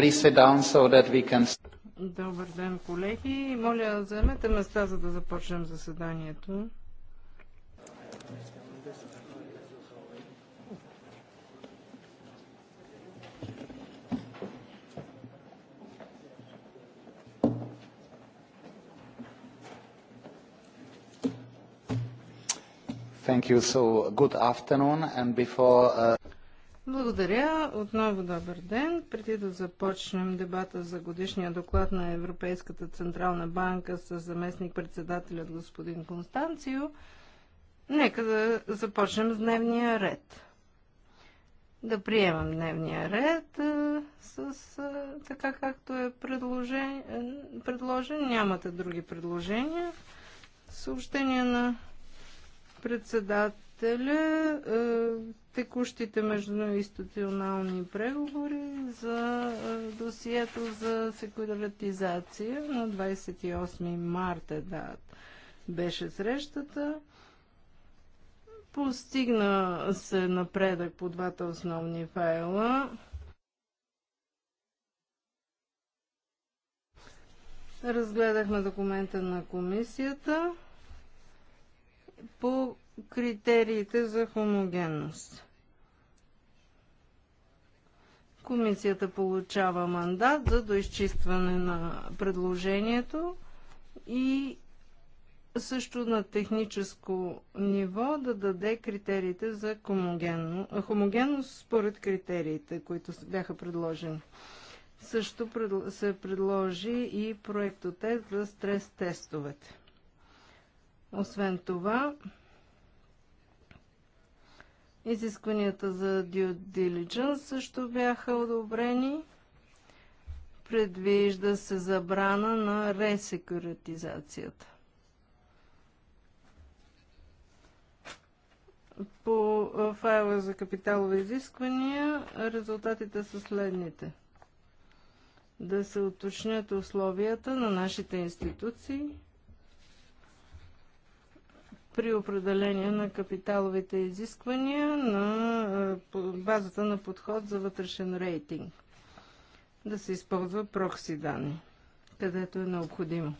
please sit down so that we can... Добър ден, колеги. Моля, заемете места, за да започнем заседанието. Thank you. So good afternoon, and before... Uh... Благодаря. Отново добър ден. Преди да започнем дебата за годишния доклад на Европейската Централна банка с заместник председателят господин Констанцио, нека да започнем с дневния ред. Да приемам дневния ред с, с така както е предложен, предложен. Нямате други предложения. Съобщение на председател е, текущите междуинституционални преговори за е, досието за секуратизация на 28 марта да, беше срещата. Постигна се напредък по двата основни файла. Разгледахме документа на комисията по критериите за хомогенност. Комисията получава мандат за доизчистване на предложението и също на техническо ниво да даде критериите за хомогенност според критериите, които бяха предложени. Също се предложи и проектотест за стрес тестовете. Освен това, Изискванията за due diligence също бяха одобрени. Предвижда се забрана на ресекуратизацията. По файла за капиталови изисквания резултатите са следните. Да се уточнят условията на нашите институции – при определение на капиталовите изисквания на е, базата на подход за вътрешен рейтинг. Да се използва прокси данни, където е необходимо.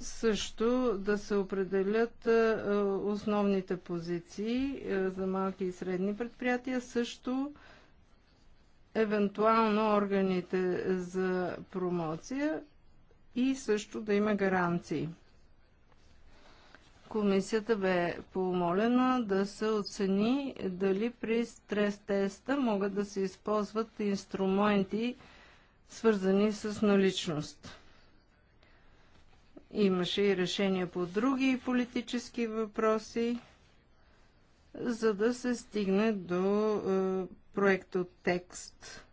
Също да се определят е, е, основните позиции за малки и средни предприятия. Също евентуално органите за промоция и също да има гаранции. Комисията бе помолена да се оцени дали при стрес теста могат да се използват инструменти, свързани с наличност. Имаше и решения по други политически въпроси, за да се стигне до е, проекто текст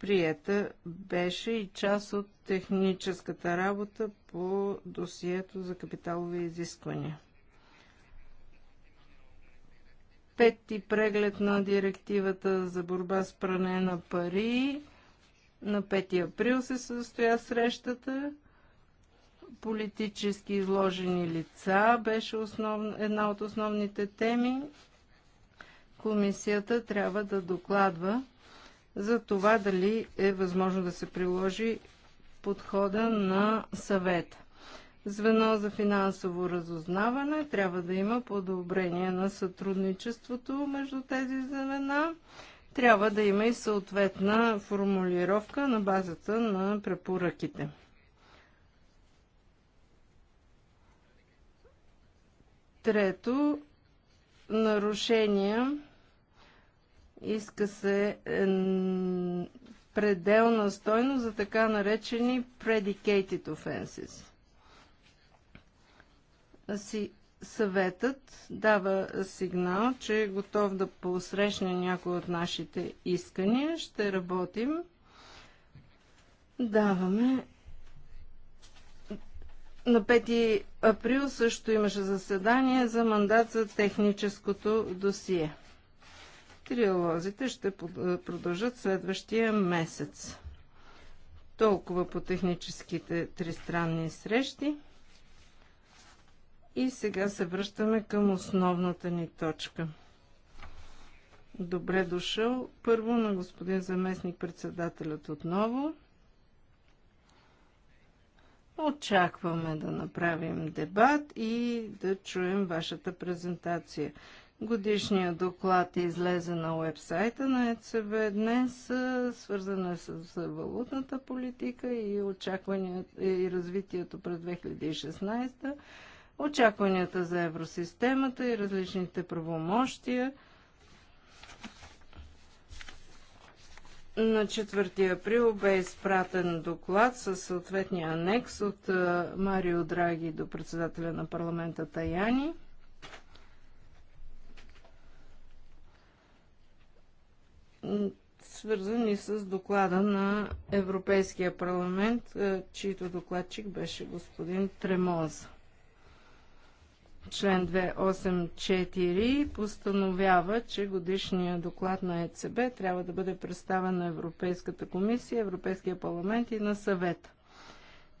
Приета беше и част от техническата работа по досието за капиталови изисквания. Пети преглед на директивата за борба с пране на пари. На 5 април се състоя срещата политически изложени лица беше основ... една от основните теми. Комисията трябва да докладва за това дали е възможно да се приложи подхода на съвета. Звено за финансово разузнаване трябва да има подобрение на сътрудничеството между тези звена. Трябва да има и съответна формулировка на базата на препоръките. Трето, нарушения иска се е, пределна стойност за така наречени predicated offenses. Си, съветът дава сигнал, че е готов да посрещне някои от нашите искания. Ще работим. Даваме. На 5 април също имаше заседание за мандат за техническото досие. Триалозите ще продължат следващия месец. Толкова по техническите тристранни срещи. И сега се връщаме към основната ни точка. Добре дошъл първо на господин заместник председателят отново. Очакваме да направим дебат и да чуем вашата презентация. Годишният доклад излезе на уебсайта на ЕЦБ днес, свързан е с валутната политика и, очакванията, и развитието през 2016, очакванията за евросистемата и различните правомощия. На 4 април бе изпратен доклад със съответния анекс от Марио Драги до председателя на парламента Таяни – свързани с доклада на Европейския парламент, е, чийто докладчик беше господин Тремоза член 284 постановява, че годишният доклад на ЕЦБ трябва да бъде представен на Европейската комисия, Европейския парламент и на съвета.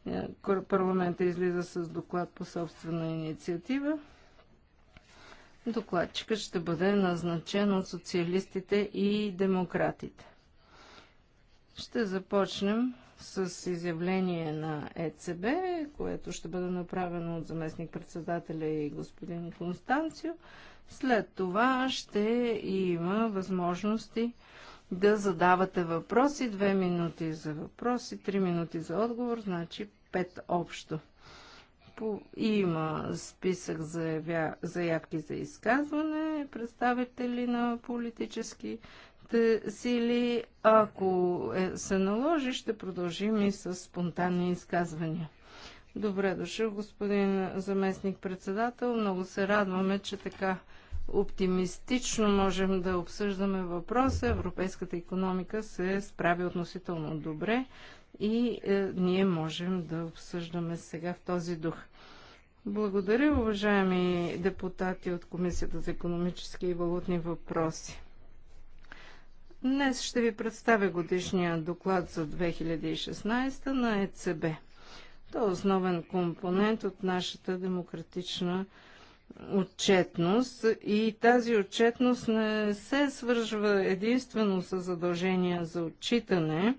Е, парламента излиза с доклад по собствена инициатива. Докладчика ще бъде назначен от социалистите и демократите. Ще започнем с изявление на ЕЦБ, което ще бъде направено от заместник-председателя и господин Констанцио. След това ще има възможности да задавате въпроси. Две минути за въпроси, три минути за отговор, значи пет общо. По... Има списък заявки за изказване, представители на политически сили. Ако е, се наложи, ще продължим и с спонтанни изказвания. Добре дошъл, господин заместник-председател. Много се радваме, че така оптимистично можем да обсъждаме въпроса. Европейската економика се справи относително добре и е, ние можем да обсъждаме сега в този дух. Благодаря, уважаеми депутати от Комисията за економически и валутни въпроси. Днес ще ви представя годишния доклад за 2016 на ЕЦБ. Той е основен компонент от нашата демократична отчетност и тази отчетност не се свържва единствено с задължения за отчитане,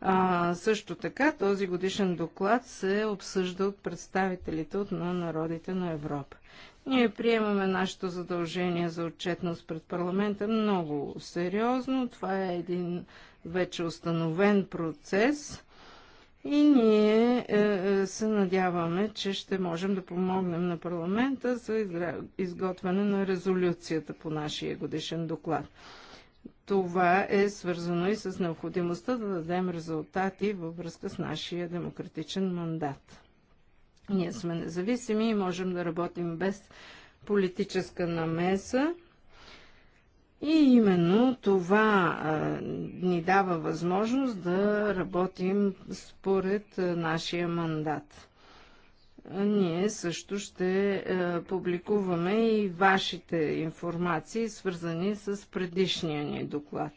а, също така този годишен доклад се обсъжда от представителите от на народите на Европа. Ние приемаме нашето задължение за отчетност пред парламента много сериозно. Това е един вече установен процес и ние е, е се надяваме, че ще можем да помогнем на парламента за изготвяне на резолюцията по нашия годишен доклад това е свързано и с необходимостта да дадем резултати във връзка с нашия демократичен мандат. Ние сме независими и можем да работим без политическа намеса. И именно това а, ни дава възможност да работим според а, нашия мандат ние също ще е, публикуваме и вашите информации, свързани с предишния ни доклад.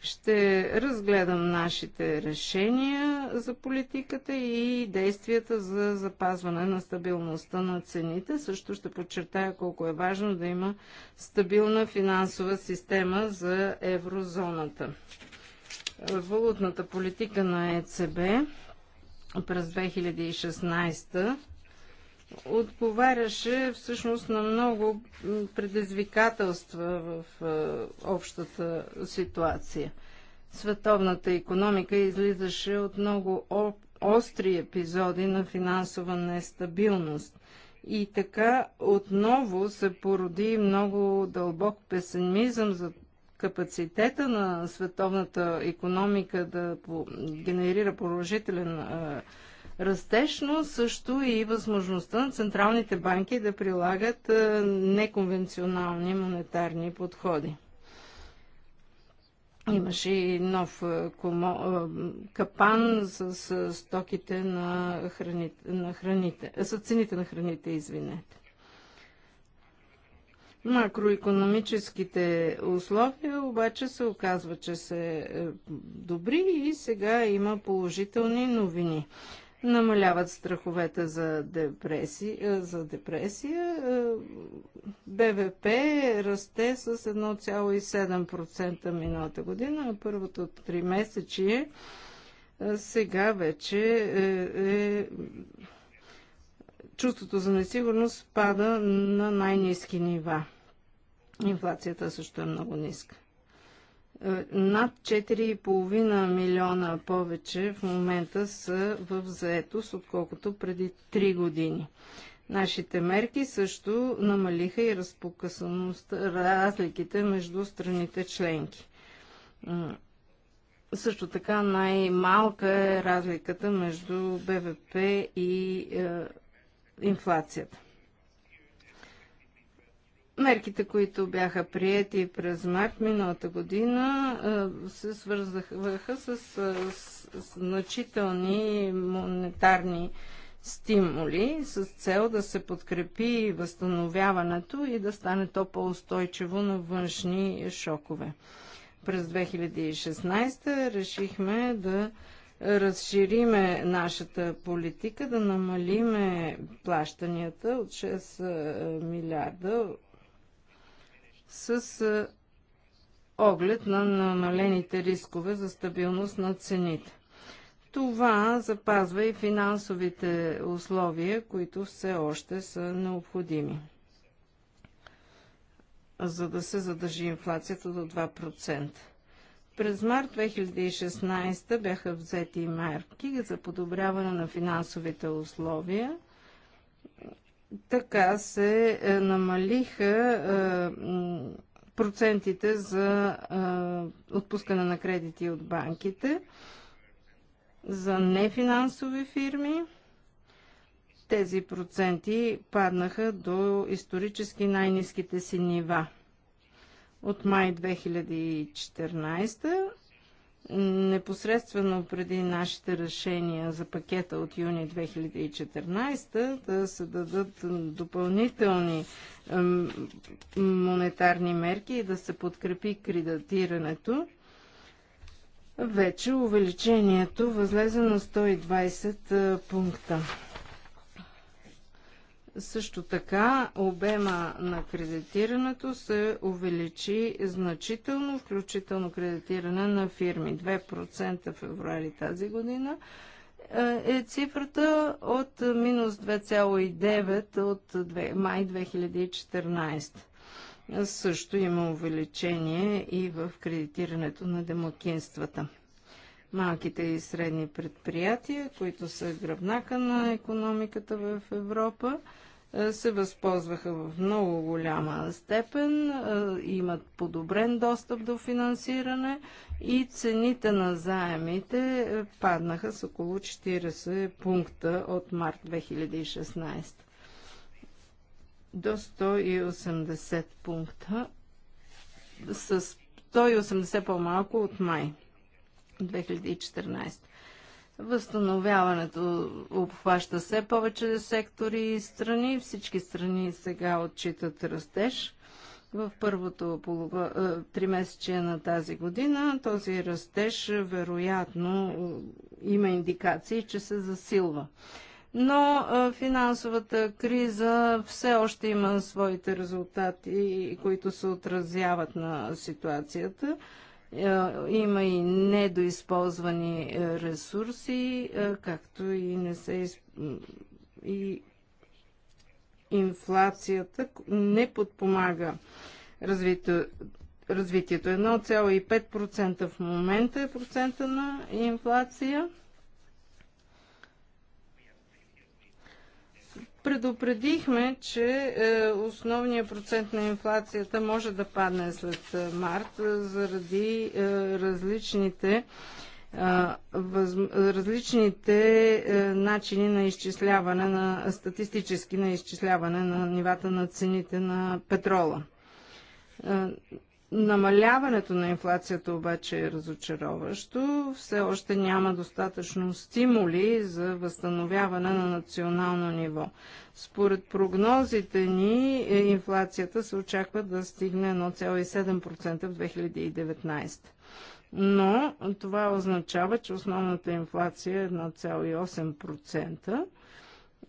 Ще разгледам нашите решения за политиката и действията за запазване на стабилността на цените. Също ще подчертая колко е важно да има стабилна финансова система за еврозоната. Е, валутната политика на ЕЦБ през 2016 отговаряше всъщност на много предизвикателства в общата ситуация. Световната економика излизаше от много остри епизоди на финансова нестабилност. И така отново се породи много дълбок песимизъм за капацитета на световната економика да генерира положителен растеж, но също и възможността на централните банки да прилагат неконвенционални монетарни подходи. Имаше и нов комо, капан с, с стоките на храните, на храните, с цените на храните, извинете. Макроекономическите условия обаче се оказва, че са е, добри и сега има положителни новини. Намаляват страховете за депресия, е, за депресия. Е, БВП расте с 1,7% миналата година, а първото три месечие сега вече е, е чувството за несигурност пада на най-низки нива. Инфлацията също е много ниска. Е, над 4,5 милиона повече в момента са в заетост, отколкото преди 3 години. Нашите мерки също намалиха и разпокъсаността, разликите между страните членки. Също така най-малка е разликата между БВП и е, инфлацията. Мерките, които бяха приети през март миналата година, се свързаха с значителни монетарни стимули с цел да се подкрепи възстановяването и да стане то по-устойчиво на външни шокове. През 2016 решихме да разшириме нашата политика, да намалиме плащанията от 6 милиарда с оглед на намалените рискове за стабилност на цените. Това запазва и финансовите условия, които все още са необходими, за да се задържи инфлацията до 2%. През март 2016 бяха взети мерки за подобряване на финансовите условия така се е, намалиха е, процентите за е, отпускане на кредити от банките за нефинансови фирми. Тези проценти паднаха до исторически най-низките си нива от май 2014 непосредствено преди нашите решения за пакета от юни 2014 да се дадат допълнителни монетарни мерки и да се подкрепи кредитирането. Вече увеличението възлезе на 120 е, пункта. Също така обема на кредитирането се увеличи значително, включително кредитиране на фирми. 2% февруари тази година е, е цифрата от минус 2,9 от май 2014. Също има увеличение и в кредитирането на домакинствата малките и средни предприятия, които са гръбнака на економиката в Европа, е, се възползваха в много голяма степен, е, имат подобрен достъп до финансиране и цените на заемите е, паднаха с около 40 пункта от март 2016 до 180 пункта с 180 по-малко от май 2014. Възстановяването обхваща все повече сектори и страни. Всички страни сега отчитат растеж. В първото три е, тримесечие на тази година този растеж вероятно е, има индикации, че се засилва. Но е, финансовата криза все още има своите резултати, които се отразяват на ситуацията. Е, има и недоизползвани е, ресурси, е, както и не се изп... и инфлацията не подпомага развитието развитието. 1,5% в момента е процента на инфлация. предупредихме, че е, основният процент на инфлацията може да падне след е, март е, заради различните различните начини на изчисляване на статистически на изчисляване на нивата на цените на петрола. Намаляването на инфлацията обаче е разочароващо. Все още няма достатъчно стимули за възстановяване на национално ниво. Според прогнозите ни, е, инфлацията се очаква да стигне 1,7% в 2019. Но това означава, че основната инфлация е 1,8%,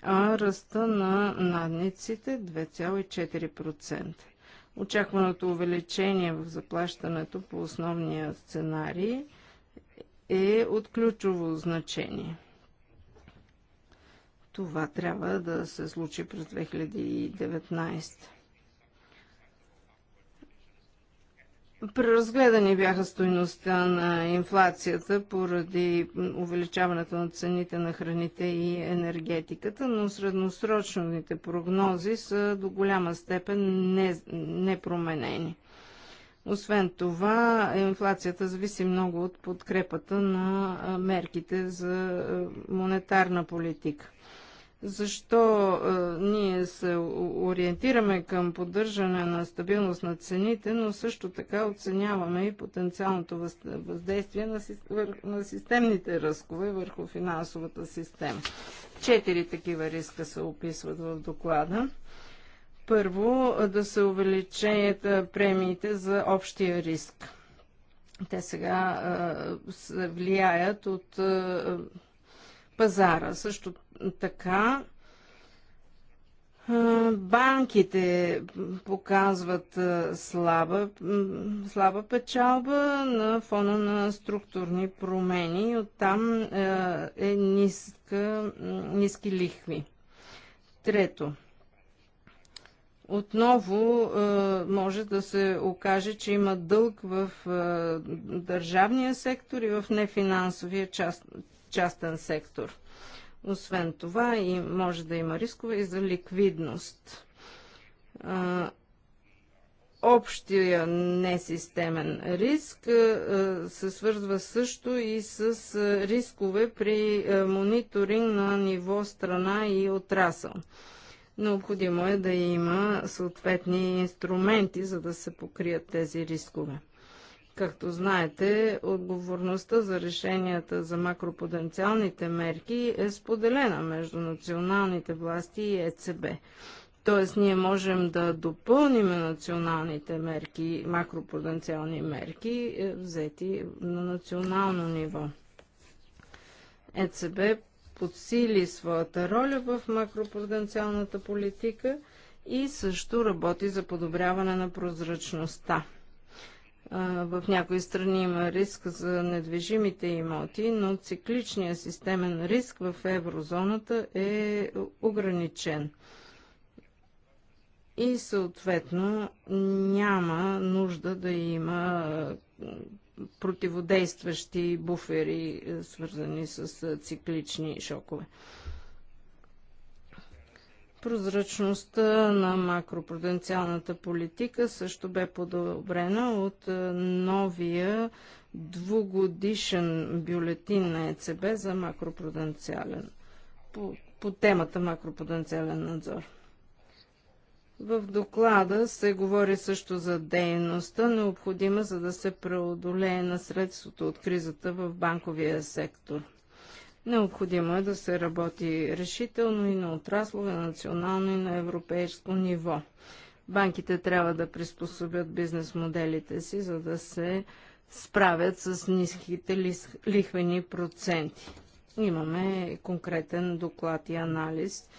а ръста на надниците 2,4%. Очакваното увеличение в заплащането по основния сценарий е от ключово значение. Това трябва да се случи през 2019. Преразгледани бяха стоеността на инфлацията поради увеличаването на цените на храните и енергетиката, но средносрочните прогнози са до голяма степен непроменени. Освен това, инфлацията зависи много от подкрепата на мерките за е, монетарна политика. Защо а, ние се ориентираме към поддържане на стабилност на цените, но също така оценяваме и потенциалното въздействие на, на системните ръскове върху финансовата система. Четири такива риска се описват в доклада. Първо, да се увеличат премиите за общия риск. Те сега а, се влияят от а, пазара. Също така банките показват слаба, слаба печалба на фона на структурни промени и оттам е ниска, ниски лихви. Трето, отново може да се окаже, че има дълг в държавния сектор и в нефинансовия част, частен сектор. Освен това и може да има рискове и за ликвидност. Общия несистемен риск се свързва също и с рискове при мониторинг на ниво страна и отрасъл. Необходимо е да има съответни инструменти, за да се покрият тези рискове. Както знаете, отговорността за решенията за макропотенциалните мерки е споделена между националните власти и ЕЦБ. Тоест, ние можем да допълним националните мерки, макропотенциални мерки, е, взети на национално ниво. ЕЦБ подсили своята роля в макропотенциалната политика и също работи за подобряване на прозрачността. В някои страни има риск за недвижимите имоти, но цикличният системен риск в еврозоната е ограничен. И съответно няма нужда да има противодействащи буфери, свързани с циклични шокове. Прозрачността на макропруденциалната политика също бе подобрена от е, новия двугодишен бюлетин на ЕЦБ за макропруденциален по, по темата макропруденциален надзор. В доклада се говори също за дейността, необходима за да се преодолее средството от кризата в банковия сектор – Необходимо е да се работи решително и на отрасло, на национално и на европейско ниво. Банките трябва да приспособят бизнес моделите си, за да се справят с ниските лихвени проценти. Имаме конкретен доклад и анализ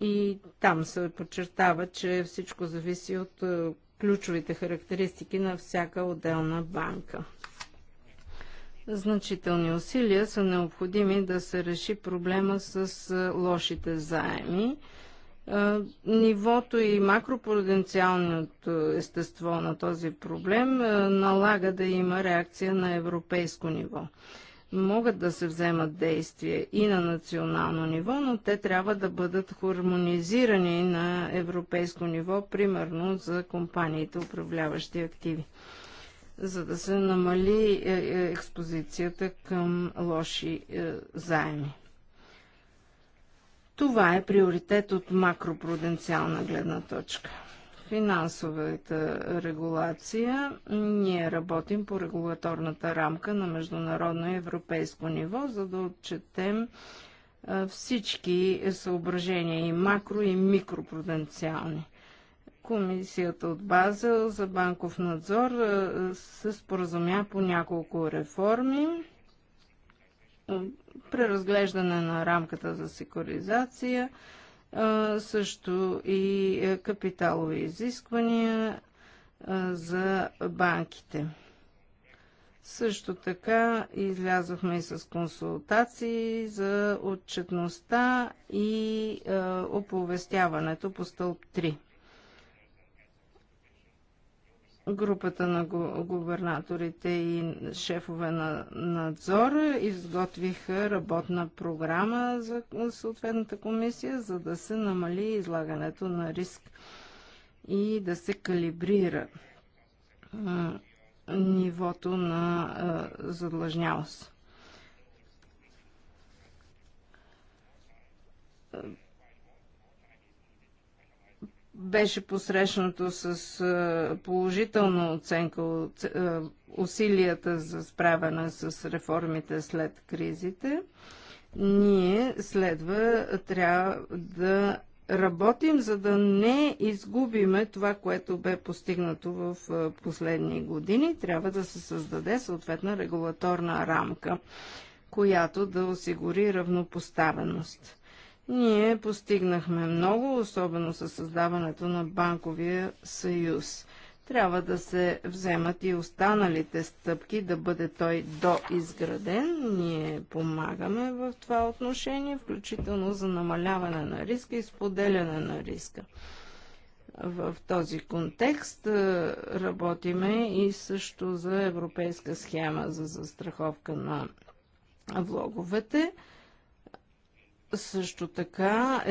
и там се подчертава, че всичко зависи от е, ключовите характеристики на всяка отделна банка. Значителни усилия са необходими да се реши проблема с лошите заеми. Нивото и макропотенциалното естество на този проблем налага да има реакция на европейско ниво. Могат да се вземат действия и на национално ниво, но те трябва да бъдат хармонизирани на европейско ниво, примерно за компаниите, управляващи активи за да се намали е, е, експозицията към лоши е, заеми. Това е приоритет от макропруденциална гледна точка. Финансовата регулация. Ние работим по регулаторната рамка на международно и европейско ниво, за да отчетем всички съображения и макро и микропруденциални. Комисията от Базел за банков надзор се споразумя по няколко реформи. Преразглеждане на рамката за секуризация, също и капиталови изисквания за банките. Също така излязохме и с консултации за отчетността и оповестяването по стълб 3 групата на губернаторите и шефове на надзора изготвиха работна програма за съответната комисия, за да се намали излагането на риск и да се калибрира нивото на задлъжнялост беше посрещнато с положителна оценка от усилията за справяне с реформите след кризите, ние следва трябва да работим, за да не изгубиме това, което бе постигнато в последни години. Трябва да се създаде съответна регулаторна рамка, която да осигури равнопоставеност. Ние постигнахме много, особено със създаването на банковия съюз. Трябва да се вземат и останалите стъпки, да бъде той доизграден. Ние помагаме в това отношение, включително за намаляване на риска и споделяне на риска. В този контекст е, работиме и също за европейска схема за застраховка на влоговете. Също така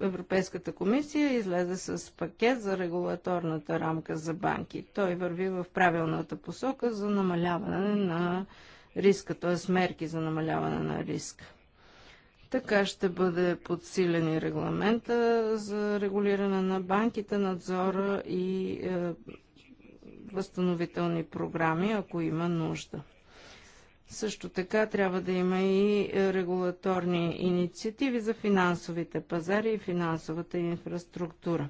Европейската комисия излезе с пакет за регулаторната рамка за банки. Той върви в правилната посока за намаляване на риска, т.е. мерки за намаляване на риска. Така ще бъде подсилен и регламента за регулиране на банките, надзора и е, възстановителни програми, ако има нужда. Също така трябва да има и регулаторни инициативи за финансовите пазари и финансовата инфраструктура.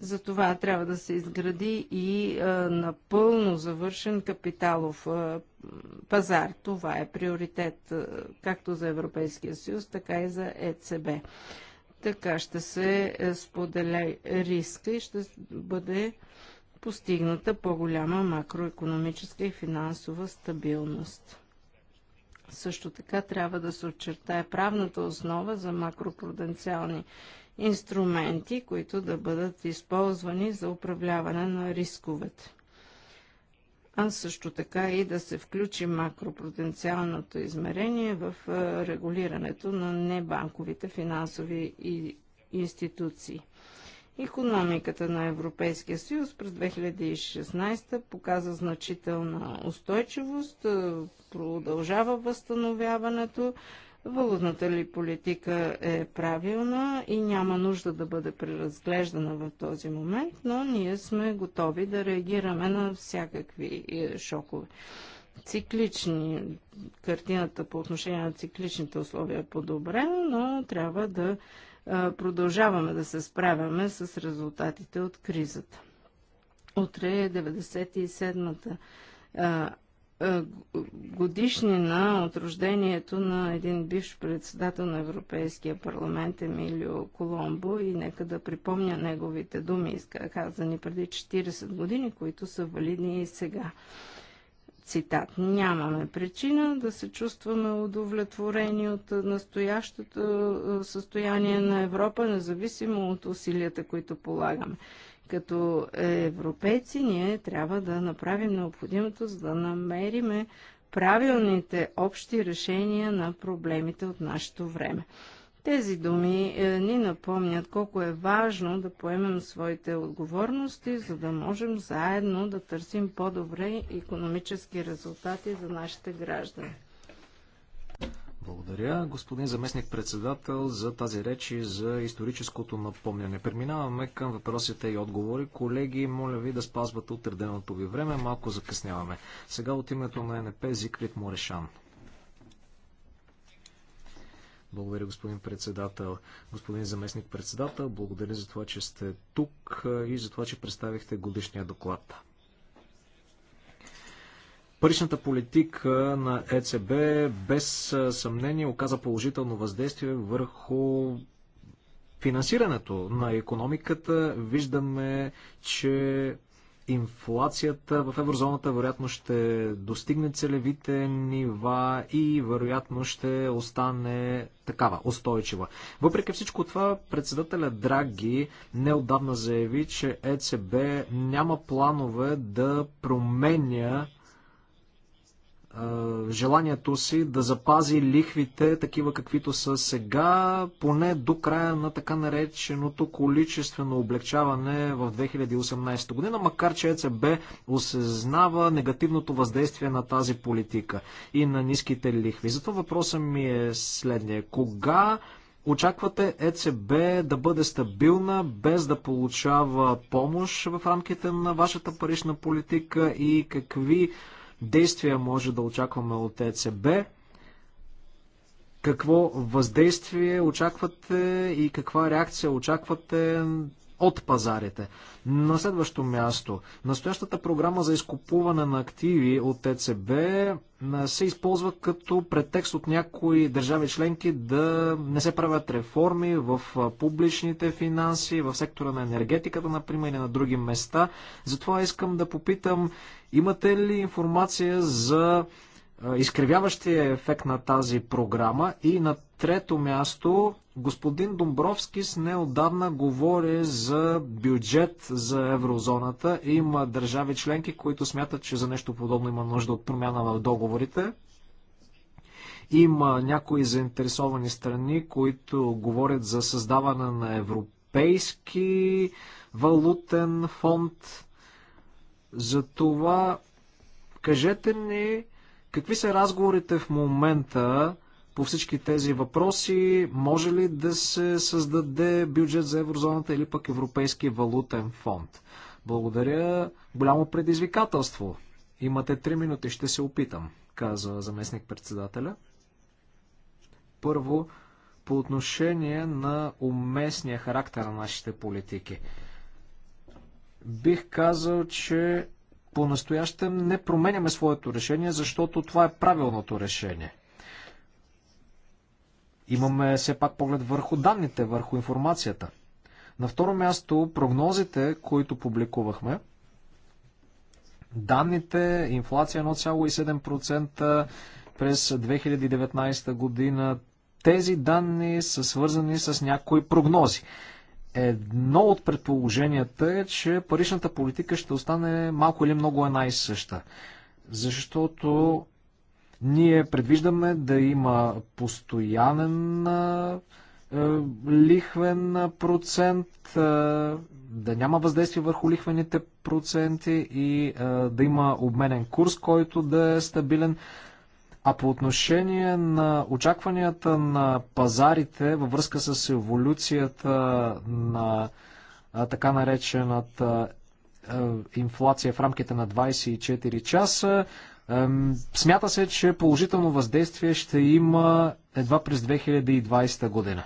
За това трябва да се изгради и напълно завършен капиталов пазар. Това е приоритет както за Европейския съюз, така и за ЕЦБ. Така ще се е, споделя риска и ще бъде постигната по-голяма макроекономическа и финансова стабилност. Също така трябва да се очертае правната основа за макропруденциални инструменти, които да бъдат използвани за управляване на рисковете. А също така и да се включи макропруденциалното измерение в регулирането на небанковите финансови институции. Икономиката на Европейския съюз през 2016 показа значителна устойчивост, е, продължава възстановяването, валутната ли политика е правилна и няма нужда да бъде преразглеждана в този момент, но ние сме готови да реагираме на всякакви е, шокове. Циклични, картината по отношение на цикличните условия е подобрена, но трябва да продължаваме да се справяме с резултатите от кризата. Утре е 97-та годишнина от рождението на един бивш председател на Европейския парламент Емилио Коломбо и нека да припомня неговите думи, казани преди 40 години, които са валидни и сега. Цитат. Нямаме причина да се чувстваме удовлетворени от настоящото състояние на Европа, независимо от усилията, които полагаме. Като европейци ние трябва да направим необходимото, за да намериме правилните общи решения на проблемите от нашето време. Тези думи е, ни напомнят колко е важно да поемем своите отговорности, за да можем заедно да търсим по-добре економически резултати за нашите граждани. Благодаря, господин заместник председател, за тази реч и за историческото напомняне. Преминаваме към въпросите и отговори. Колеги, моля ви да спазвате отреденото ви време, малко закъсняваме. Сега от името на НП Зикрит Морешан. Благодаря, господин председател. Господин заместник председател, благодаря за това, че сте тук и за това, че представихте годишния доклад. Паричната политика на ЕЦБ без съмнение оказа положително въздействие върху финансирането на економиката. Виждаме, че инфлацията в еврозоната вероятно ще достигне целевите нива и вероятно ще остане такава, устойчива. Въпреки всичко това, председателя Драги неодавна заяви, че ЕЦБ няма планове да променя желанието си да запази лихвите такива каквито са сега, поне до края на така нареченото количествено облегчаване в 2018 година, макар че ЕЦБ осъзнава негативното въздействие на тази политика и на ниските лихви. Затова въпросът ми е следния. Кога Очаквате ЕЦБ да бъде стабилна, без да получава помощ в рамките на вашата парична политика и какви действия може да очакваме от ЕЦБ? Какво въздействие очаквате и каква реакция очаквате от пазарите. На следващо място, настоящата програма за изкупуване на активи от ЕЦБ се използва като претекст от някои държави членки да не се правят реформи в публичните финанси, в сектора на енергетиката, например, или на други места. Затова искам да попитам, имате ли информация за изкривяващия ефект на тази програма и на трето място Господин Домбровски с неодавна говори за бюджет за еврозоната. Има държави членки, които смятат, че за нещо подобно има нужда от промяна в договорите. Има някои заинтересовани страни, които говорят за създаване на европейски валутен фонд. Затова кажете ни какви са разговорите в момента по всички тези въпроси. Може ли да се създаде бюджет за еврозоната или пък Европейски валутен фонд? Благодаря. Голямо предизвикателство. Имате три минути, ще се опитам, каза заместник председателя. Първо, по отношение на уместния характер на нашите политики. Бих казал, че по-настоящем не променяме своето решение, защото това е правилното решение. Имаме все пак поглед върху данните, върху информацията. На второ място, прогнозите, които публикувахме. Данните, инфлация 1,7% през 2019 година. Тези данни са свързани с някои прогнози. Едно от предположенията е, че паричната политика ще остане малко или много една и съща. Защото ние предвиждаме да има постоянен е, лихвен процент, да няма въздействие върху лихвените проценти и да има обменен курс, който да е стабилен. А по отношение на очакванията на пазарите във връзка с еволюцията на така наречената инфлация в рамките на 24 часа, Смята се, че положително въздействие ще има едва през 2020 година.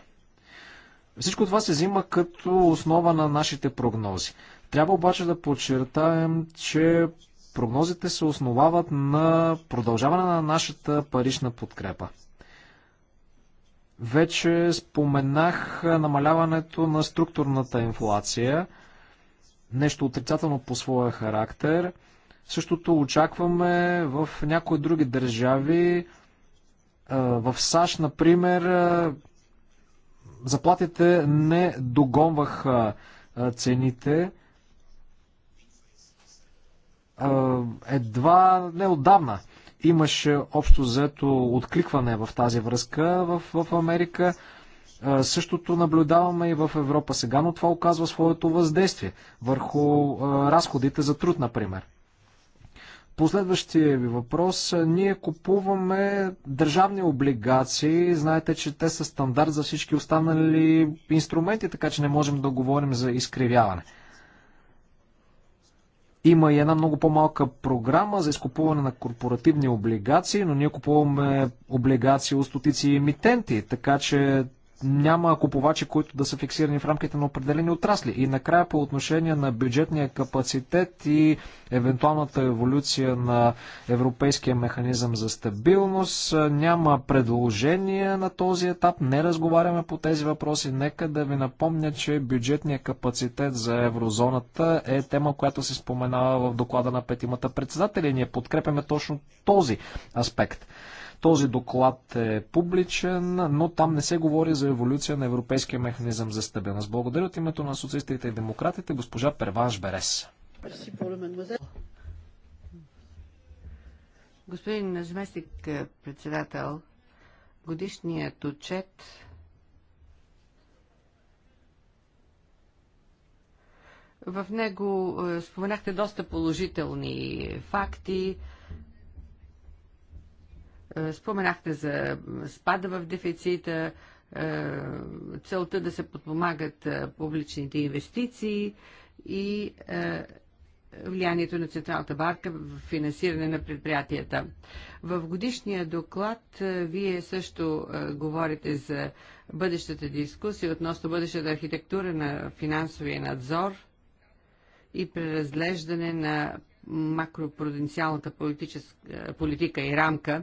Всичко това се взима като основа на нашите прогнози. Трябва обаче да подчертаем, че прогнозите се основават на продължаване на нашата парична подкрепа. Вече споменах намаляването на структурната инфлация, нещо отрицателно по своя характер – Същото очакваме в някои други държави. В САЩ, например, заплатите не догонваха цените. Едва не отдавна имаше общо взето откликване в тази връзка в, в Америка. Същото наблюдаваме и в Европа сега, но това оказва своето въздействие върху разходите за труд, например. Последващия ви въпрос. Ние купуваме държавни облигации. Знаете, че те са стандарт за всички останали инструменти, така че не можем да говорим за изкривяване. Има и една много по-малка програма за изкупуване на корпоративни облигации, но ние купуваме облигации от стотици емитенти, така че няма купувачи, които да са фиксирани в рамките на определени отрасли. И накрая по отношение на бюджетния капацитет и евентуалната еволюция на Европейския механизъм за стабилност, няма предложения на този етап, не разговаряме по тези въпроси. Нека да ви напомня, че бюджетния капацитет за еврозоната е тема, която се споменава в доклада на петимата председатели. Ние подкрепяме точно този аспект. Този доклад е публичен, но там не се говори за еволюция на европейския механизъм за стабилност. Благодаря от името на социалистите и демократите, госпожа Перванш Берес. Господин заместник е, председател, годишният отчет В него е, споменахте доста положителни факти, е, споменахте за спада в дефицита, е, целта да се подпомагат е, публичните инвестиции и влиянието на Централната банка в финансиране на предприятията. В годишния доклад вие също говорите за бъдещата дискусия относно бъдещата архитектура на финансовия надзор и преразглеждане на макропруденциалната политика и рамка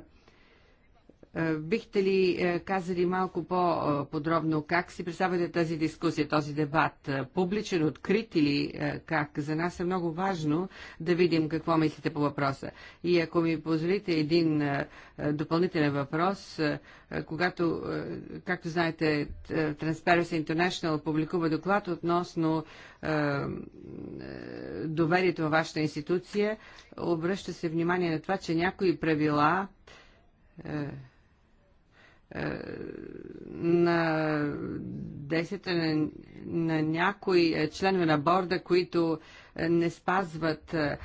е, бихте ли е, казали малко по-подробно е, как си представяте тази дискусия, този дебат? Публичен, открит или как? За нас е много важно да видим какво мислите по въпроса. И ако ми позволите един допълнителен въпрос, когато, както знаете, Transparency International публикува доклад относно доверието във вашата институция, обръща се внимание на това, че някои правила, на действията на, на някои е, членове на борда, които е, не спазват е,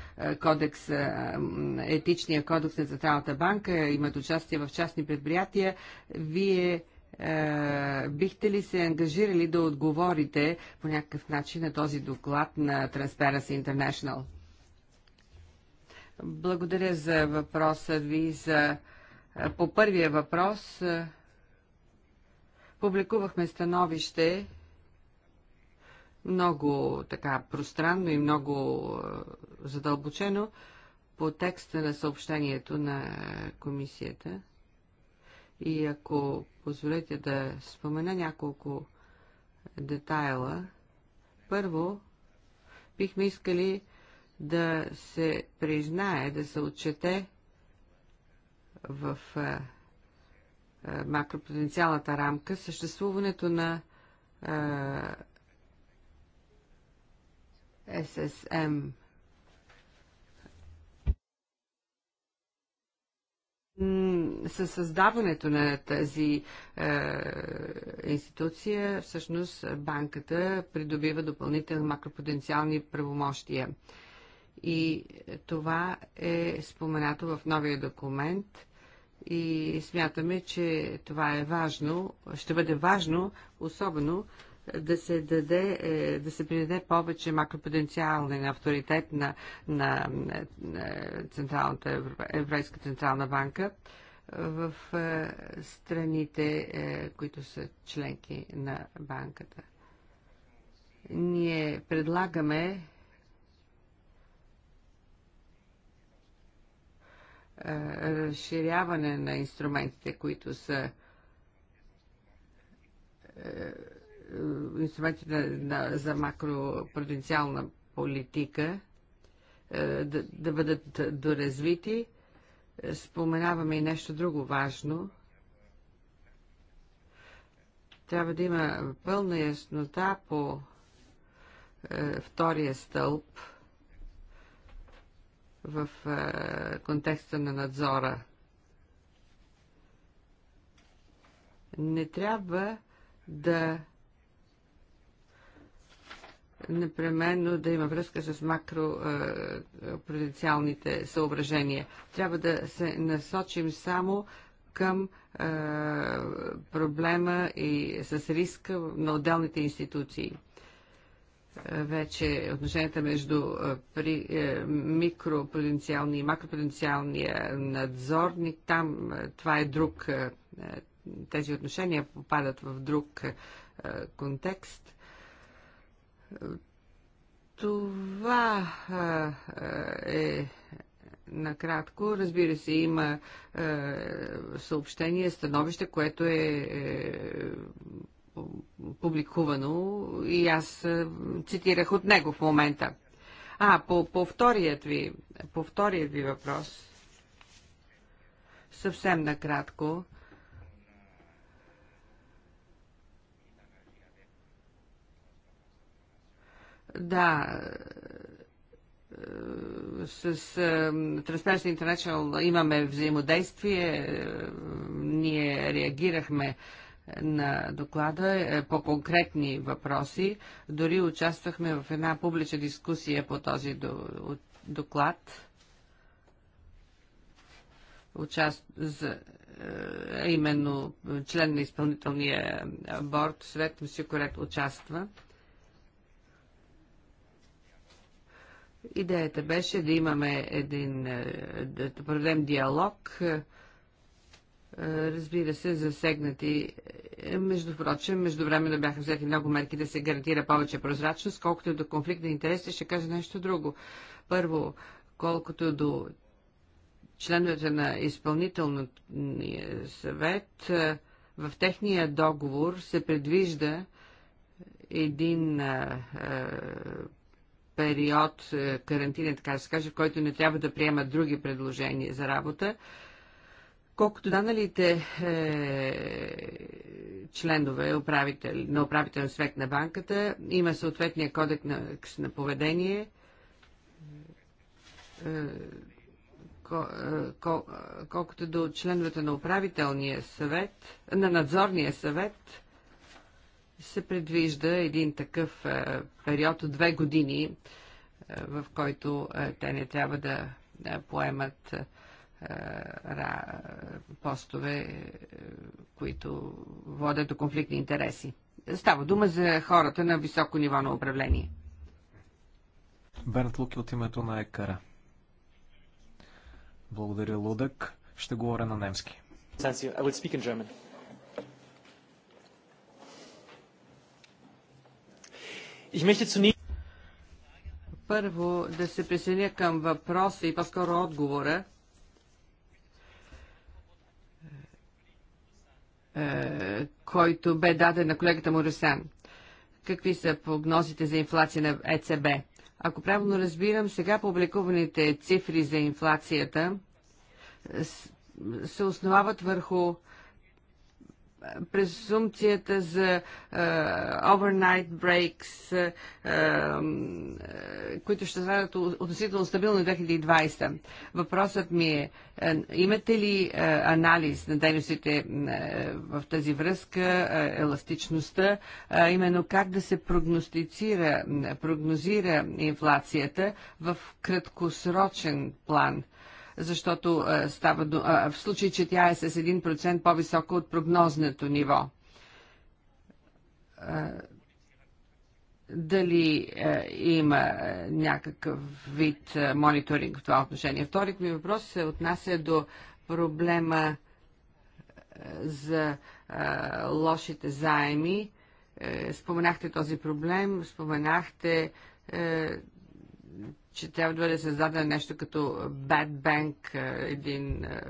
кодекс, етичния кодекс на Централната банка, имат участие в частни предприятия, вие е, бихте ли се ангажирали да отговорите по някакъв начин на този доклад на Transparency International? Благодаря за въпроса ви за по първия въпрос. Е, Публикувахме становище много така пространно и много е, задълбочено по текста на съобщението на комисията. И ако позволите да спомена няколко детайла, първо бихме искали да се признае, да се отчете в е, макропотенциалната рамка, съществуването на ССМ. Със създаването на тази е, институция, всъщност банката придобива допълнителни макропотенциални правомощия. И това е споменато в новия документ и смятаме, че това е важно, ще бъде важно, особено да се даде, е, да се придаде повече макропотенциален авторитет на, на, на Централната Еврейска Централна банка в е, страните, е, които са членки на банката. Ние предлагаме Е, разширяване на инструментите, които са е, инструментите на, на, за макропруденциална политика е, да, да бъдат доразвити. Споменаваме и нещо друго важно. Трябва да има пълна яснота по е, втория стълб – в е, контекста на надзора. Не трябва да непременно да има връзка с макропруденциалните е, съображения. Трябва да се насочим само към е, проблема и с риска на отделните институции вече отношенията между при, е, микропотенциалния и макропотенциалния надзорник, там това е друг, е, тези отношения попадат в друг е, контекст. Това е накратко. Разбира се, има е, съобщение, становище, което е, е публикувано и аз е, цитирах от него в момента. А, по, по, вторият, ви, по вторият ви въпрос, съвсем накратко, Да, е, с е, Transparency International имаме взаимодействие, ние реагирахме на доклада е, по конкретни въпроси. Дори участвахме в една публична дискусия по този доклад. Участ... За... Е, именно член на изпълнителния борт, Свет Мсикорет, участва. Идеята беше да имаме един, е, да проведем диалог, е, разбира се, засегнати. Е, между прочим, междувременно бяха взети много мерки да се гарантира повече прозрачност, колкото до конфликт на интереси, ще кажа нещо друго. Първо, колкото до членовете на изпълнителния съвет, е, в техния договор се предвижда един а, а, период, карантина, така да се каже, в който не трябва да приемат други предложения за работа. А, Колкото даналите е, членове управител, на управителен свет на банката, има съответния кодекс на, на поведение, е, кол, е, е, колкото до членовете на управителния съвет, на надзорния съвет, се предвижда един такъв е, период от две години, е, в който е, те не трябва да поемат е, е, постове, е, които водят до конфликтни интереси. Става дума за хората на високо ниво на управление. Бернт Луки от името на Екара. Благодаря, Лудък. Ще говоря на немски. Първо да се присъединя към въпроса и по-скоро отговора, Е, който бе даден на колегата Моресян. Какви са прогнозите за инфлация на ЕЦБ? Ако правилно разбирам, сега публикуваните цифри за инфлацията се основават върху презумцията за uh, overnight breaks, uh, които ще станат относително стабилни 2020. Въпросът ми е, имате ли uh, анализ на дейностите uh, в тази връзка, uh, еластичността, uh, именно как да се прогностицира, прогнозира инфлацията в краткосрочен план? Uh, защото е, става, в случай, че тя е с 1% по-висока от прогнозното ниво е, дали а, е, има някакъв вид а, мониторинг в това отношение. Вторият ми въпрос се отнася до проблема а, за а, лошите заеми. споменахте този проблем, споменахте е, че трябва да бъде създаден нещо като Bad Bank, е, един е,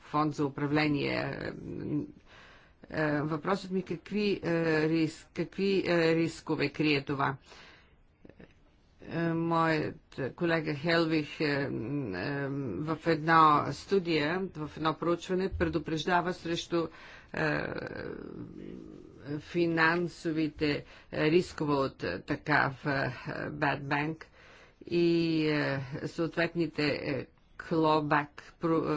фонд за управление. Е, въпросът ми какви, рис, какви рискове крие това? моят колега Хелвих в една студия, в едно проучване предупреждава срещу финансовите рискове от такав Bad Bank – и е, съответните е, клобак про, е,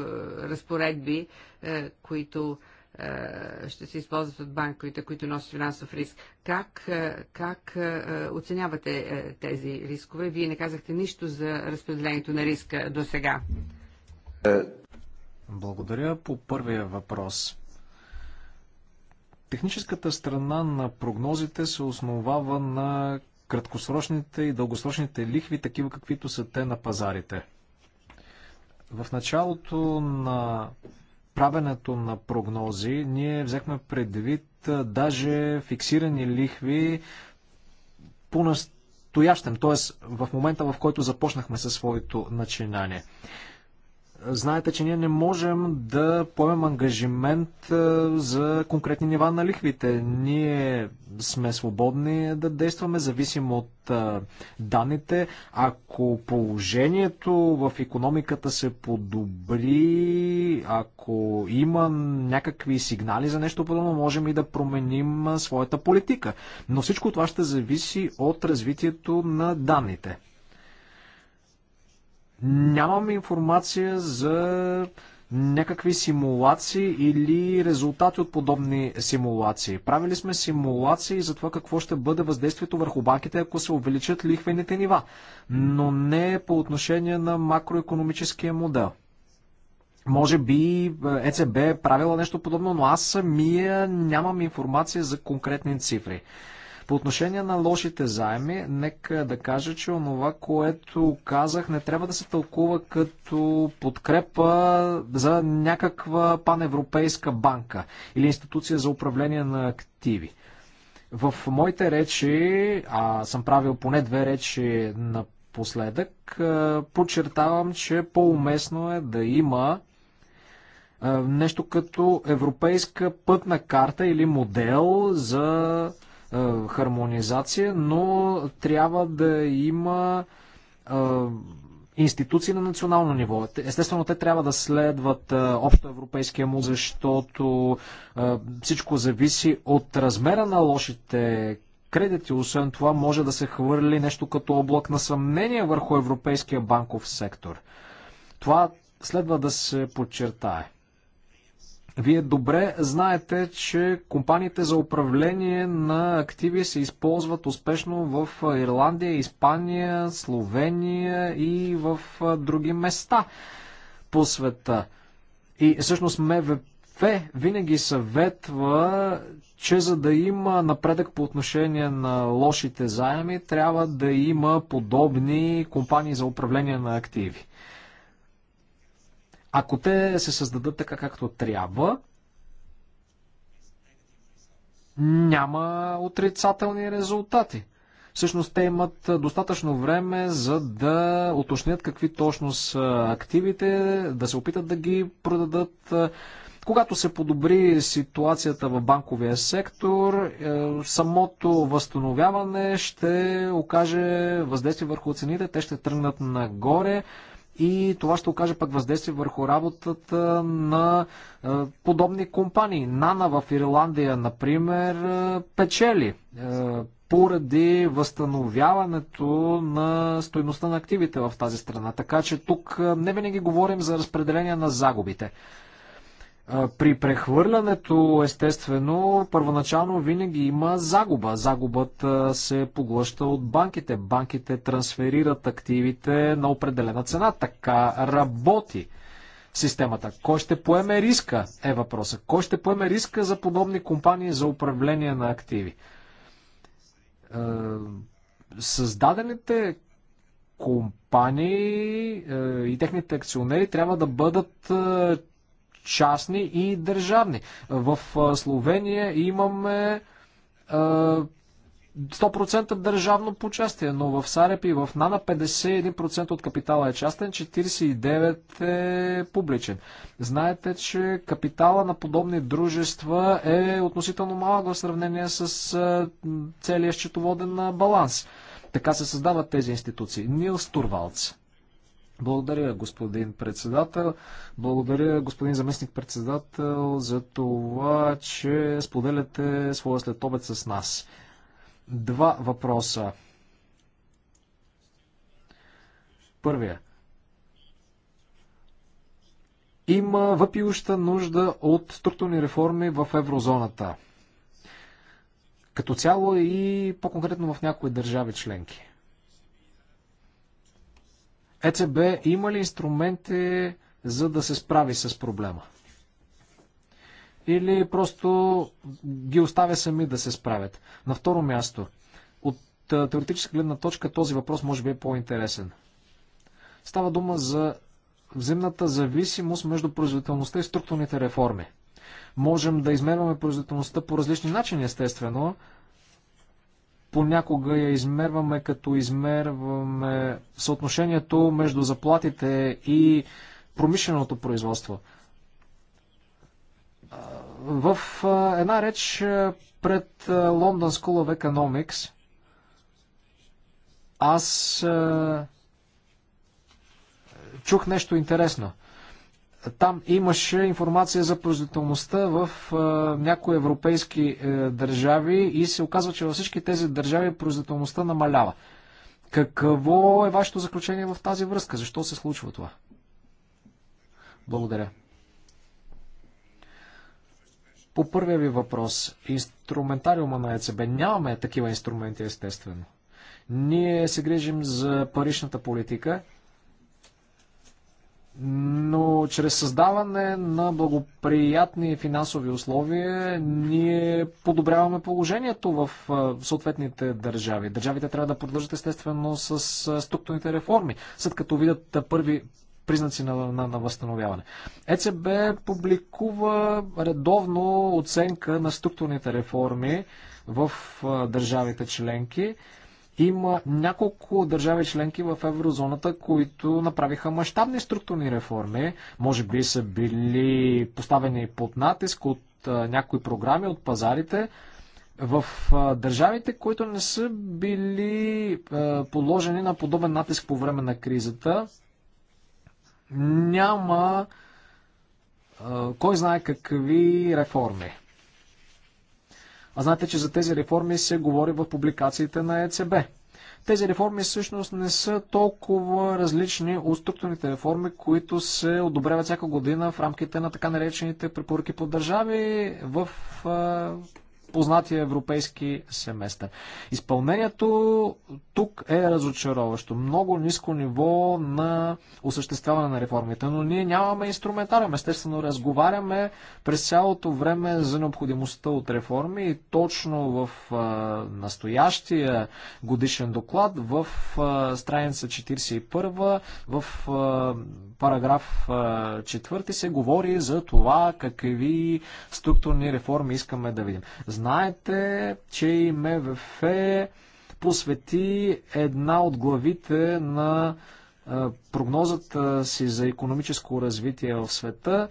разпоредби, е, които е, ще се използват от банковите, които носят финансов риск. Как, е, как е, оценявате е, тези рискове? Вие не казахте нищо за разпределението на риска до сега. Благодаря по първия въпрос. Техническата страна на прогнозите се основава на краткосрочните и дългосрочните лихви, такива каквито са те на пазарите. В началото на правенето на прогнози ние взехме предвид даже фиксирани лихви по настоящем, т.е. в момента в който започнахме със своето начинание. Знаете, че ние не можем да поемем ангажимент е, за конкретни нива на лихвите. Ние сме свободни да действаме, зависимо от е, данните. Ако положението в економиката се подобри, ако има някакви сигнали за нещо подобно, можем и да променим е, своята политика. Но всичко това ще зависи от развитието на данните. Нямам информация за някакви симулации или резултати от подобни симулации. Правили сме симулации за това какво ще бъде въздействието върху банките, ако се увеличат лихвените нива, но не по отношение на макроекономическия модел. Може би е, ЕЦБ е правила нещо подобно, но аз самия нямам информация за конкретни цифри. По отношение на лошите заеми, нека да кажа, че онова, което казах, не трябва да се тълкува като подкрепа за някаква паневропейска банка или институция за управление на активи. В моите речи, а съм правил поне две речи напоследък, подчертавам, че по-уместно е да има нещо като европейска пътна карта или модел за е, хармонизация, но трябва да има е, институции на национално ниво. Естествено, те трябва да следват е, общо европейския му, защото всичко зависи от размера на лошите кредити. Освен това, може да се хвърли нещо като облак на съмнение върху европейския банков сектор. Това следва да се подчертае. Вие добре знаете, че компаниите за управление на активи се използват успешно в Ирландия, Испания, Словения и в други места по света. И всъщност МВФ винаги съветва, че за да има напредък по отношение на лошите заеми, трябва да има подобни компании за управление на активи. Ако те се създадат така както трябва, няма отрицателни резултати. Всъщност те имат достатъчно време за да уточнят какви точно са активите, да се опитат да ги продадат. Когато се подобри ситуацията в банковия сектор, е, самото възстановяване ще окаже въздействие върху цените, те ще тръгнат нагоре, и това ще окаже пък въздействие върху работата на е, подобни компании. Нана в Ирландия, например, е, печели е, поради възстановяването на стоеността на активите в тази страна. Така че тук не винаги говорим за разпределение на загубите. При прехвърлянето, естествено, първоначално винаги има загуба. Загубата се поглъща от банките. Банките трансферират активите на определена цена. Така работи системата. Кой ще поеме риска е въпроса. Кой ще поеме риска за подобни компании за управление на активи? Създадените компании и техните акционери трябва да бъдат частни и държавни. В Словения имаме 100% държавно участие, но в Сареп и в Нана 51% от капитала е частен, 49% е публичен. Знаете, че капитала на подобни дружества е относително малък в сравнение с целия счетоводен баланс. Така се създават тези институции. Нил Стурвалц. Благодаря, господин председател. Благодаря, господин заместник председател, за това, че споделяте своя следобед с нас. Два въпроса. Първия. Има въпиваща нужда от структурни реформи в еврозоната. Като цяло и по-конкретно в някои държави членки. ЕЦБ има ли инструменти за да се справи с проблема? Или просто ги оставя сами да се справят? На второ място, от теоретическа гледна точка този въпрос може би е по-интересен. Става дума за взаимната зависимост между производителността и структурните реформи. Можем да измерваме производителността по различни начини, естествено, Понякога я измерваме като измерваме съотношението между заплатите и промишленото производство. В една реч пред London School of Economics аз чух нещо интересно – там имаше информация за производителността в някои европейски е, държави и се оказва, че във всички тези държави производителността намалява. Какво е вашето заключение в тази връзка? Защо се случва това? Благодаря. По първия ви въпрос, инструментариума на ЕЦБ, нямаме такива инструменти, естествено. Ние се грижим за паричната политика, но чрез създаване на благоприятни финансови условия ние подобряваме положението в съответните държави. Държавите трябва да продължат естествено с структурните реформи, след като видят първи признаци на, на, на възстановяване. ЕЦБ публикува редовно оценка на структурните реформи в държавите членки. Има няколко държави членки в еврозоната, които направиха мащабни структурни реформи. Може би са били поставени под натиск от някои програми, от пазарите. В държавите, които не са били подложени на подобен натиск по време на кризата, няма кой знае какви реформи. А знаете, че за тези реформи се говори в публикациите на ЕЦБ. Тези реформи всъщност не са толкова различни от структурните реформи, които се одобряват всяка година в рамките на така наречените препоръки по държави в познатия европейски семестър. Изпълнението тук е разочароващо. Много ниско ниво на осъществяване на реформите, но ние нямаме инструментариум. Естествено, разговаряме през цялото време за необходимостта от реформи и точно в а, настоящия годишен доклад, в а, страница 41, в а, параграф 4 се говори за това какви структурни реформи искаме да видим. Знаете, че и МВФ е посвети една от главите на прогнозата си за економическо развитие в света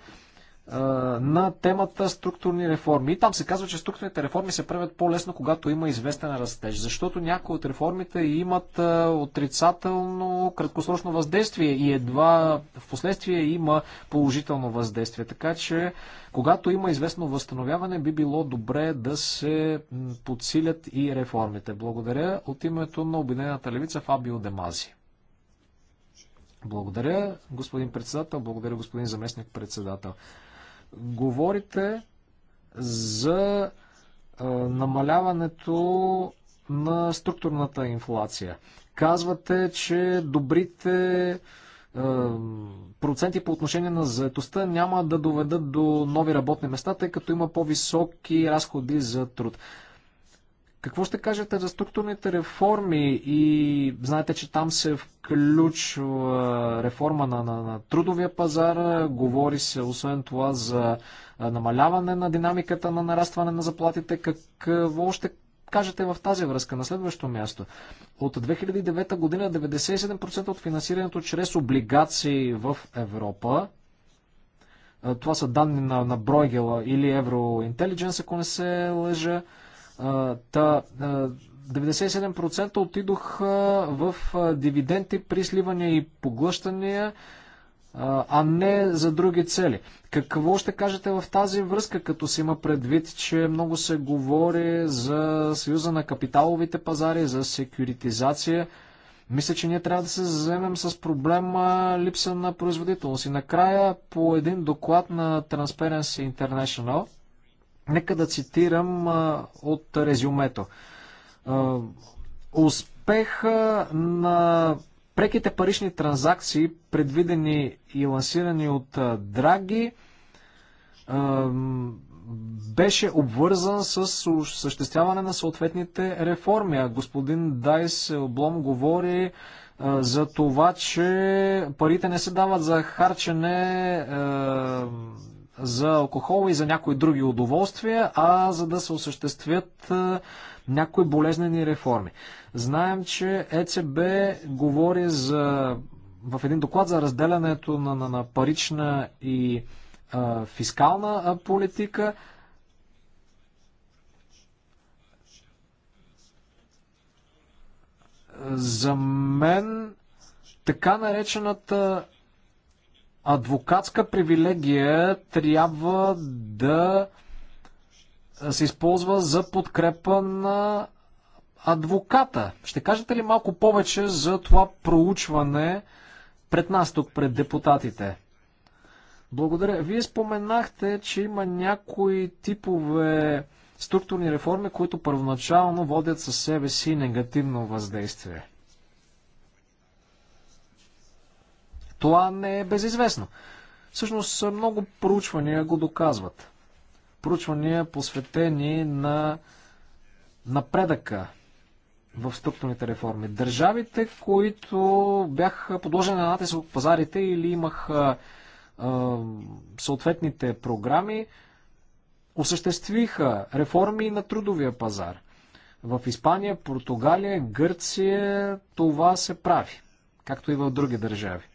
на темата структурни реформи. И там се казва, че структурните реформи се правят по-лесно, когато има известен растеж, защото някои от реформите имат отрицателно краткосрочно въздействие и едва в последствие има положително въздействие. Така че, когато има известно възстановяване, би било добре да се подсилят и реформите. Благодаря от името на Обединената левица Фабио Демази. Благодаря, господин председател, благодаря, господин заместник председател. Говорите за намаляването на структурната инфлация. Казвате, че добрите проценти по отношение на заетостта няма да доведат до нови работни места, тъй като има по-високи разходи за труд. Какво ще кажете за структурните реформи и знаете, че там се включва реформа на, на, на трудовия пазар, говори се освен това за намаляване на динамиката на нарастване на заплатите. Какво ще кажете в тази връзка на следващо място? От 2009 година 97% от финансирането чрез облигации в Европа това са данни на, на Бройгела или Евроинтелидженс, ако не се лъжа. Та, 97% отидоха в дивиденти при сливания и поглъщания, а не за други цели. Какво ще кажете в тази връзка, като се има предвид, че много се говори за съюза на капиталовите пазари, за секюритизация? Мисля, че ние трябва да се заземем с проблема липса на производителност. И накрая по един доклад на Transparency International – Нека да цитирам от резюмето. Успеха на преките парични транзакции, предвидени и лансирани от Драги, беше обвързан с осъществяване на съответните реформи. А господин Дайс Облом говори за това, че парите не се дават за харчене за алкохол и за някои други удоволствия, а за да се осъществят някои болезнени реформи. Знаем, че ЕЦБ говори за, в един доклад за разделянето на, на, на парична и а, фискална политика. За мен така наречената адвокатска привилегия трябва да се използва за подкрепа на адвоката. Ще кажете ли малко повече за това проучване пред нас тук, пред депутатите? Благодаря. Вие споменахте, че има някои типове структурни реформи, които първоначално водят със себе си негативно въздействие. Това не е безизвестно. Всъщност много проучвания го доказват. Проучвания посветени на напредъка в структурните реформи. Държавите, които бяха подложени на натиск от пазарите или имаха е, съответните програми, осъществиха реформи на трудовия пазар. В Испания, Португалия, Гърция това се прави, както и в други държави.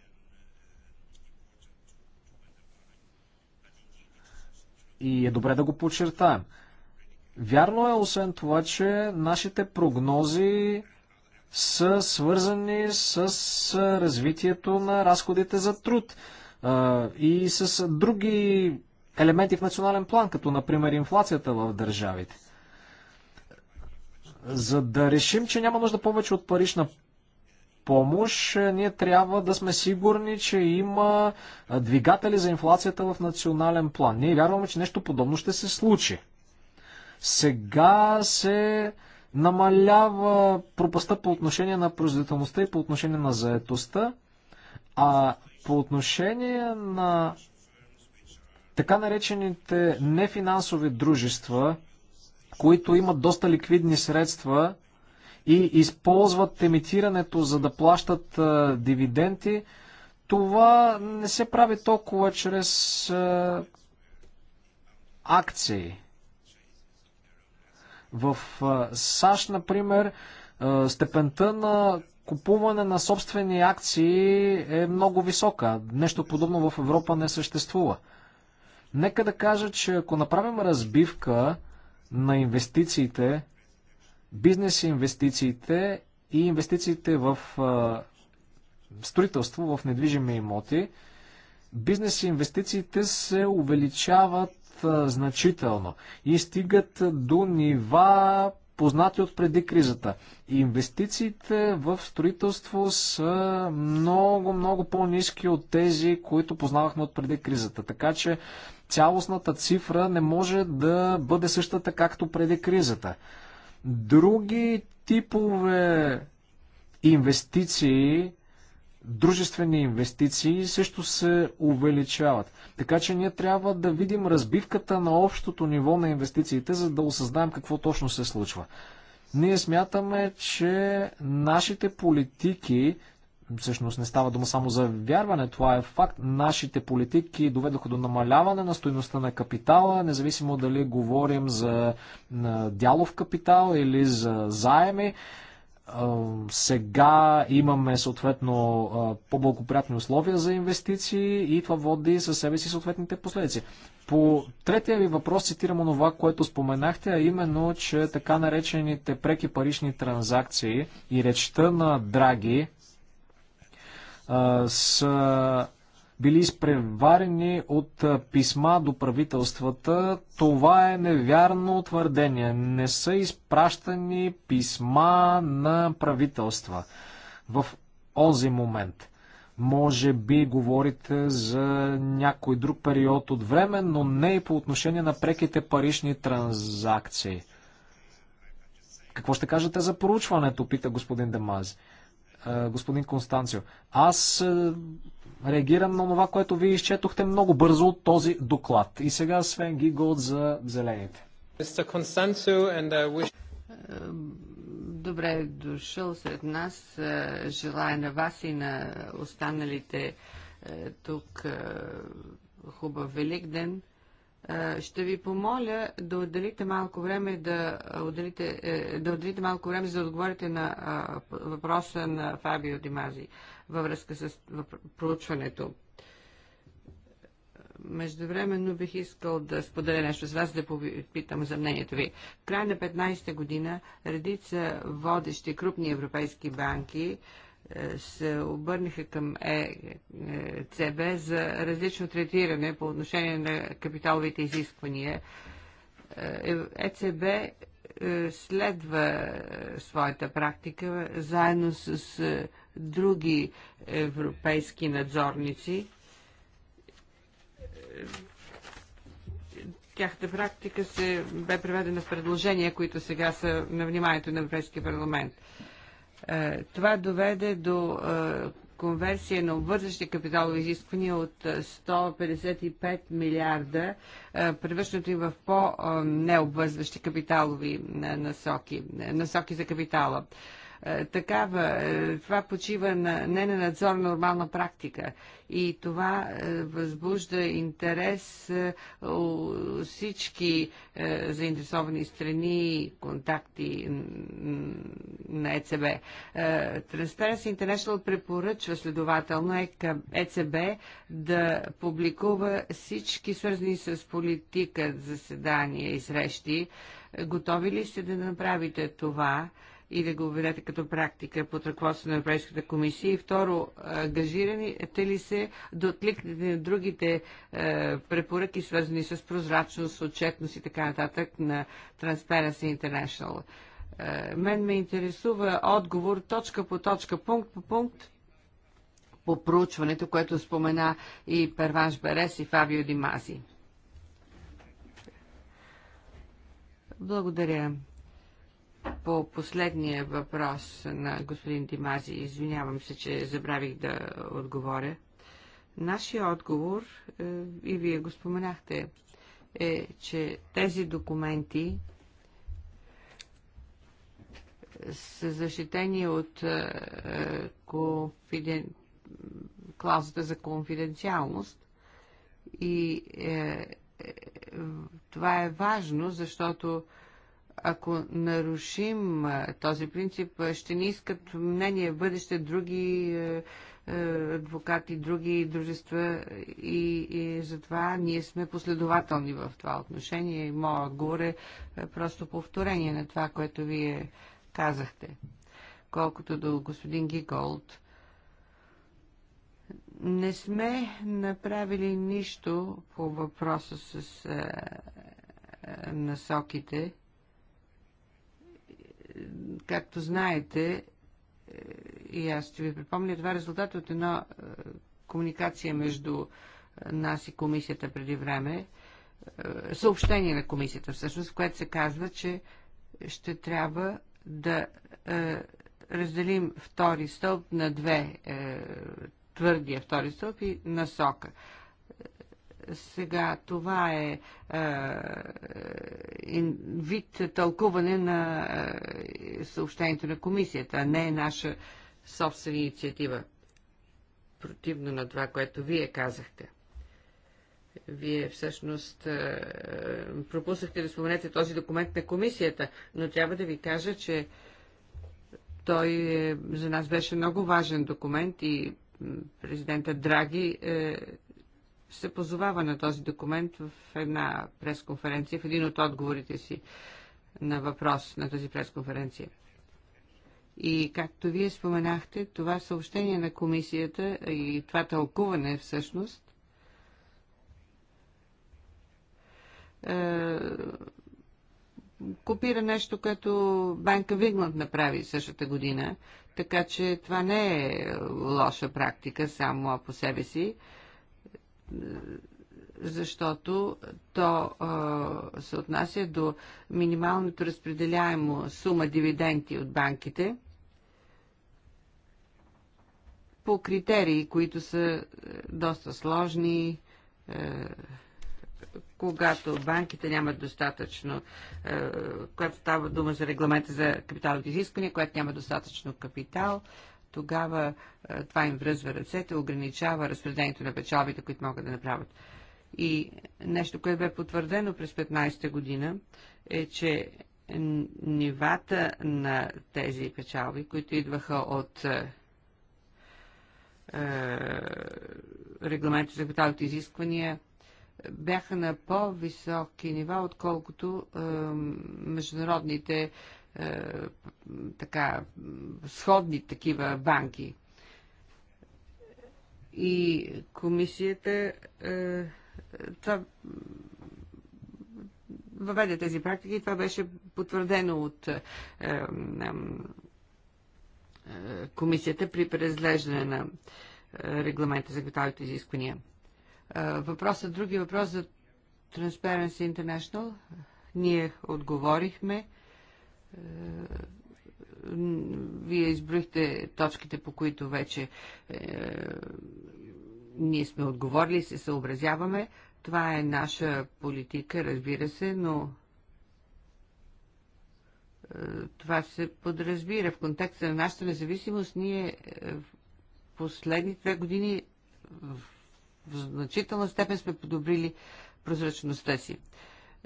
И е добре да го подчертаем. Вярно е, освен това, че нашите прогнози са свързани с развитието на разходите за труд и с други елементи в национален план, като например инфлацията в държавите. За да решим, че няма нужда повече от парична помощ, е, ние трябва да сме сигурни, че има е, двигатели за инфлацията в национален план. Ние вярваме, че нещо подобно ще се случи. Сега се намалява пропаста по отношение на производителността и по отношение на заетостта, а по отношение на така наречените нефинансови дружества, които имат доста ликвидни средства, и използват емитирането за да плащат дивиденти, това не се прави толкова чрез акции. В САЩ, например, степента на купуване на собствени акции е много висока. Нещо подобно в Европа не съществува. Нека да кажа, че ако направим разбивка на инвестициите, бизнес инвестициите и инвестициите в строителство в недвижими имоти, бизнес инвестициите се увеличават значително и стигат до нива познати от преди кризата. Инвестициите в строителство са много, много по-низки от тези, които познавахме от преди кризата. Така че цялостната цифра не може да бъде същата както преди кризата. Други типове инвестиции, дружествени инвестиции също се увеличават. Така че ние трябва да видим разбивката на общото ниво на инвестициите, за да осъзнаем какво точно се случва. Ние смятаме, че нашите политики всъщност не става дума само за вярване, това е факт. Нашите политики доведоха до намаляване на стоеността на капитала, независимо дали говорим за дялов капитал или за заеми. Сега имаме съответно по-благоприятни условия за инвестиции и това води със себе си съответните последици. По третия ви въпрос цитирам онова, което споменахте, а именно, че така наречените преки парични транзакции и речта на Драги са били изпреварени от писма до правителствата. Това е невярно твърдение. Не са изпращани писма на правителства в онзи момент. Може би говорите за някой друг период от време, но не и по отношение на преките парични транзакции. Какво ще кажете за поручването, пита господин Демази господин Констанцио. Аз реагирам на това, което вие изчетохте много бързо от този доклад. И сега Свен Гигот за зелените. Добре е дошъл сред нас. Желая на вас и на останалите тук хубав велик ден. Е, ще ви помоля да отделите малко време да, е, отделите, е, да отделите малко време за да отговорите на въпроса на Фабио Димази във връзка с проучването. Междувременно бих искал да споделя нещо с вас, да попитам за мнението ви. В края на 15-та година редица водещи крупни европейски банки се обърнаха към ЕЦБ за различно третиране по отношение на капиталовите изисквания. ЕЦБ е е, следва своята практика заедно с е, други европейски надзорници. Тяхната практика се бе преведена в предложения, които сега са на вниманието на Европейския парламент. Е, това доведе до е, конверсия на обвързващи капиталови изисквания от 155 е, милиарда, превръщането им в по-необвързващи капиталови насоки, насоки за капитала. Е, такава, е, това почива на, не на надзор, нормална практика. И това е, възбужда интерес всички заинтересовани страни, контакти на ЕЦБ. Transparency International препоръчва следователно ЕЦБ да публикува всички свързани с политика заседания и срещи. Готови ли сте да направите това? и да го введете като практика под ръководство на Европейската комисия? И второ, ангажираните ли се да откликнете на другите е, препоръки, свързани с прозрачност, отчетност и така нататък на Transparency International? Е, мен ме интересува отговор точка по точка, пункт по пункт, по проучването, което спомена и Перванш Берес и Фабио Димази. Благодаря. По последния въпрос на господин Димази, извинявам се, че забравих да отговоря. Нашия отговор, е, и вие го споменахте, е, че тези документи са защитени от е, конфиден... клаузата за конфиденциалност и е, е, това е важно, защото ако нарушим този принцип, ще ни искат мнение в бъдеще други адвокати, други дружества и, и затова ние сме последователни в това отношение и моят отговор е просто повторение на това, което вие казахте. Колкото до господин Гиголд, не сме направили нищо по въпроса с насоките, Както знаете, е, и аз ще ви припомня, това е резултат от една е, комуникация между е, нас и комисията преди време, съобщение на комисията всъщност, в което се казва, че ще трябва да разделим втори стълб на две твърдия втори стълб и насока. Сега това е, е вид тълкуване на е, съобщението на комисията, а не е наша собствена инициатива. Противно на това, което вие казахте. Вие всъщност е, пропуснахте да споменете този документ на комисията, но трябва да ви кажа, че той е, за нас беше много важен документ и президента Драги е, се позовава на този документ в една пресконференция, в един от отговорите си на въпрос на тази пресконференция. И както вие споменахте, това съобщение на комисията и това тълкуване всъщност е, копира нещо, което Банка Вигмонт направи същата година, така че това не е лоша практика само по себе си. Е, защото то а, се отнася до минималното разпределяемо сума дивиденти от банките по критерии, които са е, доста сложни, е, когато банките нямат достатъчно, е, когато става дума за регламента за капиталните изисквания, когато няма достатъчно капитал, тогава е, това им връзва ръцете, ограничава разпределението на печалбите, които могат да направят. И нещо, което бе потвърдено през 15-та година, е, че нивата на тези печалби, които идваха от е, е, регламента за капиталните изисквания, бяха на по-високи нива, отколкото е, международните е, така, сходни такива банки. И комисията е, това въведе тези практики. и Това беше потвърдено от е, е, комисията при преразглеждане на е, регламента за капиталните изисквания. Въпросът, други въпрос за Transparency International. Ние отговорихме е, вие изброихте точките, по които вече е, ние сме отговорили, се съобразяваме. Това е наша политика, разбира се, но е, това се подразбира. В контекста на нашата независимост ние е, последните две години в значителна степен сме подобрили прозрачността си. Е,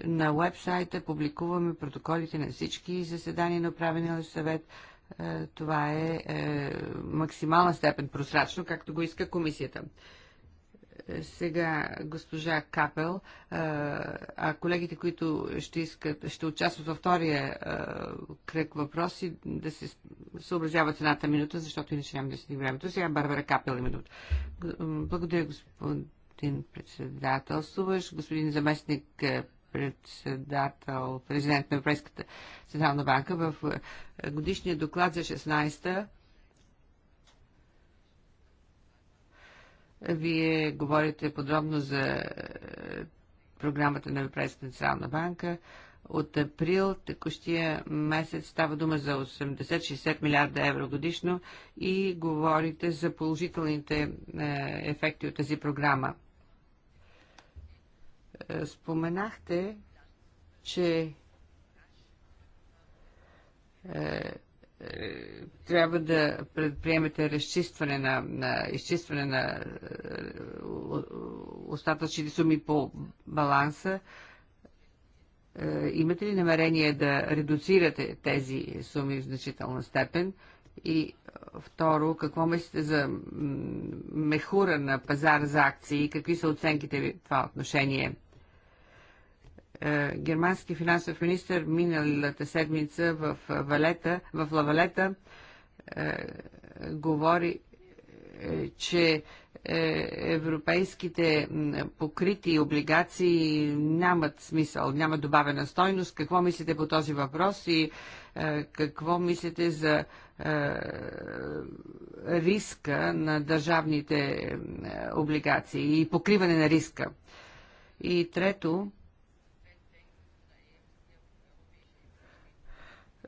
на вебсайта публикуваме протоколите на всички заседания на управения съвет. Е, това е, е максимална степен прозрачно, както го иска комисията. Е, сега госпожа Капел, а колегите, които ще, искат, ще участват във втория кръг въпроси, да се съобразяват едната минута, защото иначе няма да стигне времето. Сега Барбара Капел има минута. Благодаря, господин председателствуваш, господин заместник председател, президент на Европейската централна банка, в е, годишния доклад за 16-та вие говорите подробно за е, програмата на Европейската централна банка. От април текущия месец става дума за 80-60 милиарда евро годишно и говорите за положителните е, ефекти от тази програма. Е, споменахте, че е, е, трябва да предприемете разчистване на, на изчистване на остатъчните суми по баланса. Имате ли намерение да редуцирате тези суми в значителна степен? И второ, какво мислите за мехура на пазар за акции? Какви са оценките ви в това отношение? Е, германски финансов министр миналата седмица в, Валета, в Лавалета е, говори, е, че европейските покрити облигации нямат смисъл, няма добавена стойност. Какво мислите по този въпрос и какво мислите за риска на държавните облигации и покриване на риска? И трето,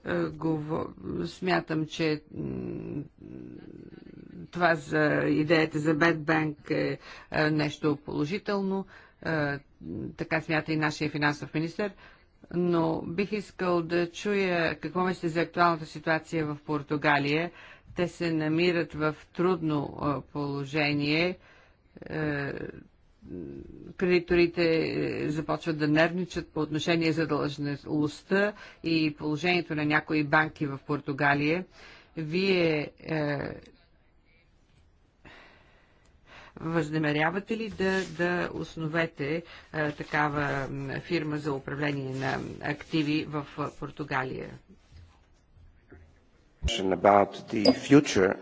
Е, смятам, че това за идеята за Bad Bank е, е нещо положително. Е, така смята и нашия финансов министр. Но бих искал да чуя какво мислите за актуалната ситуация в Португалия. Те се намират в трудно положение кредиторите е, започват да нервничат по отношение за задължеността и положението на някои банки в Португалия. Вие е, възнамерявате ли да, да основете е, такава фирма за управление на активи в Португалия? About the future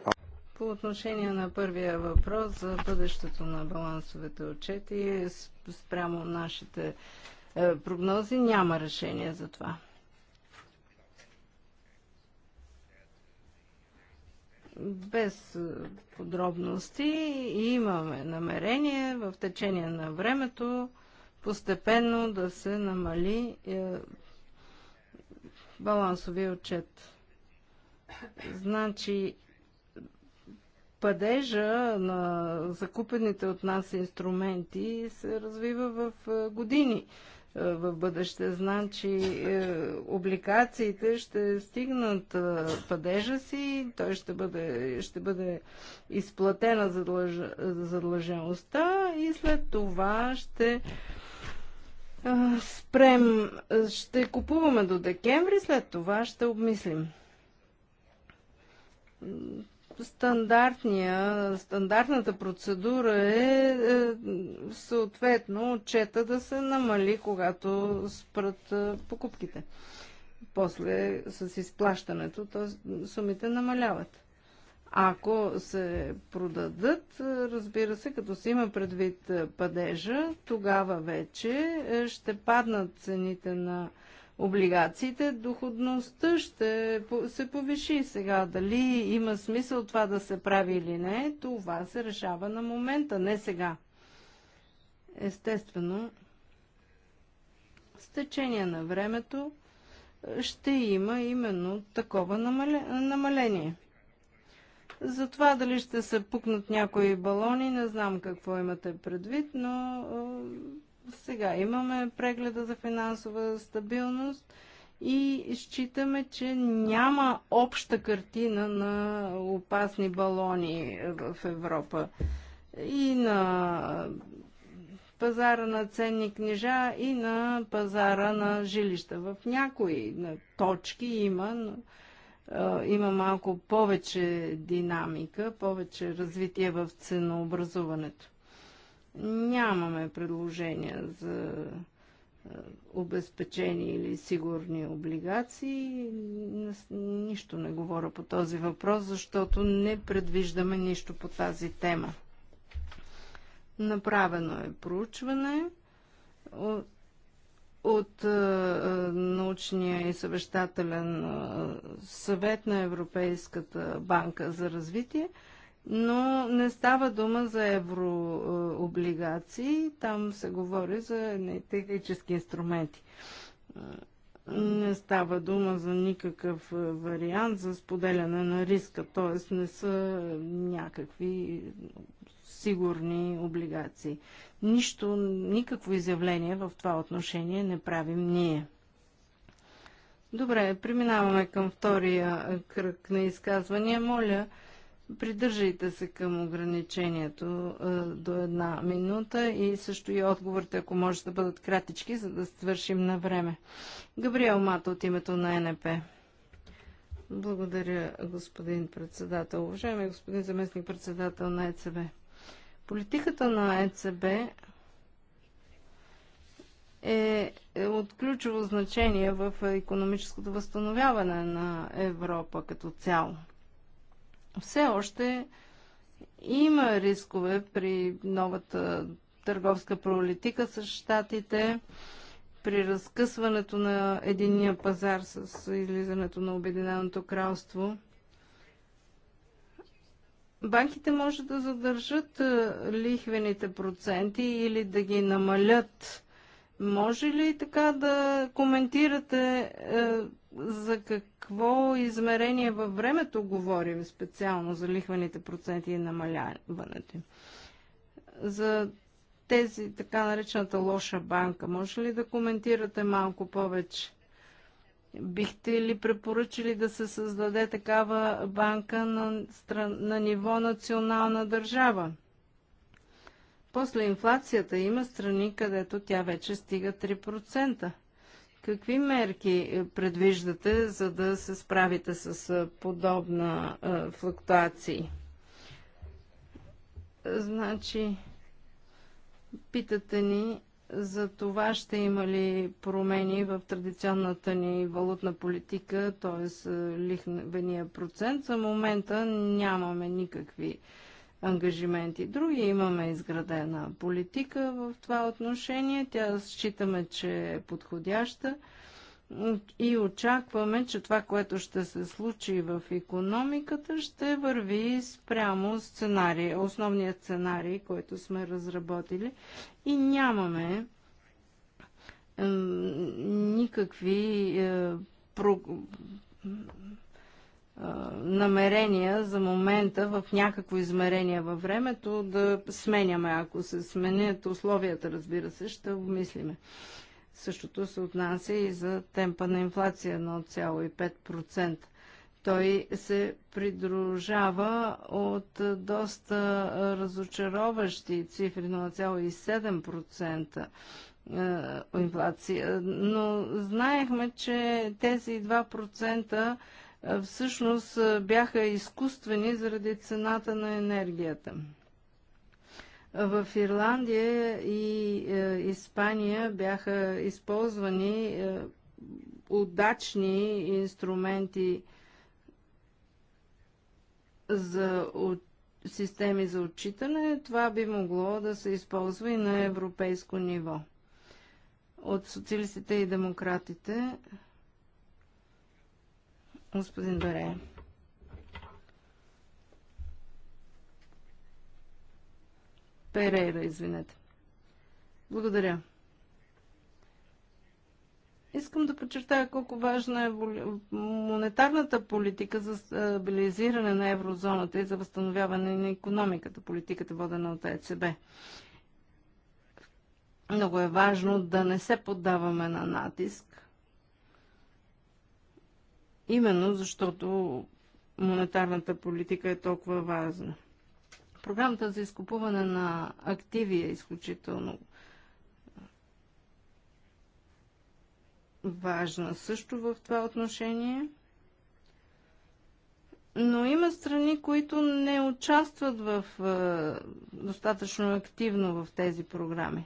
по отношение на първия въпрос за бъдещето на балансовете отчети спрямо нашите е, прогнози, няма решение за това. без е, подробности имаме намерение в течение на времето постепенно да се намали е, балансовия отчет. Значи падежа на закупените от нас инструменти се развива в е, години е, в бъдеще. Значи е, облигациите ще стигнат падежа си, той ще бъде, ще бъде изплатена задлъжеността и след това ще спрем, ще купуваме до декември, след това ще обмислим Стандартния, стандартната процедура е, е съответно отчета да се намали, когато спрат е, покупките. После с изплащането то сумите намаляват. Ако се продадат, е, разбира се, като се има предвид падежа, тогава вече ще паднат цените на облигациите, доходността ще се повиши сега. Дали има смисъл това да се прави или не, това се решава на момента, не сега. Естествено, с течение на времето е, ще има именно такова намаление. За това дали ще се пукнат някои балони, не знам какво имате предвид, но е, сега имаме прегледа за финансова стабилност и считаме, че няма обща картина на опасни балони в Европа и на пазара на ценни книжа и на пазара на жилища. В някои точки има, има малко повече динамика, повече развитие в ценообразуването нямаме предложения за е, обезпечени или сигурни облигации. Нищо не говоря по този въпрос, защото не предвиждаме нищо по тази тема. Направено е проучване от, е, е, научния и съвещателен съвет на Европейската банка за развитие – но не става дума за еврооблигации, там се говори за технически инструменти. Не става дума за никакъв е, вариант за споделяне на риска, т.е. не са някакви сигурни облигации. Нищо, никакво изявление в това отношение не правим ние. Добре, преминаваме към втория кръг на изказвания. Моля, Придържайте се към ограничението до една минута и също и отговорите, ако може да бъдат кратички, за да свършим на време. Габриел Мата от името на НП. Благодаря, господин председател. Уважаеми господин заместник председател на ЕЦБ. Политиката на ЕЦБ е, е от ключово значение в економическото възстановяване на Европа като цяло все още има рискове при новата търговска политика с щатите, при разкъсването на единния пазар с излизането на Обединеното кралство. Банките може да задържат лихвените проценти или да ги намалят може ли така да коментирате е, за какво измерение във времето говорим специално за лихвените проценти и намаляването им? За тези така наречената лоша банка, може ли да коментирате малко повече? Бихте ли препоръчили да се създаде такава банка на, на ниво национална държава? После инфлацията има страни, където тя вече стига 3%. Какви мерки е, предвиждате, за да се справите с е, подобна е, флуктуации? Значи, питате ни за това ще има ли промени в традиционната ни валутна политика, т.е. лихвения процент. За момента нямаме никакви ангажименти. Други имаме изградена политика в това отношение. Тя считаме, че е подходяща и очакваме, че това, което ще се случи в економиката, ще върви спрямо сценария, основния сценарий, който сме разработили и нямаме е, никакви е, намерения за момента в някакво измерение във времето да сменяме. Ако се сменят условията, разбира се, ще обмислиме. Същото се отнася и за темпа на инфлация 1,5%. Той се придружава от доста разочароващи цифри 0,7% е, инфлация. Но знаехме, че тези 2% всъщност бяха изкуствени заради цената на енергията. В Ирландия и е, Испания бяха използвани е, удачни инструменти за системи за отчитане. Това би могло да се използва и на европейско ниво. От социалистите и демократите господин Баре. Перейра, извинете. Благодаря. Искам да подчертая колко важна е монетарната политика за стабилизиране на еврозоната и за възстановяване на економиката, политиката водена от ЕЦБ. Много е важно да не се поддаваме на натиск Именно защото монетарната политика е толкова важна. Програмата за изкупуване на активи е изключително важна също в това отношение. Но има страни, които не участват в, е, достатъчно активно в тези програми.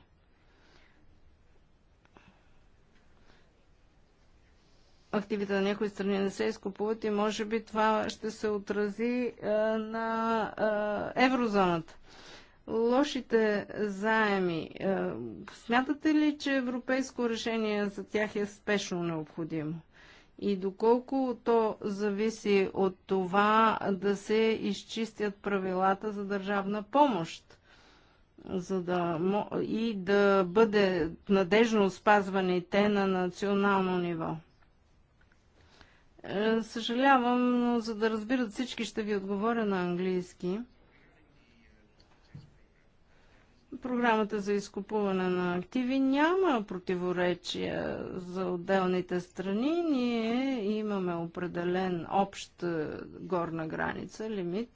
активите на някои страни не се изкупуват и може би това ще се отрази а, на а, еврозоната. Лошите заеми. А, смятате ли, че европейско решение за тях е спешно необходимо? И доколко то зависи от това да се изчистят правилата за държавна помощ? за да, и да бъде надежно спазвани те на национално ниво. Е, съжалявам, но за да разбират всички, ще ви отговоря на английски. Програмата за изкупуване на активи няма противоречия за отделните страни. Ние имаме определен общ е, горна граница, лимит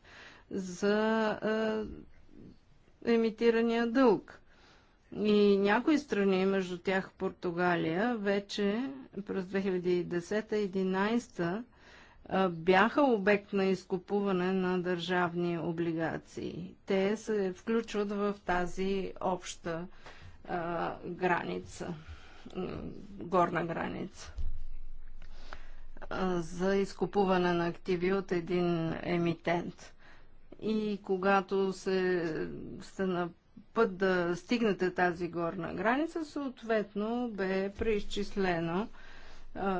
за е, емитирания дълг. И някои страни, между тях Португалия, вече през 2010-2011 бяха обект на изкупуване на държавни облигации. Те се включват в тази обща а, граница, горна граница за изкупуване на активи от един емитент. И когато се, сте на път да стигнете тази горна граница, съответно бе преизчислено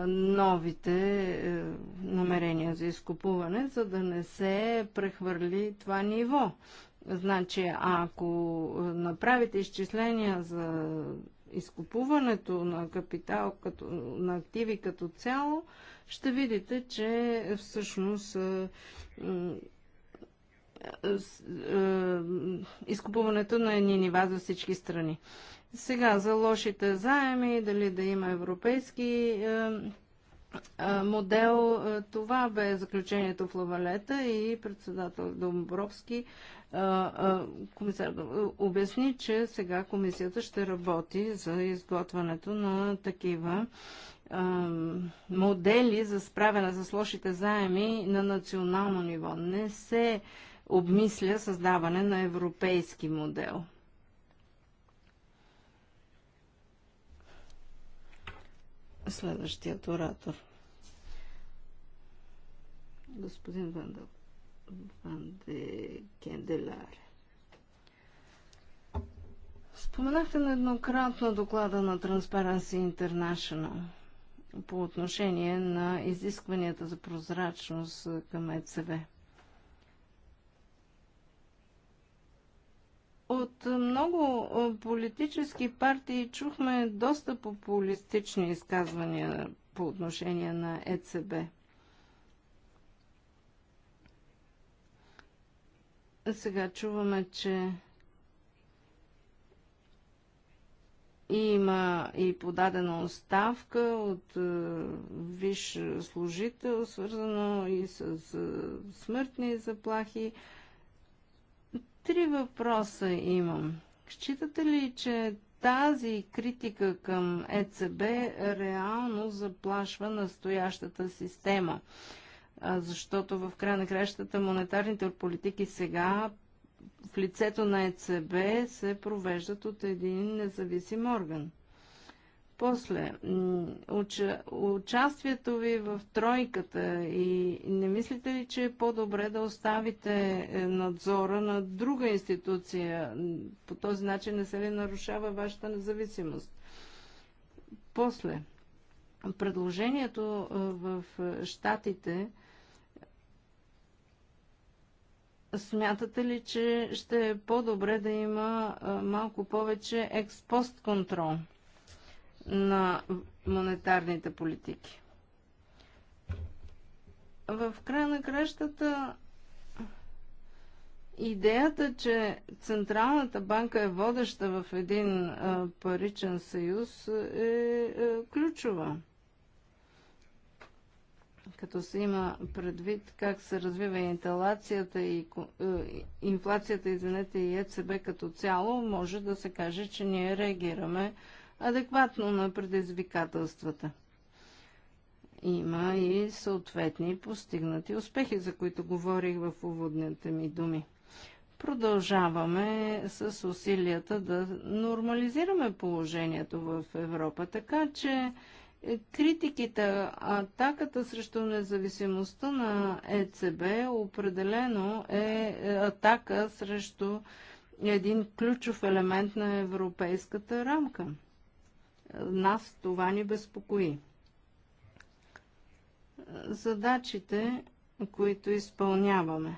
новите е, намерения за изкупуване, за да не се прехвърли това ниво. Значи, ако е, направите изчисления за изкупуването на капитал като, на активи като цяло, ще видите, че всъщност е, е, е, изкупуването на едни нива за всички страни. Сега за лошите заеми, дали да има европейски е, модел. Това бе заключението в Лавалета и председател Домбровски комисар обясни, че сега комисията ще работи за изготвянето на такива модели за справяне с лошите заеми на национално ниво. Не се обмисля създаване на европейски модел. Следващият оратор. Господин Ван Ванде Кенделяре. Споменахте еднократно доклада на Transparency International по отношение на изискванията за прозрачност към ЕЦВ. От много политически партии чухме доста популистични изказвания по отношение на ЕЦБ. Сега чуваме, че има и подадена оставка от висш служител, свързано и с смъртни заплахи. Три въпроса имам. Считате ли, че тази критика към ЕЦБ реално заплашва настоящата система? Защото в края на кращата монетарните политики сега в лицето на ЕЦБ се провеждат от един независим орган. После, уча, участието ви в тройката и не мислите ли, че е по-добре да оставите е, надзора на друга институция? По този начин не се ли нарушава вашата независимост? После, предложението е, в Штатите е, смятате ли, че ще е по-добре да има малко повече експост контрол? на монетарните политики. В края на кращата идеята, че Централната банка е водеща в един паричен съюз е, е ключова като се има предвид как се развива инфлацията и е, инфлацията, извинете, и ЕЦБ като цяло, може да се каже, че ние реагираме адекватно на предизвикателствата. Има и съответни постигнати успехи, за които говорих в уводните ми думи. Продължаваме с усилията да нормализираме положението в Европа, така че критиките, атаката срещу независимостта на ЕЦБ определено е атака срещу един ключов елемент на европейската рамка. Нас това ни безпокои. Задачите, които изпълняваме.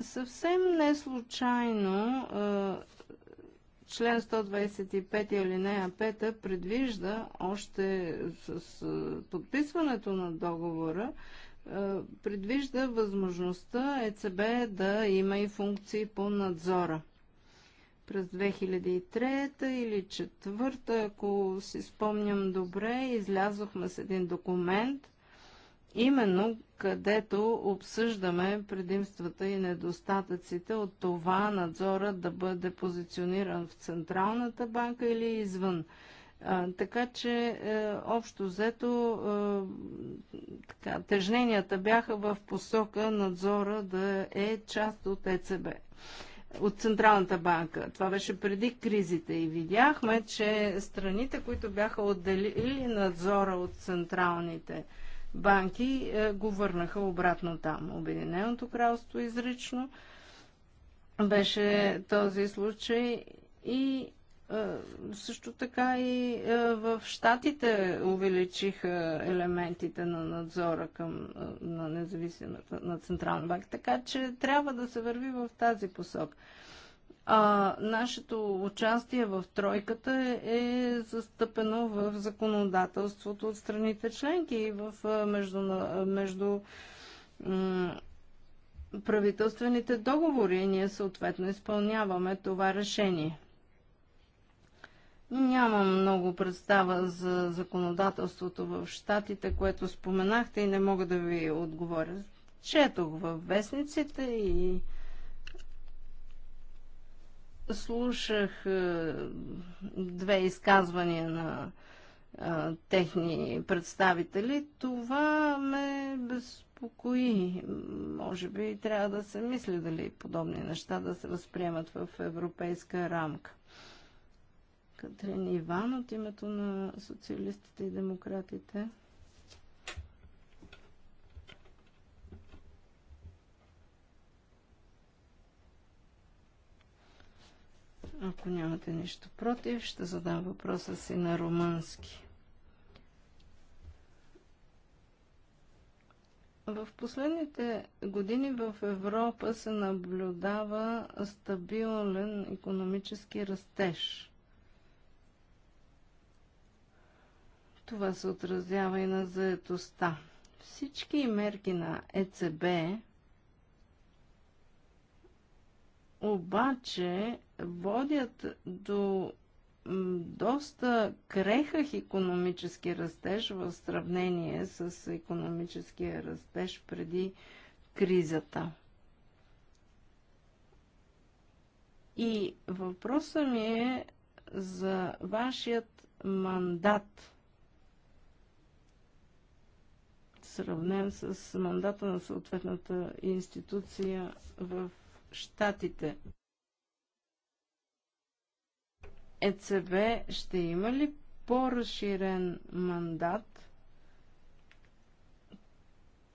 Съвсем не случайно член 125 алинея 5 предвижда още с подписването на договора, предвижда възможността ЕЦБ да има и функции по надзора през 2003 или 2004, ако си спомням добре, излязохме с един документ, именно където обсъждаме предимствата и недостатъците от това надзора да бъде позициониран в Централната банка или извън. А, така че е, общо взето е, така, тежненията бяха в посока надзора да е част от ЕЦБ от Централната банка. Това беше преди кризите и видяхме, че страните, които бяха отделили надзора от централните банки, е, го върнаха обратно там. Обединеното кралство изрично беше този случай и е, също така и е, в Штатите увеличиха елементите на надзора към, е, на независимата на Централна банка. Така че трябва да се върви в тази посока. А, нашето участие в тройката е застъпено в законодателството от страните членки и в между, между правителствените договори. Ние съответно изпълняваме това решение. Нямам много представа за законодателството в Штатите, което споменахте и не мога да ви отговоря. Четох във вестниците и слушах е, две изказвания на е, техни представители. Това ме безпокои. Може би трябва да се мисли дали подобни неща да се възприемат в европейска рамка. Катрин Иван от името на социалистите и демократите. Ако нямате нищо против, ще задам въпроса си на румънски. В последните години в Европа се наблюдава стабилен економически растеж – Това се отразява и на заетостта. Всички мерки на ЕЦБ обаче водят до доста крехах економически растеж в сравнение с економическия растеж преди кризата. И въпросът ми е за вашият мандат. сравнен с мандата на съответната институция в Штатите. ЕЦБ ще има ли по-разширен мандат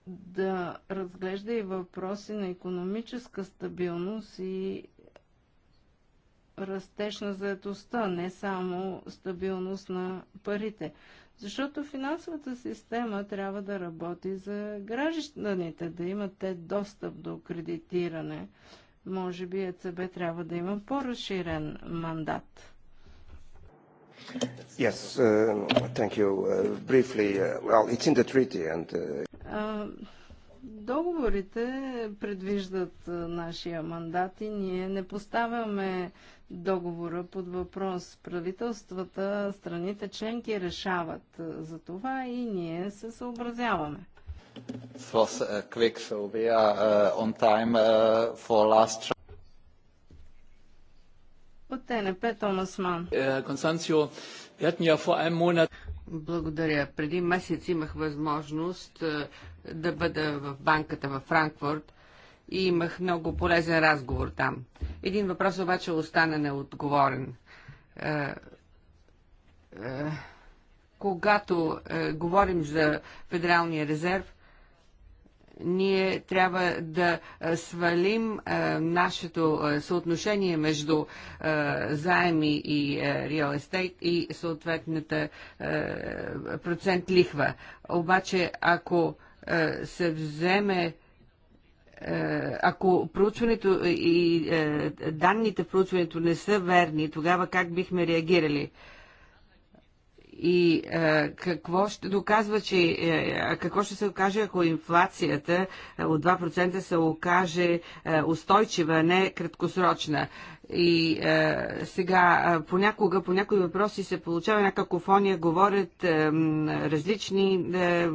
да разглежда и въпроси на економическа стабилност и растеж на заедостта, не само стабилност на парите? Защото финансовата система трябва да работи за гражданите, да имат те достъп до кредитиране. Може би ЕЦБ трябва да има по-разширен мандат. Yes, uh, thank you. Uh, briefly, uh, well, it's in the treaty and... Uh... Uh, договорите предвиждат uh, нашия мандат и ние не поставяме договора под въпрос. Правителствата, страните членки решават за това и ние се съобразяваме. Uh, uh, uh, от ТНП Томас Ман. Е, Благодаря. Преди месец имах възможност е, да бъда в банката във Франкфурт и имах много полезен разговор там. Един въпрос обаче остана неотговорен. Е, е, когато е, говорим за Федералния резерв, ние трябва да е, свалим е, нашето е, съотношение между е, заеми и е, real estate и съответната е, процент лихва. Обаче, ако е, се вземе е, ако проучването и е, данните в проучването не са верни, тогава как бихме реагирали? И а, е, какво ще доказва, че а, какво ще се окаже, ако инфлацията от 2% се окаже а, устойчива, а не краткосрочна? И е, сега е, понякога по някои въпроси се получава една какофония, говорят е, различни е, е,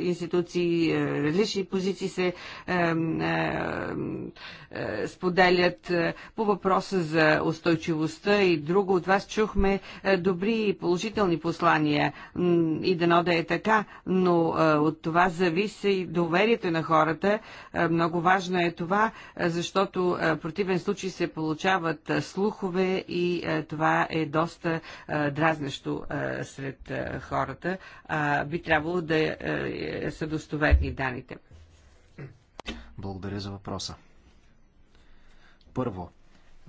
институции, е, различни позиции се е, е, е, споделят е, по въпроса за устойчивостта и друго. От вас чухме е, добри и положителни послания и дано да е така, но е, от това зависи и доверието на хората. Е, много важно е това, е, защото е, в противен случай се получава получават слухове и това е доста дразнещо сред хората. Би трябвало да са достоверни данните. Благодаря за въпроса. Първо,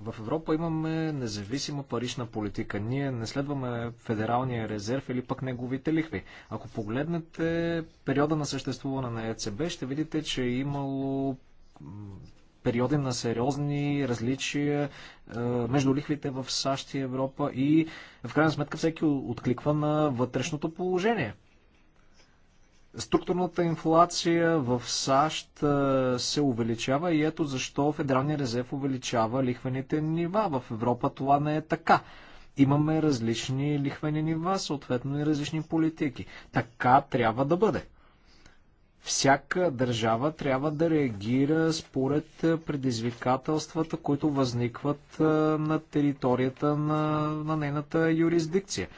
в Европа имаме независима парична политика. Ние не следваме Федералния резерв или пък неговите лихви. Ако погледнете периода на съществуване на ЕЦБ, ще видите, че е имало периоди на сериозни различия е, между лихвите в САЩ и Европа и в крайна сметка всеки откликва на вътрешното положение. Структурната инфлация в САЩ е, се увеличава и ето защо Федералния резерв увеличава лихвените нива. В Европа това не е така имаме различни лихвени нива, съответно и различни политики. Така трябва да бъде. Всяка държава трябва да реагира според предизвикателствата, които възникват на територията на, на нейната юрисдикция.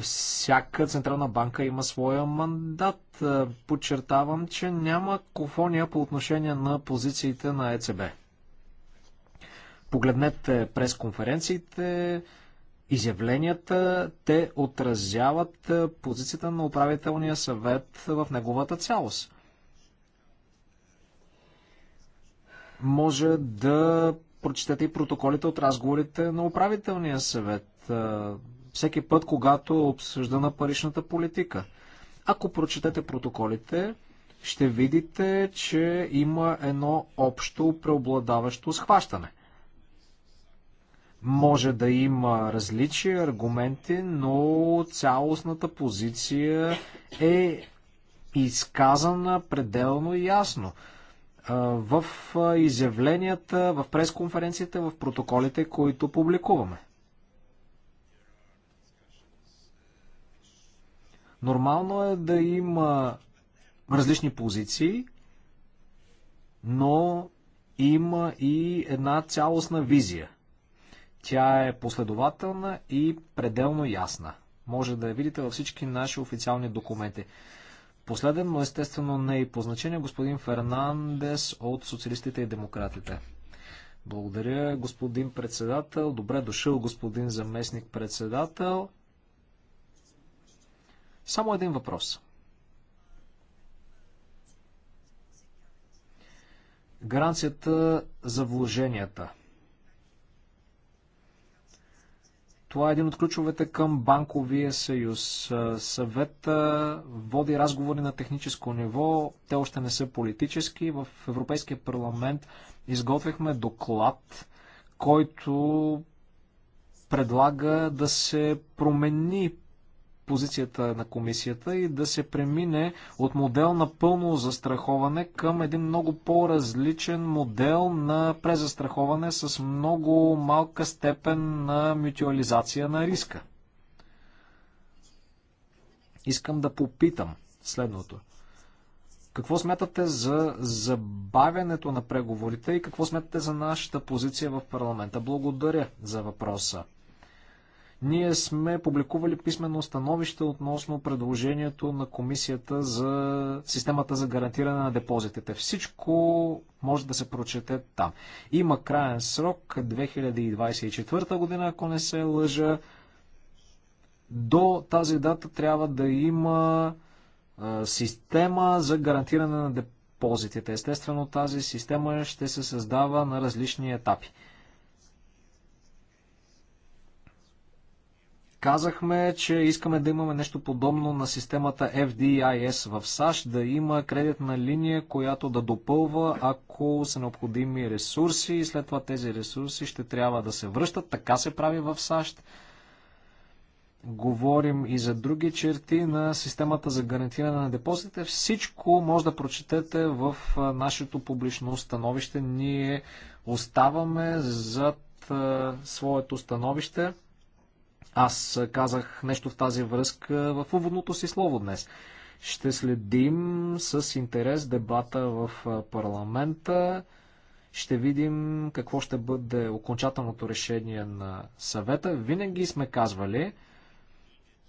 Всяка централна банка има своя мандат. Подчертавам, че няма кофония по отношение на позициите на ЕЦБ. Погледнете пресконференциите, конференциите изявленията, те отразяват е, позицията на управителния съвет в неговата цялост. Може да прочетете и протоколите от разговорите на управителния съвет. Е, всеки път, когато е обсъждана паричната политика. Ако прочетете протоколите, ще видите, че има едно общо преобладаващо схващане може да има различия, аргументи, но цялостната позиция е изказана пределно ясно. В изявленията, в пресконференциите, в протоколите, които публикуваме. Нормално е да има различни позиции, но има и една цялостна визия – тя е последователна и пределно ясна. Може да я видите във всички наши официални документи. Последен, но естествено не и по значение, господин Фернандес от Социалистите и Демократите. Благодаря, господин председател. Добре дошъл, господин заместник председател. Само един въпрос. Гаранцията за вложенията – Това е един от ключовете към банковия съюз. Съвета води разговори на техническо ниво, те още не са политически. В Европейския парламент изготвихме доклад, който предлага да се промени позицията на комисията и да се премине от модел на пълно застраховане към един много по-различен модел на презастраховане с много малка степен на мютуализация на риска. Искам да попитам следното. Какво смятате за забавянето на преговорите и какво смятате за нашата позиция в парламента? Благодаря за въпроса. Ние сме публикували писмено становище относно предложението на комисията за системата за гарантиране на депозитите. Всичко може да се прочете там. Има краен срок 2024 година, ако не се лъжа. До тази дата трябва да има система за гарантиране на депозитите. Естествено, тази система ще се създава на различни етапи. Казахме, че искаме да имаме нещо подобно на системата FDIS в САЩ, да има кредитна линия, която да допълва, ако са необходими ресурси и след това тези ресурси ще трябва да се връщат. Така се прави в САЩ. Говорим и за други черти на системата за гарантиране на депозитите. Всичко може да прочетете в нашето публично становище. Ние оставаме зад своето становище. Аз казах нещо в тази връзка в уводното си слово днес. Ще следим с интерес дебата в парламента. Ще видим какво ще бъде окончателното решение на съвета. Винаги сме казвали,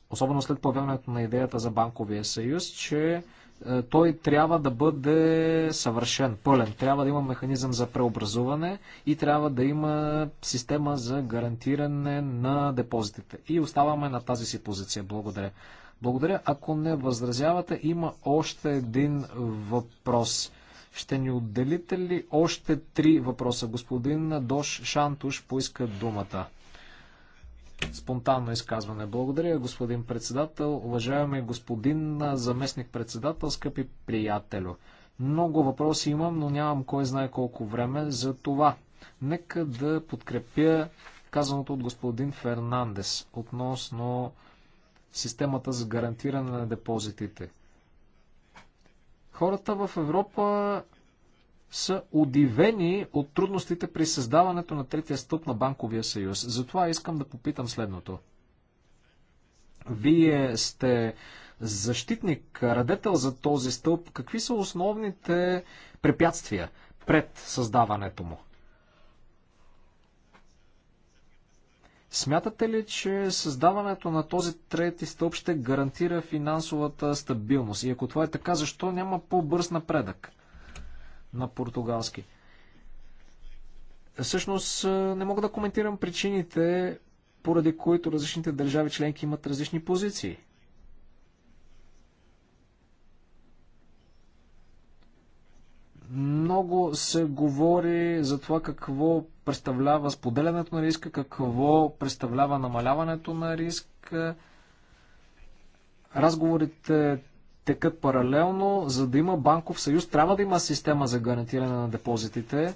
особено след появяването на идеята за банковия съюз, че е, той трябва да бъде съвършен, пълен. Трябва да има механизъм за преобразуване и трябва да има система за гарантиране на депозитите. И оставаме на тази си позиция. Благодаря. Благодаря. Ако не възразявате, има още един въпрос. Ще ни отделите ли още три въпроса? Господин Дош Шантуш поиска думата. Спонтанно изказване. Благодаря, господин председател. Уважаеми господин заместник председател, скъпи приятелю. Много въпроси имам, но нямам кой знае колко време за това. Нека да подкрепя казаното от господин Фернандес относно системата за гарантиране на депозитите. Хората в Европа са удивени от трудностите при създаването на третия стълб на Банковия съюз. Затова искам да попитам следното. Вие сте защитник, радетел за този стълб. Какви са основните препятствия пред създаването му? Смятате ли, че създаването на този трети стълб ще гарантира финансовата стабилност? И ако това е така, защо няма по-бърз напредък? на португалски. Всъщност не мога да коментирам причините, поради които различните държави членки имат различни позиции. Много се говори за това какво представлява споделянето на риска, какво представлява намаляването на риск. Разговорите текат паралелно. За да има банков съюз, трябва да има система за гарантиране на депозитите.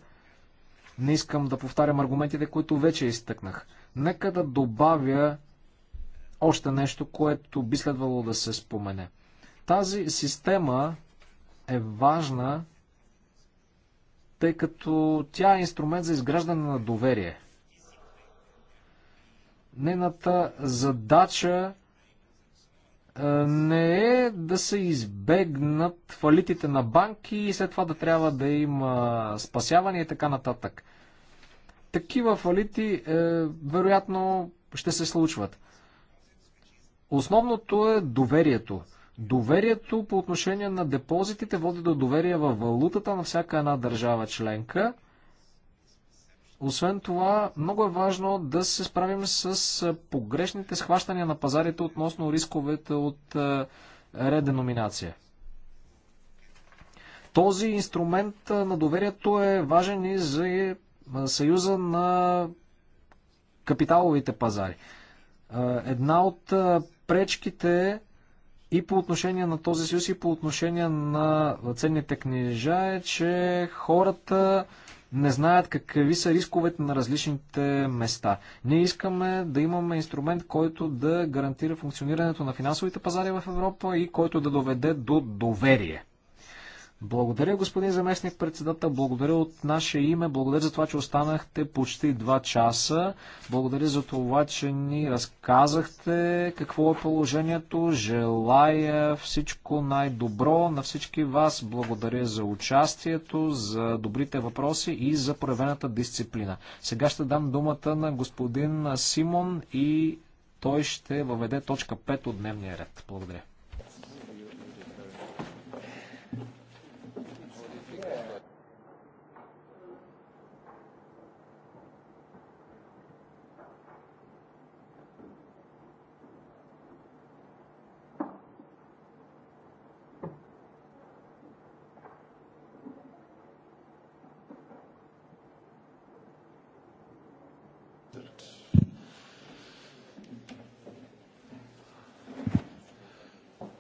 Не искам да повтарям аргументите, които вече изтъкнах. Нека да добавя още нещо, което би следвало да се спомене. Тази система е важна, тъй като тя е инструмент за изграждане на доверие. Нейната задача е, не е да се избегнат фалитите на банки и след това да трябва да има спасяване и така нататък. Такива фалити е, вероятно ще се случват. Основното е доверието. Доверието по отношение на депозитите води до доверие в валутата на всяка една държава членка – освен това, много е важно да се справим с погрешните схващания на пазарите относно рисковете от реденоминация. Този инструмент на доверието е важен и за е, съюза на капиталовите пазари. Една от пречките и по отношение на този съюз, и по отношение на ценните книжа е, че хората не знаят какви са рисковете на различните места. Ние искаме да имаме инструмент, който да гарантира функционирането на финансовите пазари в Европа и който да доведе до доверие благодаря, господин заместник председател. Благодаря от наше име. Благодаря за това, че останахте почти два часа. Благодаря за това, че ни разказахте какво е положението. Желая всичко най-добро на всички вас. Благодаря за участието, за добрите въпроси и за проявената дисциплина. Сега ще дам думата на господин Симон и той ще въведе точка 5 от дневния ред. Благодаря.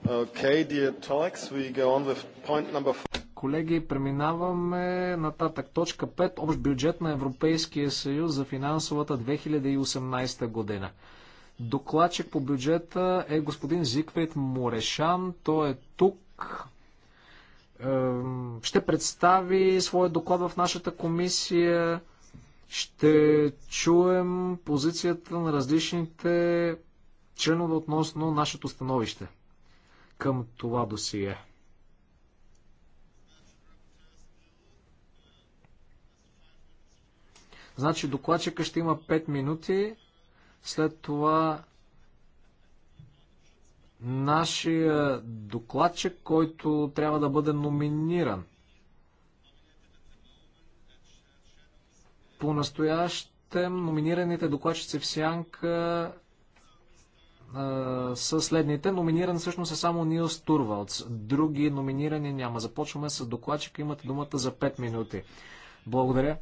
Okay, dear talks, we go on with point number four. Колеги, преминаваме нататък. Точка 5. Общ бюджет на Европейския съюз за финансовата 2018 година. Докладчик по бюджета е господин Зиквейт Морешан. Той е тук. Ще представи своя доклад в нашата комисия. Ще чуем позицията на различните членове относно нашето становище към това досие. Значи докладчика ще има 5 минути, след това нашия докладчик, който трябва да бъде номиниран. По настоящем номинираните докладчици в Сянка са следните. Номиниран всъщност е само Нил Стурвалц. Други номинирани няма. Започваме с докладчика. Имате думата за 5 минути. Благодаря.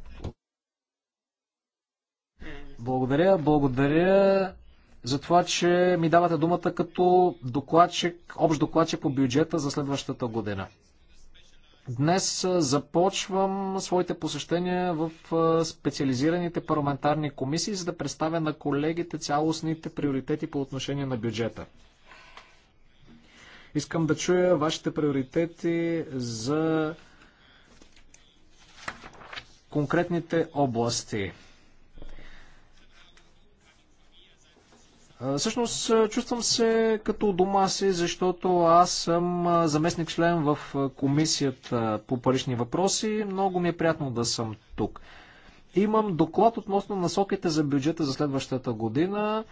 Благодаря, благодаря за това, че ми давате думата като докладчик, общ докладчик по бюджета за следващата година. Днес започвам своите посещения в специализираните парламентарни комисии, за да представя на колегите цялостните приоритети по отношение на бюджета. Искам да чуя вашите приоритети за конкретните области. Всъщност чувствам се като дома си, защото аз съм заместник член в комисията по парични въпроси. Много ми е приятно да съм тук. Имам доклад относно насоките за бюджета за следващата година.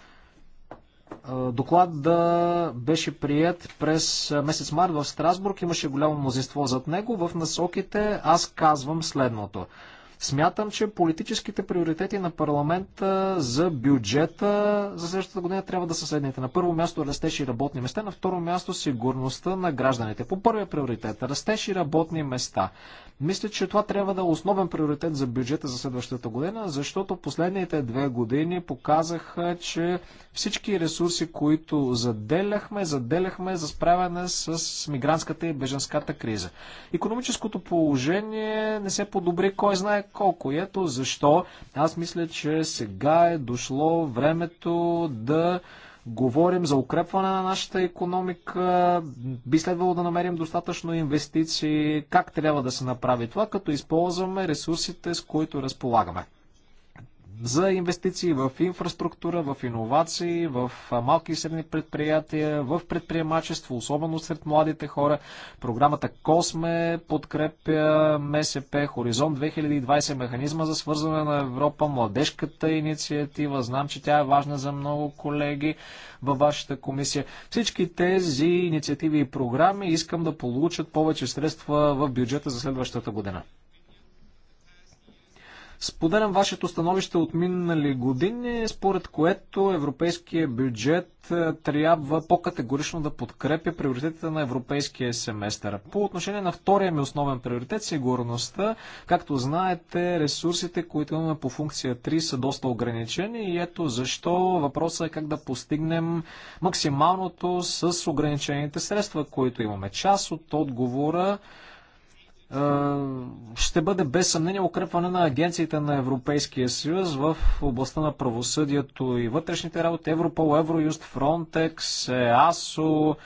Доклад да беше прият през месец март в Страсбург. Имаше голямо мнозинство зад него. В насоките аз казвам следното. Смятам, че политическите приоритети на парламента за бюджета за следващата година трябва да са следните. На първо място е растеж и работни места, на второ място сигурността на гражданите. По първия приоритет растеж и работни места. Мисля, че това трябва да е основен приоритет за бюджета за следващата година, защото последните две години показаха, че всички ресурси, които заделяхме, заделяхме за справяне с мигрантската и беженската криза. Економическото положение не се подобри кой знае колко. И ето защо аз мисля, че сега е дошло времето да говорим за укрепване на нашата економика, би следвало да намерим достатъчно инвестиции, как трябва да се направи това, като използваме ресурсите, с които разполагаме за инвестиции в инфраструктура, в иновации, в малки и средни предприятия, в предприемачество, особено сред младите хора. Програмата Косме подкрепя МСП, Хоризонт 2020, механизма за свързване на Европа, младежката инициатива. Знам, че тя е важна за много колеги във вашата комисия. Всички тези инициативи и програми искам да получат повече средства в бюджета за следващата година. Споделям вашето становище от минали години, според което европейския бюджет е, трябва по-категорично да подкрепя приоритетите на европейския семестър. По отношение на втория ми основен приоритет, сигурността, както знаете, ресурсите, които имаме по функция 3 са доста ограничени и ето защо въпросът е как да постигнем максималното с ограничените средства, които имаме. Част от отговора ще бъде без съмнение укрепване на агенциите на Европейския съюз в областта на правосъдието и вътрешните работи, Европол, Евроюст, Фронтекс, АСО.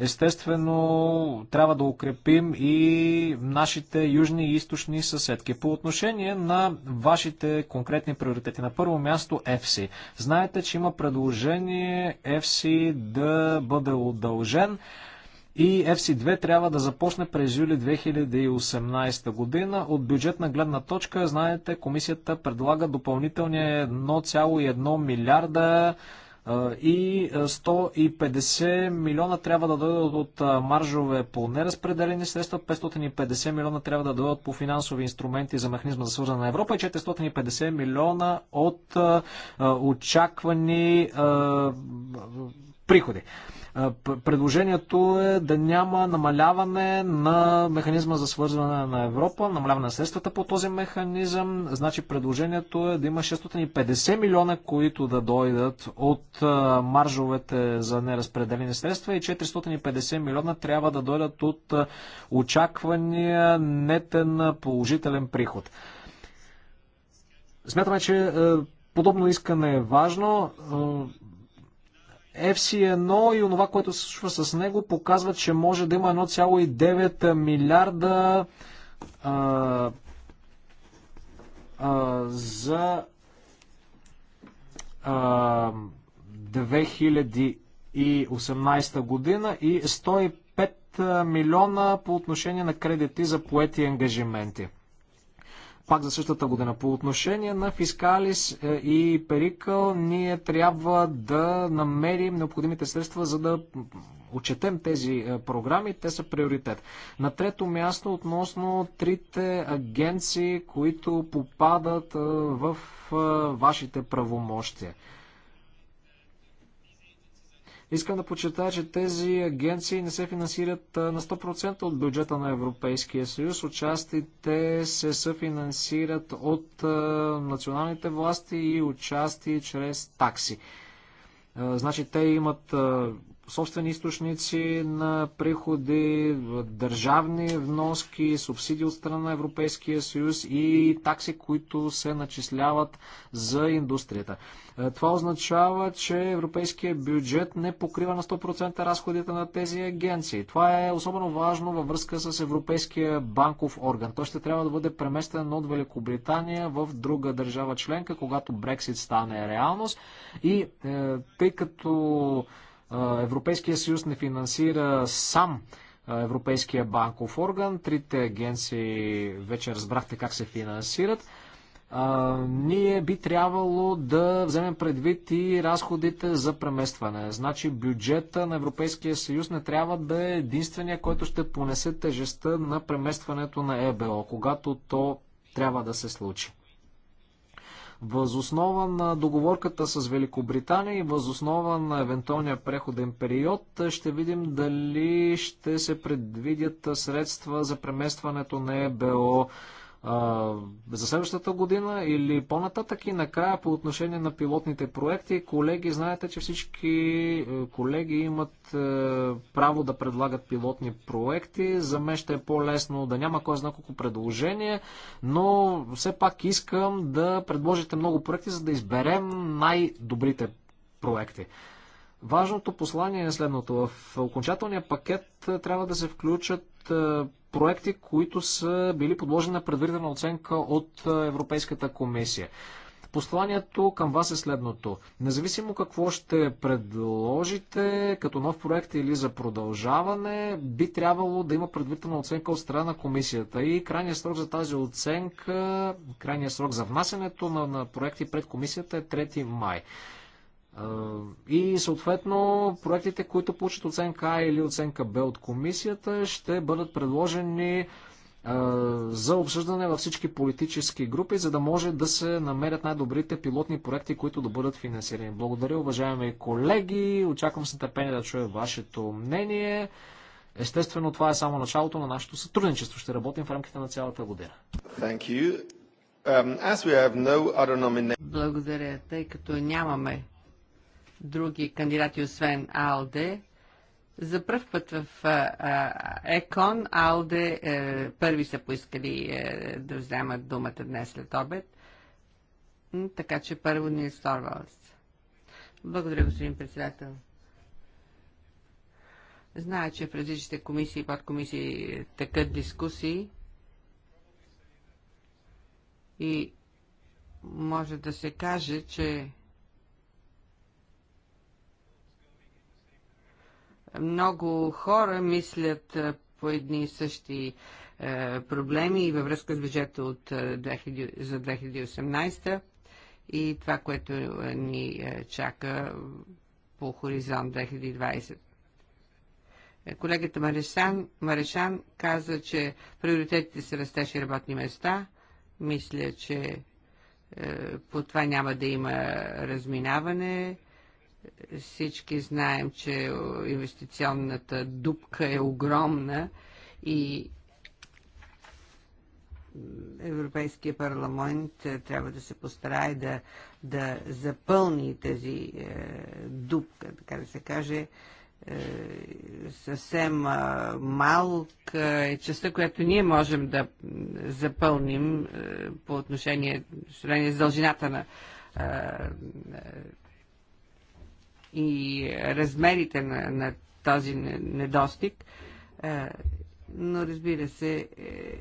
Естествено, трябва да укрепим и нашите южни и източни съседки. По отношение на вашите конкретни приоритети, на първо място ЕФСИ. Знаете, че има предложение ЕФСИ да бъде удължен и FC2 трябва да започне през юли 2018 година. От бюджетна гледна точка, знаете, комисията предлага допълнителни 1,1 милиарда и 150 милиона трябва да дойдат от маржове по неразпределени средства, 550 милиона трябва да дойдат по финансови инструменти за механизма за свързана на Европа и 450 милиона от очаквани приходи. Предложението е да няма намаляване на механизма за свързване на Европа, намаляване на средствата по този механизъм. Значи предложението е да има 650 милиона, които да дойдат от маржовете за неразпределени средства и 450 милиона трябва да дойдат от очаквания нетен положителен приход. Смятаме, че подобно искане е важно. FC1 и онова, което се случва с него, показва, че може да има 1,9 милиарда а, а, за а, 2018 година и 105 милиона по отношение на кредити за поети и ангажименти пак за същата година. По отношение на Фискалис е, и Перикъл, ние трябва да намерим необходимите средства, за да отчетем тези е, програми. Те са приоритет. На трето място, относно трите агенции, които попадат е, в вашите правомощия. Искам да подчертая, че тези агенции не се финансират на 100% от бюджета на Европейския съюз. Участите се съфинансират от националните власти и участие чрез такси. Значи те имат собствени източници на приходи, държавни вноски, субсидии от страна на Европейския съюз и такси, които се начисляват за индустрията. Е, това означава, че европейския бюджет не покрива на 100% разходите на тези агенции. Това е особено важно във връзка с Европейския банков орган. Той ще трябва да бъде преместен от Великобритания в друга държава членка, когато Брексит стане реалност. И е, тъй като Европейския съюз не финансира сам Европейския банков орган. Трите агенции вече разбрахте как се финансират. ние би трябвало да вземем предвид и разходите за преместване. Значи бюджета на Европейския съюз не трябва да е единствения, който ще понесе тежестта на преместването на ЕБО, когато то трябва да се случи. Възоснова на договорката с Великобритания и възоснова на евентуалния преходен период ще видим дали ще се предвидят средства за преместването на ЕБО за следващата година или по-нататък и накрая по отношение на пилотните проекти. Колеги, знаете, че всички е, колеги имат е, право да предлагат пилотни проекти. За мен ще е по-лесно да няма кой знае колко предложение, но все пак искам да предложите много проекти, за да изберем най-добрите проекти. Важното послание е следното. В окончателния пакет трябва да се включат проекти, които са били подложени на предварителна оценка от Европейската комисия. Посланието към вас е следното. Независимо какво ще предложите като нов проект или за продължаване, би трябвало да има предварителна оценка от страна на комисията. И крайният срок за тази оценка, крайният срок за внасянето на, на проекти пред комисията е 3 май. И съответно проектите, които получат оценка А или оценка Б от комисията, ще бъдат предложени за обсъждане във всички политически групи, за да може да се намерят най-добрите пилотни проекти, които да бъдат финансирани. Благодаря, уважаеми колеги. Очаквам с нетърпение да чуя вашето мнение. Естествено, това е само началото на нашето сътрудничество. Ще работим в рамките на цялата година. Um, Благодаря. Тъй като нямаме други кандидати, освен АЛДЕ. За първ път в ЕКОН АЛДЕ е, първи са поискали е, да вземат думата днес след обед. Така че първо ни е Сторвалс. Благодаря, господин председател. Зная, че в различните комисии и подкомисии такът дискусии и може да се каже, че Много хора мислят по едни и същи е, проблеми и във връзка с бюджета от, 2000, е, за 2018 и това, което е, ни чака по хоризонт 2020. Колегата Марешан, Марешан каза, че приоритетите са растеж и работни места. Мисля, че е, по това няма да има разминаване. Всички знаем, че инвестиционната дупка е огромна и Европейския парламент е, трябва да се постарае да, да запълни тази е, дупка, така да се каже. Е, съвсем е, малка е частта, която ние можем да запълним е, по отношение, с дължината на е, и размерите на, на този недостиг. Е, но разбира се, е,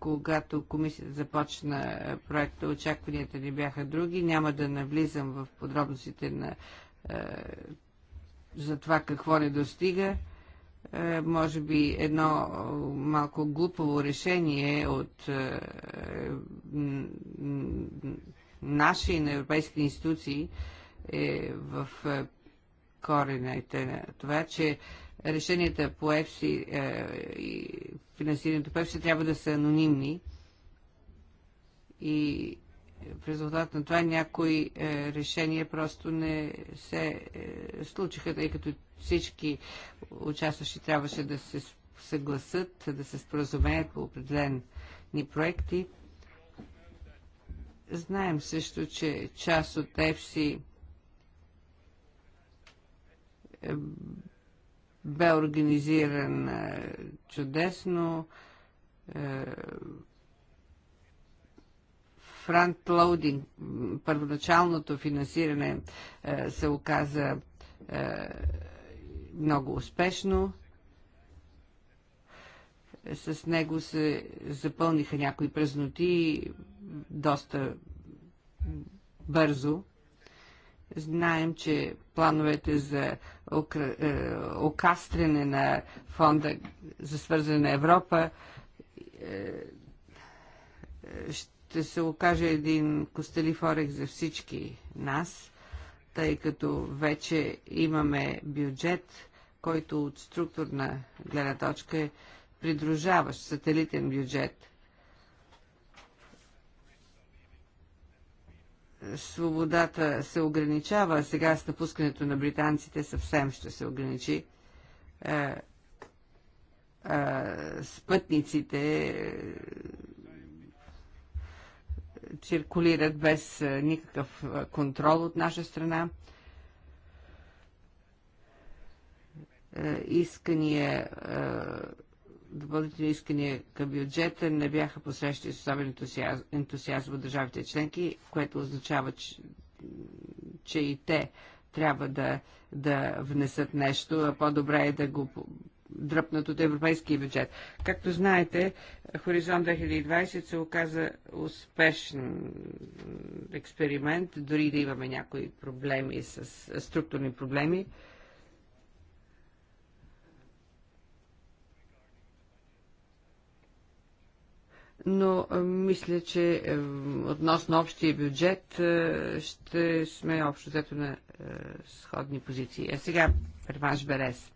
когато комисията започна проекта, очакванията ни бяха други. Няма да навлизам в подробностите на, е, за това какво не достига може би едно малко глупаво решение от наши и на европейските институции е в е, и на това, че решенията по ЕФСИ е, и финансирането по ЕФСИ трябва да са анонимни и в резултат на това някои е, решения просто не се е, случиха, тъй като всички участващи трябваше да се съгласат, да се споразумеят по определени проекти. Знаем също, че част от ЕФСИ бе организиран е, чудесно. Е, фронтлоудинг, първоначалното финансиране е, се оказа много успешно. С него се запълниха някои празноти доста бързо. Знаем, че плановете за е, окастрене на фонда за свързане на Европа е, е, ще се окаже един костелифорек за всички нас, тъй като вече имаме бюджет, който от структурна гледна точка е придружаващ сателитен бюджет – свободата се ограничава, а сега с напускането на британците съвсем ще се ограничи. Е, е, спътниците е, циркулират без е, никакъв е, контрол от наша страна. Искания допълнителни искания към бюджета не бяха посрещи с особен ентусиазъм от държавите членки, което означава, че, че и те трябва да, да внесат нещо, а по-добре е да го дръпнат от европейския бюджет. Както знаете, Хоризонт 2020 се оказа успешен експеримент, дори да имаме някои проблеми с структурни проблеми. но мисля, че относно общия бюджет ще сме общо взето на сходни позиции. А сега Реванш Берес.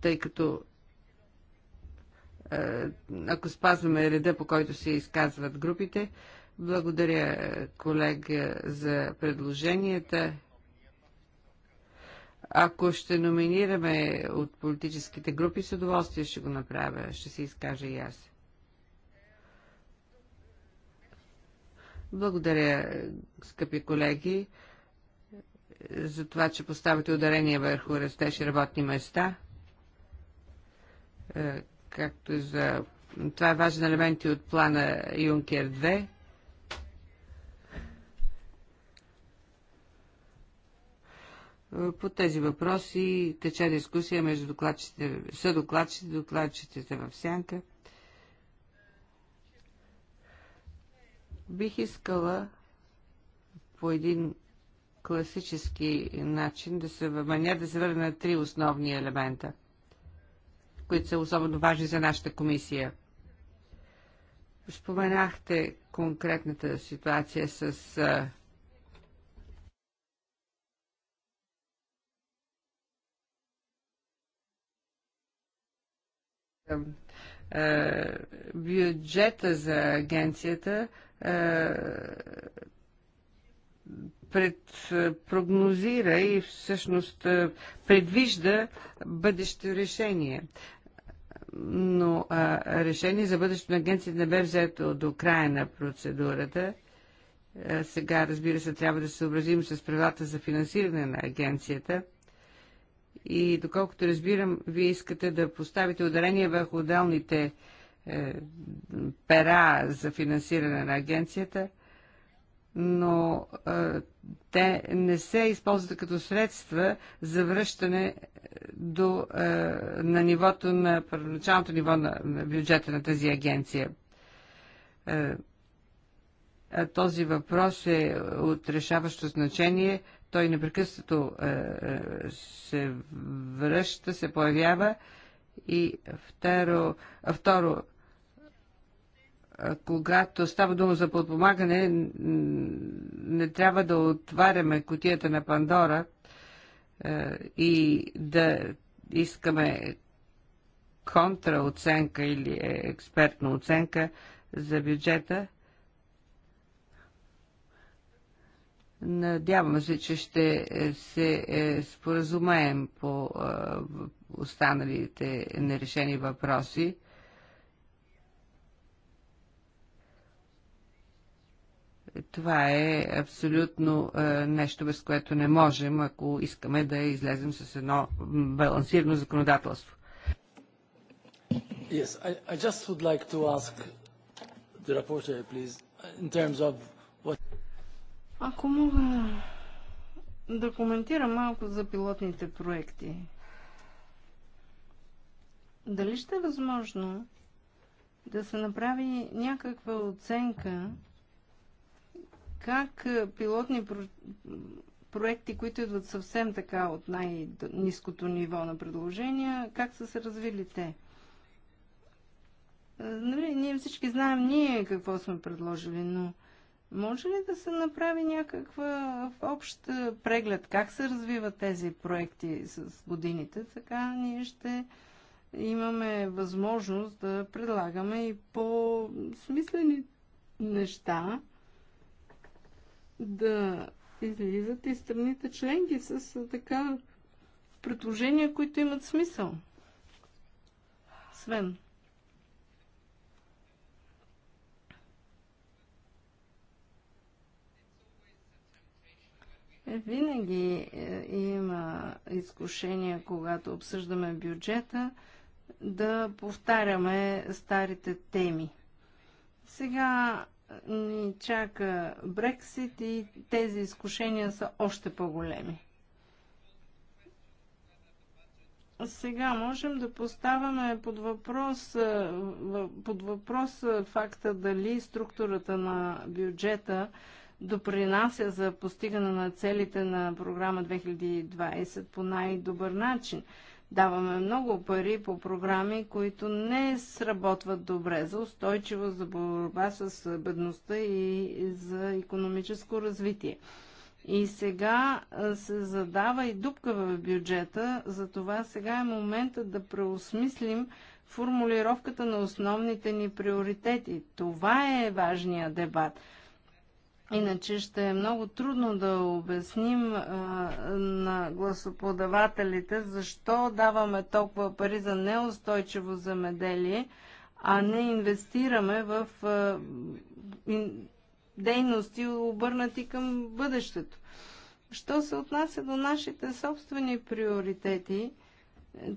Тъй като ако спазваме реда, по който се изказват групите, благодаря колега за предложенията. Ако ще номинираме от политическите групи, с удоволствие ще го направя. Ще се изкажа и аз. Благодаря, скъпи колеги, за това, че поставяте ударение върху растещи работни места, е, както за... Това е важен елемент и от плана Юнкер 2. По тези въпроси тече дискусия между докладчите, докладчите докладчите в сянка. Бих искала по един класически начин да се върна да се върна на три основни елемента, които са особено важни за нашата комисия. Споменахте конкретната ситуация с бюджета за агенцията предпрогнозира и всъщност предвижда бъдещо решение. Но а, решение за бъдещето на агенцията не бе взето до края на процедурата. А, сега, разбира се, трябва да се съобразим с правилата за финансиране на агенцията и доколкото разбирам, вие искате да поставите ударение върху отделните е, пера за финансиране на агенцията, но е, те не се използват като средства за връщане е, до, е, на нивото на първоначалното ниво на, на бюджета на тази агенция. Е, този въпрос е от решаващо значение, той непрекъснато е, е, се връща, се появява. И второ, второ когато става дума за подпомагане, не трябва да отваряме котията на Пандора е, и да искаме контраоценка или експертна оценка за бюджета – Надявам се, че ще е, се е, споразумеем по е, останалите нерешени въпроси. Това е абсолютно нещо, без което не можем, ако искаме да излезем с едно балансирано законодателство. Yes, I, I just would like to ask the rapporteur, please, in terms of ако мога да коментирам малко за пилотните проекти. Дали ще е възможно да се направи някаква оценка как пилотни про... проекти, които идват съвсем така от най-низкото ниво на предложения, как са се развили те? Нали, ние всички знаем ние какво сме предложили, но може ли да се направи някаква общ преглед как се развиват тези проекти с годините? Така ние ще имаме възможност да предлагаме и по-смислени неща да излизат и страните членки с така предложения, които имат смисъл. Свен. Винаги е, има изкушения, когато обсъждаме бюджета, да повтаряме старите теми. Сега е, ни чака Брексит и тези изкушения са още по-големи. Сега можем да поставяме под въпрос, е, под въпрос факта дали структурата на бюджета допринася за постигане на целите на програма 2020 по най-добър начин. Даваме много пари по програми, които не сработват добре за устойчивост, за борба с бедността и за економическо развитие. И сега се задава и дупка в бюджета, затова сега е моментът да преосмислим формулировката на основните ни приоритети. Това е важният дебат – Иначе ще е много трудно да обясним а, на гласоподавателите защо даваме толкова пари за неустойчиво замеделие, а не инвестираме в а, ин, дейности, обърнати към бъдещето. Що се отнася до нашите собствени приоритети,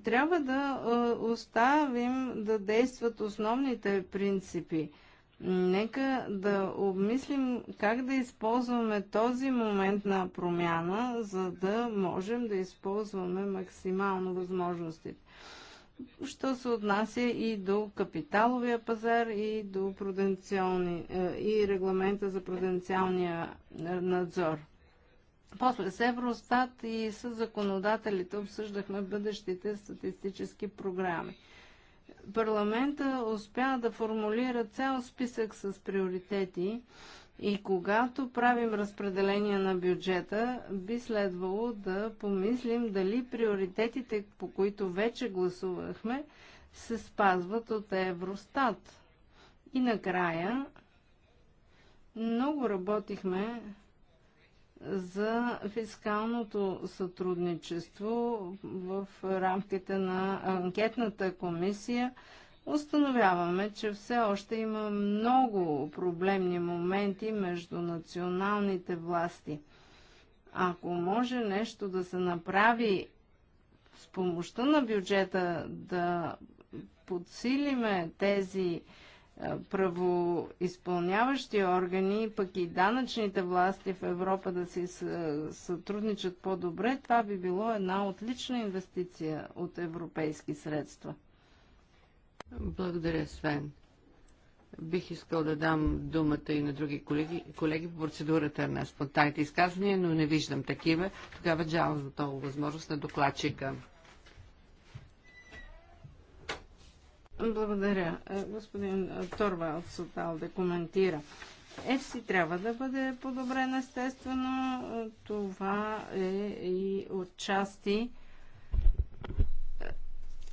трябва да оставим да действат основните принципи – Нека да обмислим как да използваме този момент на промяна, за да можем да използваме максимално възможностите. Що се отнася и до капиталовия пазар, и до пруденциални, е, и регламента за пруденциалния е, надзор. После с Евростат и с законодателите обсъждахме бъдещите статистически програми парламента успя да формулира цял списък с приоритети и когато правим разпределение на бюджета, би следвало да помислим дали приоритетите, по които вече гласувахме, се спазват от Евростат. И накрая много работихме за фискалното сътрудничество в рамките на анкетната комисия установяваме, че все още има много проблемни моменти между националните власти. Ако може нещо да се направи с помощта на бюджета да подсилиме тези правоизпълняващи органи, пък и данъчните власти в Европа да си сътрудничат по-добре, това би било една отлична инвестиция от европейски средства. Благодаря, Свен. Бих искал да дам думата и на други колеги, колеги по процедурата на спонтанните изказвания, но не виждам такива. Тогава джавам за това възможност на докладчика. Благодаря. Е, господин Торвалдс от Алде коментира. ЕФСИ трябва да бъде подобрен, естествено. Е, това е и отчасти е,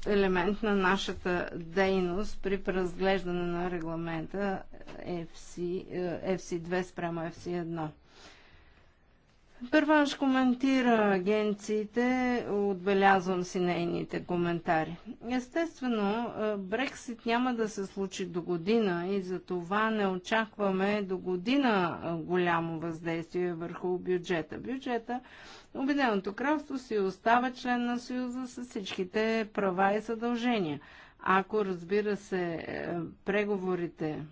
елемент на нашата дейност при преразглеждане на регламента FC, 2 спрямо FC1. Първанш коментира агенциите, отбелязвам си нейните коментари. Естествено, е, Брексит няма да се случи до година и за това не очакваме до година е, голямо въздействие върху бюджета. Бюджета Обединеното кралство си остава член на Съюза с всичките права и задължения. Ако, разбира се, е, преговорите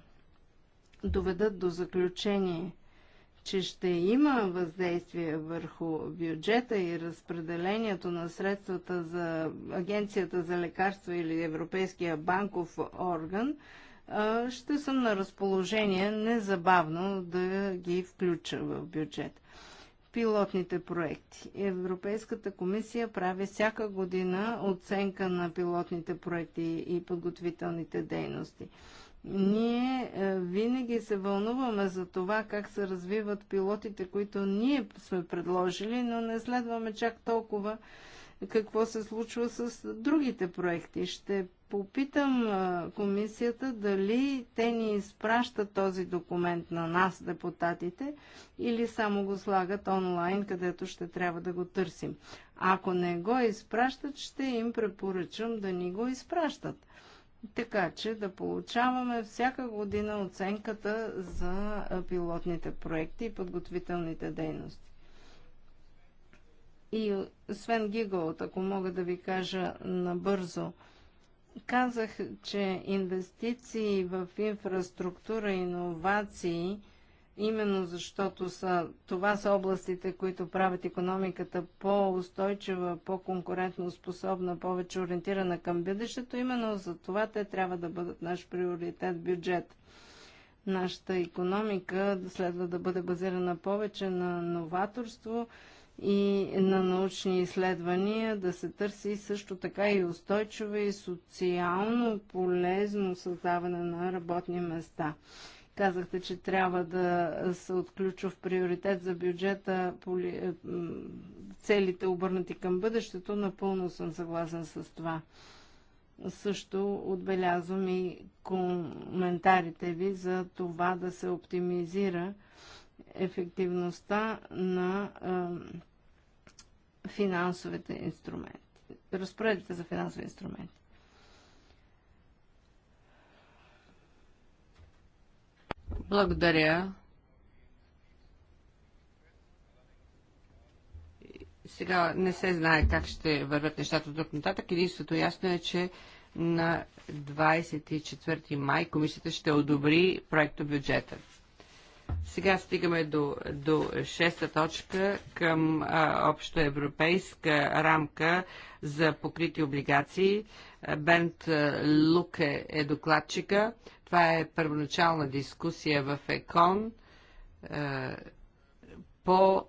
доведат до заключение – че ще има въздействие върху бюджета и разпределението на средствата за Агенцията за лекарства или Европейския банков орган, ще съм на разположение незабавно да ги включа в бюджет. Пилотните проекти. Европейската комисия прави всяка година оценка на пилотните проекти и подготвителните дейности. Ние е, винаги се вълнуваме за това как се развиват пилотите, които ние сме предложили, но не следваме чак толкова какво се случва с другите проекти. Ще попитам е, комисията дали те ни изпращат този документ на нас, депутатите, или само го слагат онлайн, където ще трябва да го търсим. Ако не го изпращат, ще им препоръчам да ни го изпращат така че да получаваме всяка година оценката за пилотните проекти и подготвителните дейности. И Свен Гиголт, ако мога да ви кажа набързо, казах, че инвестиции в инфраструктура и иновации именно защото са, това са областите, които правят економиката по-устойчива, по-конкурентно способна, повече ориентирана към бъдещето, именно за това те трябва да бъдат наш приоритет бюджет. Нашата економика следва да бъде базирана повече на новаторство и на научни изследвания, да се търси също така и устойчиво и социално полезно създаване на работни места. Казахте, че трябва да се от в приоритет за бюджета поли... Е, целите обърнати към бъдещето. Напълно съм съгласен с това. Също отбелязвам и коментарите ви за това да се оптимизира ефективността на е, финансовите инструменти. Разпоредите за финансови инструменти. Благодаря. Сега не се знае как ще вървят нещата от друг нататък. Единството ясно е, че на 24 май комисията ще одобри проекто бюджета. Сега стигаме до, до шеста точка към а, общоевропейска рамка за покрити облигации. Бент Луке е докладчика. Това е първоначална дискусия в ЕКОН е, по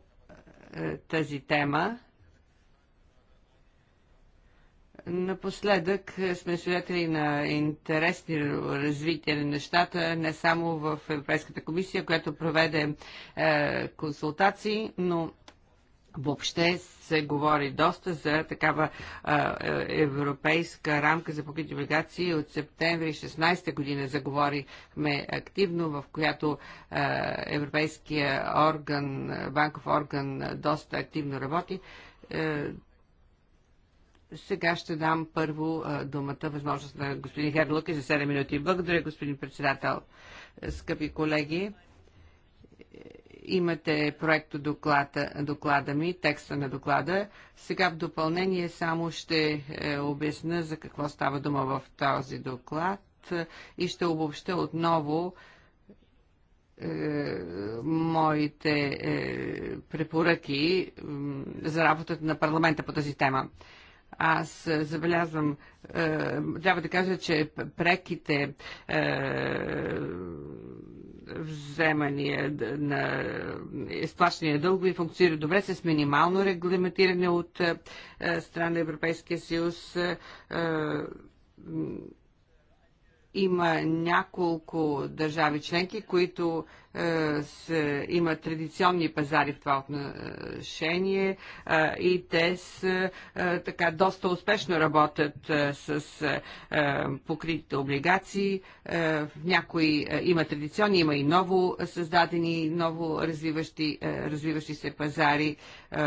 е, тази тема. Напоследък е, сме свидетели на интересни развития на нещата, не само в Европейската комисия, която проведе е, консултации, но Въобще се говори доста за такава а, е, европейска рамка за покрити облигации. От септември 16 година заговорихме активно, в която а, европейския орган, банков орган доста активно работи. А, е, сега ще дам първо а, думата, възможност на господин Херлук за 7 минути. Благодаря, господин председател, скъпи колеги. Имате проекто доклада, доклада ми, текста на доклада. Сега в допълнение само ще е, обясна за какво става дума в този доклад и ще обобща отново е, моите е, препоръки за работата на парламента по тази тема. Аз забелязвам, трябва да кажа, че преките вземания на изплащания дългови функционира добре с минимално регламентиране от е, страна на Европейския съюз е, има няколко държави членки, които е, с, имат традиционни пазари в това отношение е, и те с, е, така доста успешно работят е, с е, покритите облигации. Е, в някои е, има традиционни, има и ново създадени, ново развиващи, е, развиващи се пазари. Е,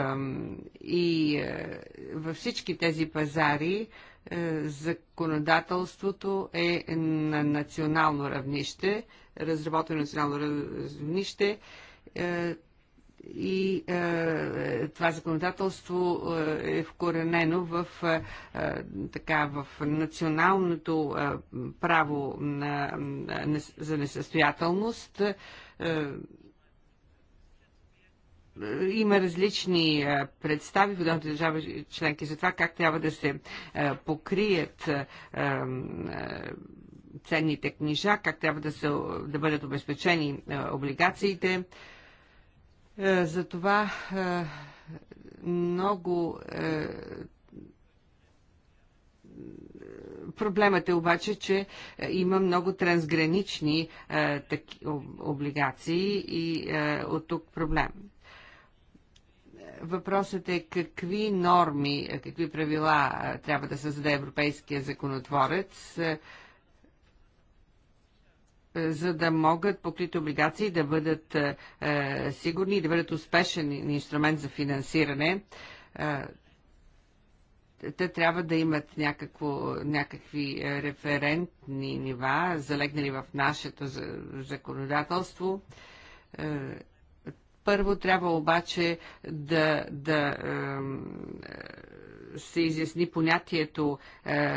и е, във всички тези пазари е, е, законодателството е на национално равнище, разработено на национално равнище е, и е, това законодателство е вкоренено в, така, в националното право на, на, за несъстоятелност има различни представи в отделните държави членки за това как трябва да се покрият ценните книжа, как трябва да, се, да бъдат обезпечени облигациите. Затова много Проблемът е обаче, че има много трансгранични облигации и от тук проблем. Въпросът е какви норми, какви правила трябва да създаде европейския законотворец, за да могат покрити облигации да бъдат сигурни и да бъдат успешен инструмент за финансиране те трябва да имат някакво, някакви референтни нива, залегнали в нашето законодателство. Първо трябва обаче да, да се изясни понятието е,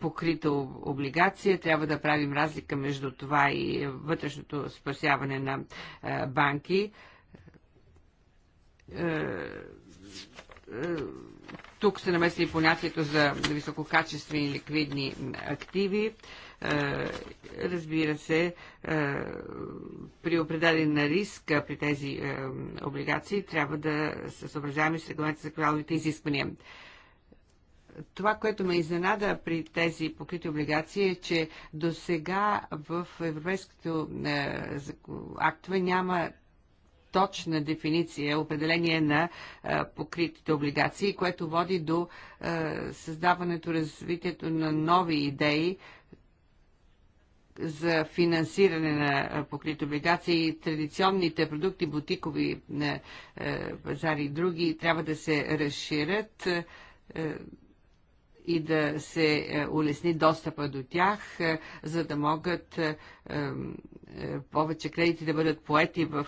покрита облигация. Трябва да правим разлика между това и вътрешното спасяване на е, банки. Е, е, тук се намесли понятието за висококачествени ликвидни активи. Е, е, разбира се, е, при определен на риск при тези е, облигации трябва да се съобразяваме с регламента за кралните изисквания. Това, което ме изненада при тези покрити облигации е, че до сега в Европейското актове няма точна дефиниция, определение на покритите облигации, което води до създаването, развитието на нови идеи, за финансиране на покрити облигации, традиционните продукти, бутикови пазари и други трябва да се разширят и да се улесни достъпа до тях, за да могат повече кредити да бъдат поети в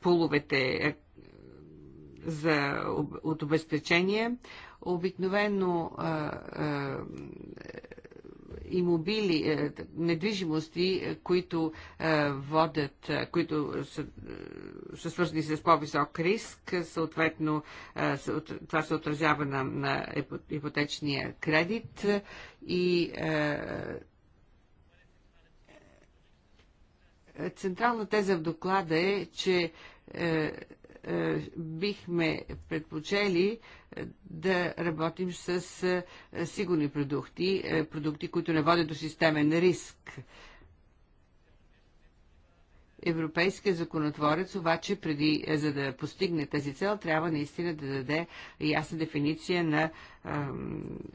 пуловете за, от обезпечение. Обикновено имобили, е, недвижимости, е, които е, водят, които са, са свързани с по-висок риск, съответно това се отразява на, на ипотечния кредит и централна теза в доклада е, че е, бихме предпочели е, да работим с е, сигурни продукти, продукти, които не водят до системен риск. Европейският законотворец обаче, преди, за да постигне тази цел, трябва наистина да даде ясна дефиниция на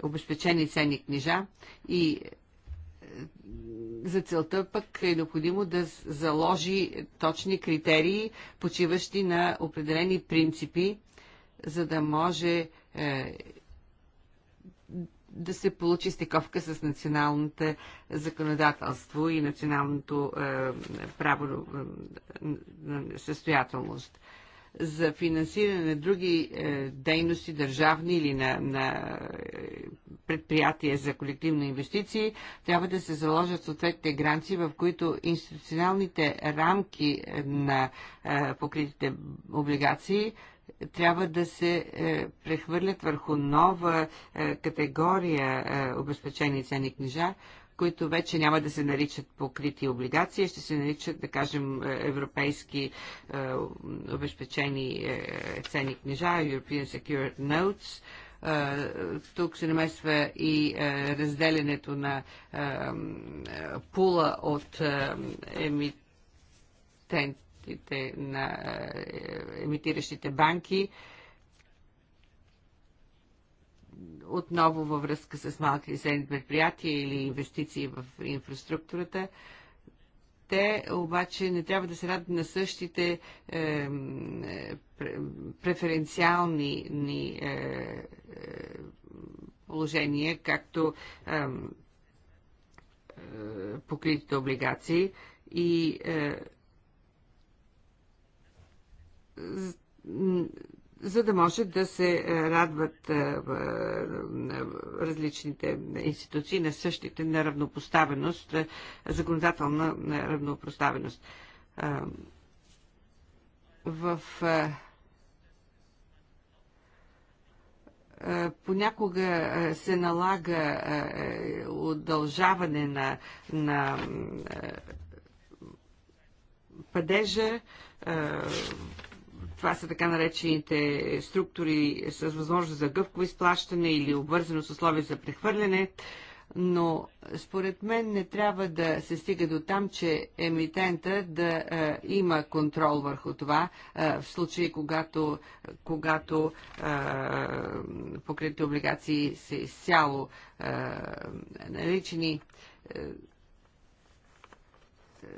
обезпечени ценни книжа и за целта пък е необходимо да заложи точни критерии, почиващи на определени принципи, за да може е, да се получи стиковка с националното законодателство и националното е, право е, на е, състоятелност. Е, за финансиране на други е, дейности, държавни или на, на е, предприятия за колективни инвестиции, трябва да се заложат съответните гранци, в които институционалните рамки е, на е, покритите облигации трябва да се е, прехвърлят върху нова е, категория е, обезпечени ценни книжа, които вече няма да се наричат покрити облигации, ще се наричат, да кажем, е, европейски е, обезпечени е, ценни книжа, European Secure Notes. Е, тук се намесва и е, разделянето на е, пула от е, емитентите на е, емитиращите банки. Е, отново във връзка с малки и средни предприятия или инвестиции в инфраструктурата. Те обаче не трябва да се радват на същите е, преференциални ни, е, е положения, както е, е, покритите облигации и е, за да може да се е, радват е, е, различните институции на същите на равнопоставеност, законодателна равнопоставеност. В понякога се налага удължаване на, на падежа това са така наречените структури с възможност за гъвко изплащане или обвързано с условия за прехвърляне. Но според мен не трябва да се стига до там, че емитента да е, има контрол върху това, е, в случай когато, когато е, покритите облигации са изцяло е, наричани. Е, е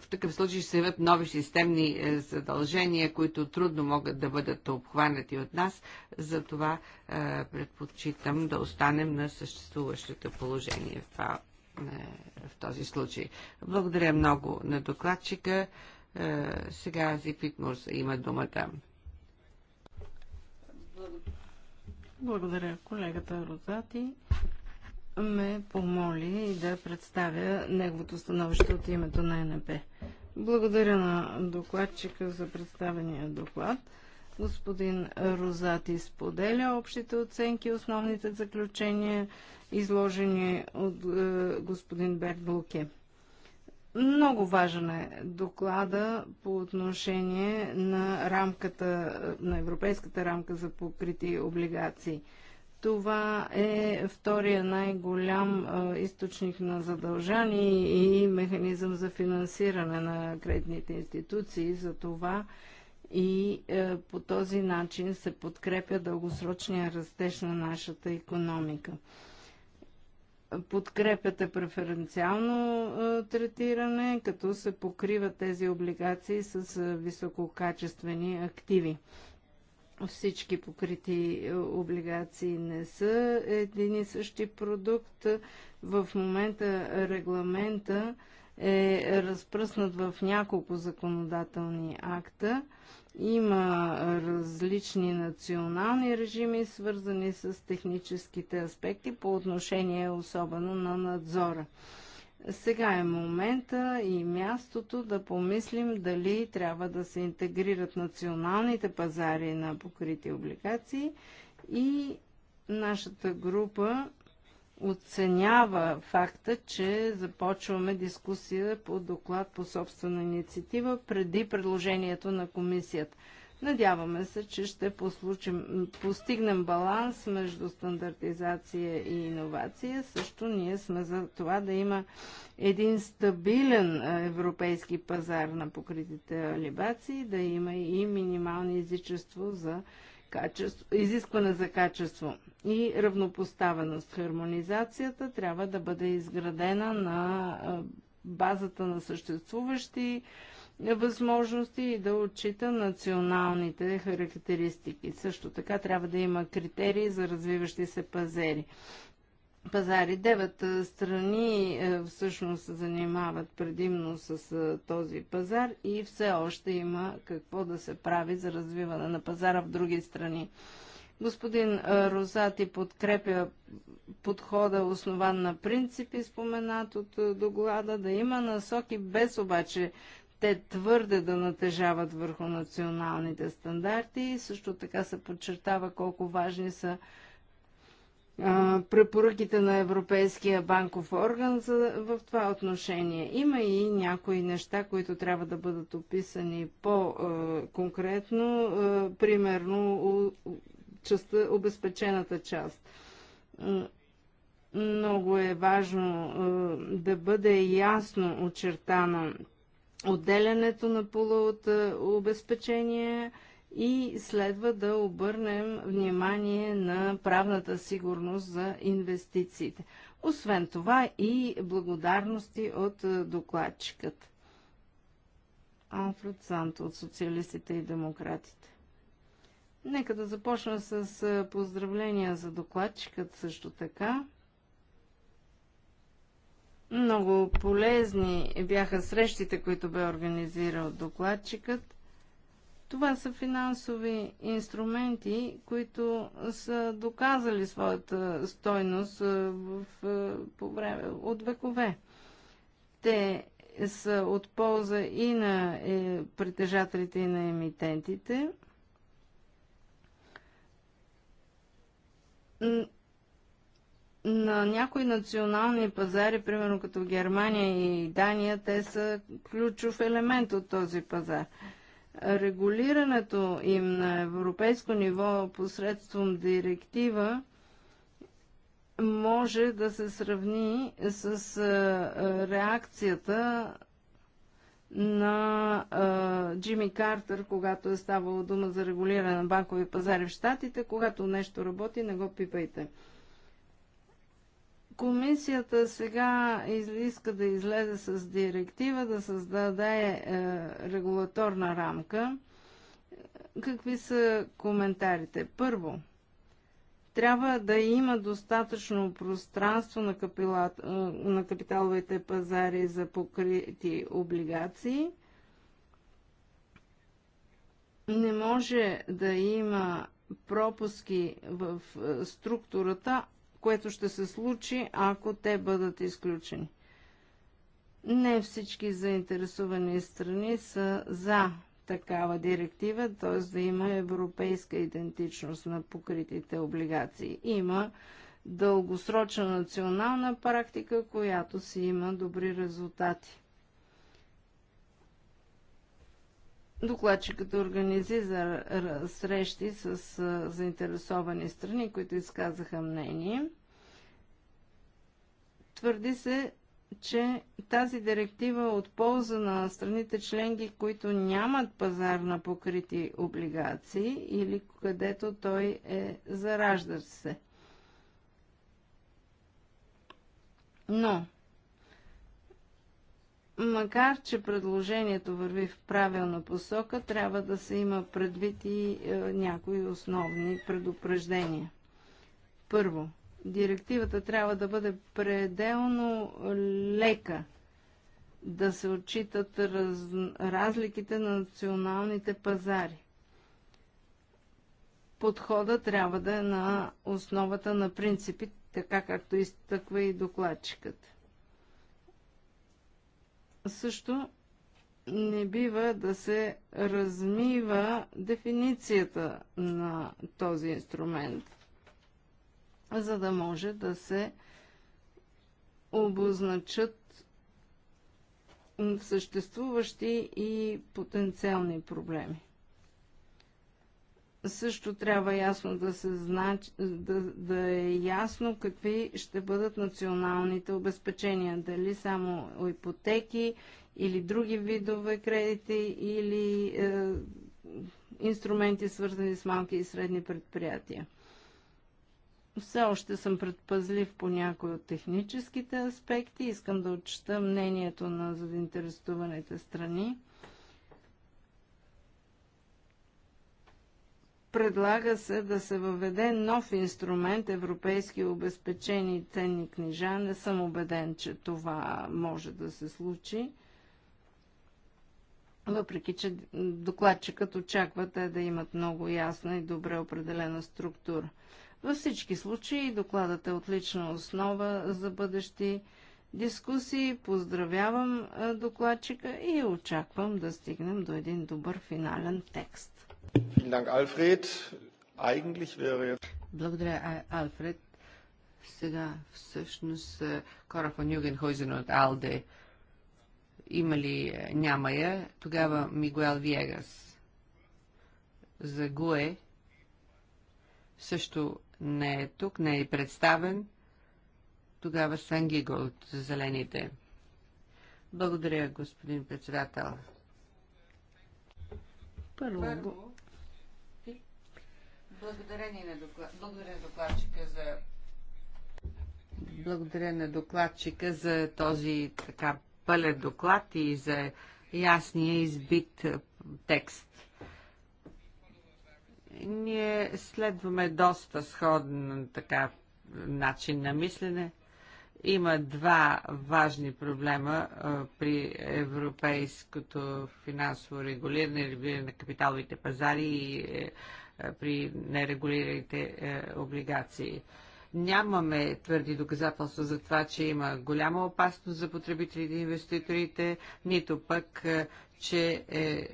в такъв случай ще се явят нови системни е, задължения, които трудно могат да бъдат обхванати от нас. Затова е, предпочитам да останем на съществуващото положение в, това, е, в този случай. Благодаря много на докладчика. сега Зипит Мурс има думата. Благодаря колегата Розати ме помоли да представя неговото становище от името на НП. Благодаря на докладчика за представения доклад. Господин Розати споделя общите оценки, основните заключения, изложени от е, господин Берт Много важен е доклада по отношение на рамката, на европейската рамка за покрити облигации – това е втория най-голям източник на задължани и механизъм за финансиране на кредитните институции. За това и е, по този начин се подкрепя дългосрочния растеж на нашата економика. Подкрепяте преференциално е, третиране, като се покриват тези облигации с е, висококачествени активи. Всички покрити е, облигации не са един и същи продукт. В момента регламента е разпръснат в няколко законодателни акта. Има различни национални режими, свързани с техническите аспекти по отношение особено на надзора. Сега е момента и мястото да помислим дали трябва да се интегрират националните пазари на покрити облигации и нашата група оценява факта, че започваме дискусия по доклад по собствена инициатива преди предложението на комисията. Надяваме се, че ще послучим, постигнем баланс между стандартизация и иновация. Също ние сме за това да има един стабилен европейски пазар на покритите алибации, да има и минимални изичество за качество, изискване за качество и равнопоставеност. Хармонизацията трябва да бъде изградена на базата на съществуващи възможности и да отчита националните характеристики. Също така трябва да има критерии за развиващи се пазари. Пазари. Девет страни всъщност се занимават предимно с този пазар и все още има какво да се прави за развиване на пазара в други страни. Господин Розати подкрепя подхода, основан на принципи, споменат от доклада, да има насоки без обаче те твърде да натежават върху националните стандарти. И също така се подчертава колко важни са препоръките на Европейския банков орган за, в това отношение. Има и някои неща, които трябва да бъдат описани по-конкретно, примерно частта, обезпечената част много е важно да бъде ясно очертана отделянето на пула от е, обезпечение и следва да обърнем внимание на правната сигурност за инвестициите. Освен това и благодарности от е, докладчикът. Алфред Санто от Социалистите и Демократите. Нека да започна с е, поздравления за докладчикът също така. Много полезни бяха срещите, които бе организирал докладчикът. Това са финансови инструменти, които са доказали своята стойност в, по време, от векове. Те са от полза и на е, притежателите, и на емитентите на някои национални пазари, примерно като Германия и Дания, те са ключов елемент от този пазар. Регулирането им на европейско ниво посредством директива може да се сравни с реакцията на Джимми Картер, когато е ставало дума за регулиране на банкови пазари в Штатите, когато нещо работи, не го пипайте. Комисията сега иска да излезе с директива, да създаде е, регулаторна рамка. Какви са коментарите? Първо, трябва да има достатъчно пространство на, е, на капиталовите пазари за покрити облигации. Не може да има пропуски в е, структурата което ще се случи, ако те бъдат изключени. Не всички заинтересовани страни са за такава директива, т.е. да има европейска идентичност на покритите облигации. Има дългосрочна национална практика, която си има добри резултати. Докладчикът организира срещи с заинтересовани страни, които изказаха мнение. Твърди се, че тази директива е от полза на страните членки, които нямат пазар на покрити облигации или където той е зараждащ се. Но Макар, че предложението върви в правилна посока, трябва да се има предвид и е, някои основни предупреждения. Първо, директивата трябва да бъде пределно лека, да се отчитат раз, разликите на националните пазари. Подхода трябва да е на основата на принципи, така както изтъква и докладчикът. Също не бива да се размива дефиницията на този инструмент, за да може да се обозначат съществуващи и потенциални проблеми също трябва ясно да се знач... да, да е ясно какви ще бъдат националните обезпечения. Дали само ипотеки или други видове кредити или е, инструменти свързани с малки и средни предприятия. Все още съм предпазлив по някои от техническите аспекти. Искам да отчета мнението на заинтересованите страни. Предлага се да се въведе нов инструмент европейски обезпечени ценни книжа. Не съм убеден, че това може да се случи. Въпреки, че докладчикът очаква те да имат много ясна и добре определена структура. Във всички случаи докладът е отлична основа за бъдещи дискусии. Поздравявам докладчика и очаквам да стигнем до един добър финален текст. Благодаря, Алфред. Сега всъщност Кора фон Югенхойзен от Алде има ли, няма я, тогава Мигуел Виегас. За Гуе също не е тук, не е представен. Тогава Сан Гиго от Зелените. Благодаря, господин председател. Първо, Първо Благодарение на доклад... Благодаря докладчика за благодаря на докладчика за този така пълен доклад и за ясния избит текст. Ние следваме доста сходен така начин на мислене. Има два важни проблема а, при европейското финансово регулиране, регулиране на капиталовите пазари и е, при нерегулираните облигации. Нямаме твърди доказателства за това, че има голяма опасност за потребителите и инвеститорите, нито пък, че е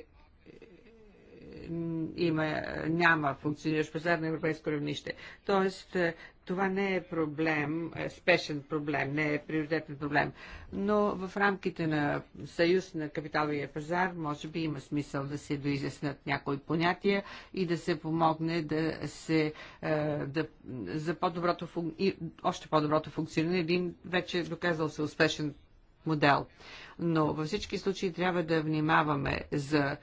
има, няма функциониращ пазар на европейско равнище. Тоест, е, това не е проблем, е, спешен проблем, не е приоритетен проблем, но в рамките на съюз на капиталовия пазар може би има смисъл да се доизяснат някои понятия и да се помогне да се е, да, за по-доброто и още по-доброто функциониране един вече доказал се успешен модел. Но във всички случаи трябва да внимаваме за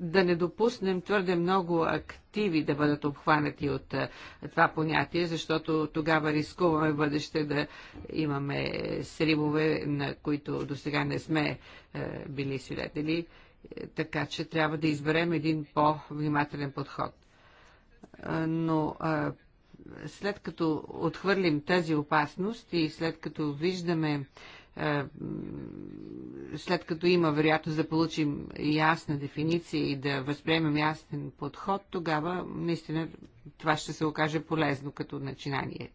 да не допуснем твърде много активи да бъдат обхванати от това понятие, защото тогава рискуваме бъдеще да имаме сривове, на които до сега не сме били свидетели, е, така че трябва да изберем един по-внимателен подход. Но след като отхвърлим тази опасност и след като виждаме е, след като има вероятност да получим ясна дефиниция и да възприемем ясен подход, тогава наистина това ще се окаже полезно като начинание.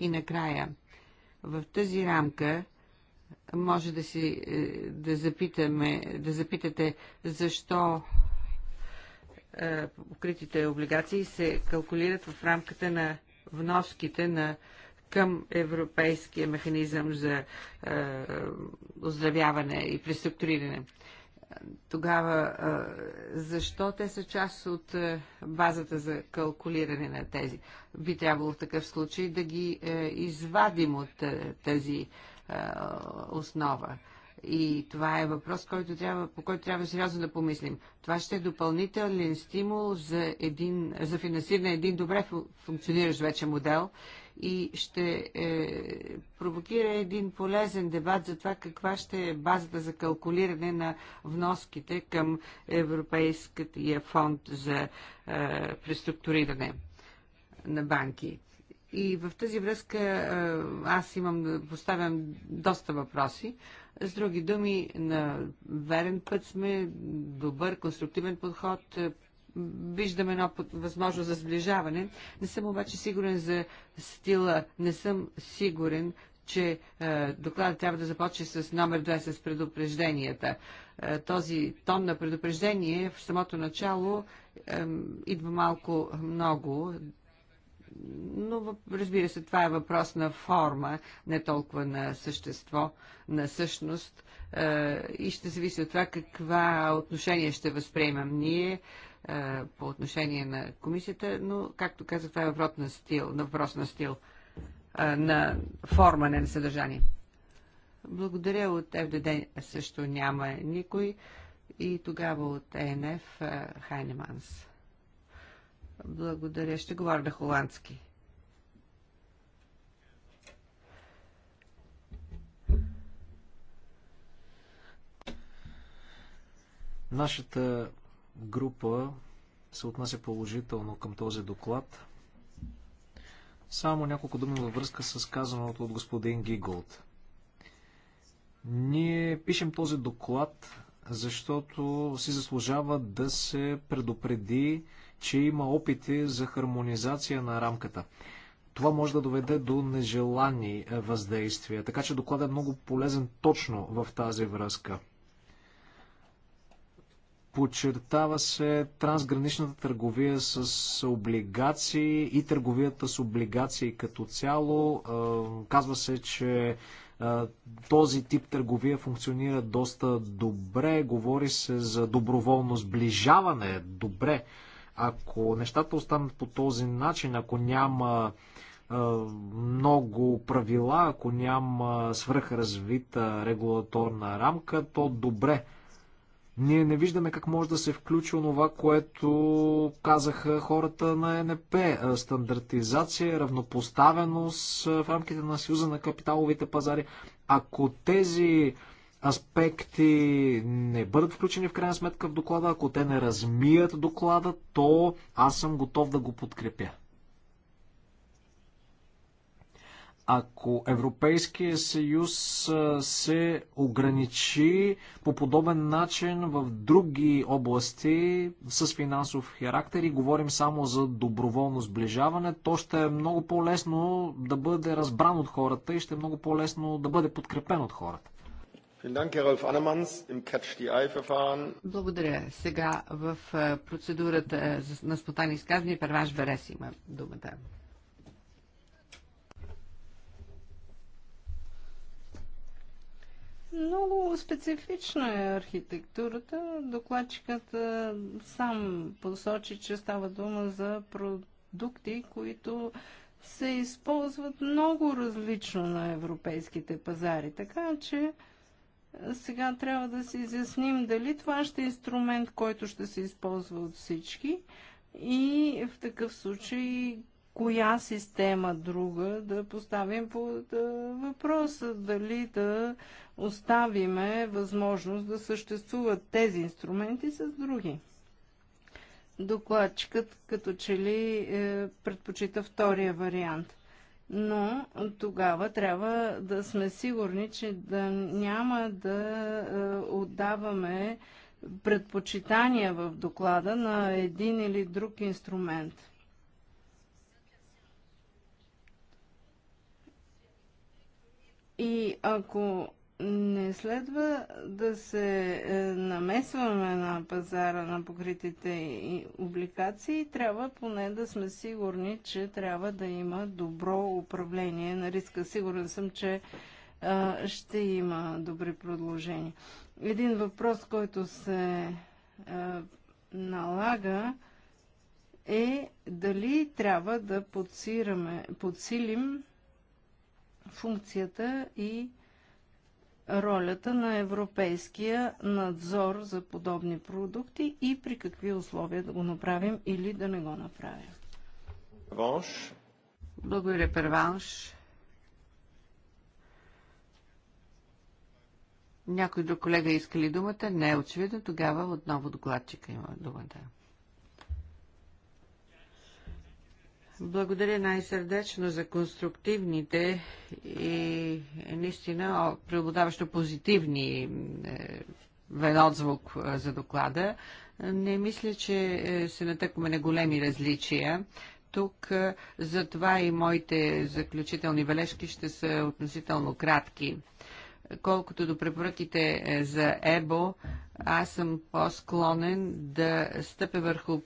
И накрая, в тази рамка може да си е, да запитаме, да запитате защо е, покритите облигации се калкулират в рамката на вноските на към Европейския механизъм за е, оздравяване и преструктуриране. Тогава, е, защо те са част от е, базата за калкулиране на тези? Би трябвало в такъв случай да ги е, извадим от е, тази е, основа. И това е въпрос, който трябва, по който трябва сериозно да помислим. Това ще е допълнителен стимул за, един, за финансиране на един добре функциониращ вече модел и ще е, провокира един полезен дебат за това каква ще е базата за калкулиране на вноските към Европейския фонд за е, преструктуриране на банки. И в тази връзка е, аз имам, поставям доста въпроси. С други думи, на верен път сме, добър, конструктивен подход, виждам едно възможност за сближаване. Не съм обаче сигурен за стила, не съм сигурен, че е, докладът трябва да започне с номер 2, с предупрежденията. Е, този тон на предупреждение в самото начало е, идва малко много, но разбира се, това е въпрос на форма, не толкова на същество, на същност е, и ще зависи от това каква отношение ще възприемам ние, по отношение на комисията, но, както казах, това е въпрос на стил, на въпрос на стил, на форма, не на съдържание. Благодаря от ФДД също няма никой и тогава от ЕНФ Хайнеманс. Благодаря. Ще говоря на холандски. Нашата група се отнася положително към този доклад. Само няколко думи във връзка с казаното от господин Гиголд. Ние пишем този доклад, защото си заслужава да се предупреди, че има опити за хармонизация на рамката. Това може да доведе до нежелани е, въздействия, така че докладът е много полезен точно в тази връзка. Подчертава се трансграничната търговия с облигации и търговията с облигации като цяло. Казва се, че този тип търговия функционира доста добре. Говори се за доброволно сближаване. Добре. Ако нещата останат по този начин, ако няма много правила, ако няма свръхразвита регулаторна рамка, то добре ние не виждаме как може да се включва това, което казаха хората на НП. Стандартизация, равнопоставеност в рамките на Съюза на капиталовите пазари. Ако тези аспекти не бъдат включени в крайна сметка в доклада, ако те не размият доклада, то аз съм готов да го подкрепя. Ако Европейския съюз се ограничи по подобен начин в други области с финансов характер и говорим само за доброволно сближаване, то ще е много по-лесно да бъде разбран от хората и ще е много по-лесно да бъде подкрепен от хората. Благодаря. Сега в процедурата на спонтанни изказвания Перваш Берес има думата. Много специфична е архитектурата. Докладчикът сам посочи, че става дума за продукти, които се използват много различно на европейските пазари. Така че сега трябва да си изясним дали това ще е инструмент, който ще се използва от всички и в такъв случай коя система друга да поставим под въпроса. Дали да оставиме възможност да съществуват тези инструменти с други. Докладчикът като че ли е, предпочита втория вариант. Но тогава трябва да сме сигурни, че да няма да е, отдаваме предпочитания в доклада на един или друг инструмент И ако не следва да се е, намесваме на пазара на покритите и обликации, трябва поне да сме сигурни, че трябва да има добро управление на риска. Сигурен съм, че а, е, ще има добри предложения. Един въпрос, който се а, е, налага е дали трябва да подсираме, подсилим функцията и ролята на европейския надзор за подобни продукти и при какви условия да го направим или да не го направим. Реванш. Благодаря, Перванш. Някой друг колега иска ли думата? Не е очевидно. Тогава отново докладчика има думата. Благодаря най-сърдечно за конструктивните и наистина преобладаващо позитивни е, венотзвук отзвук е, за доклада. Не мисля, че е, се натъкваме на големи различия. Тук затова и моите заключителни бележки ще са относително кратки. Колкото до препоръките за ЕБО, аз съм по-склонен да стъпя върху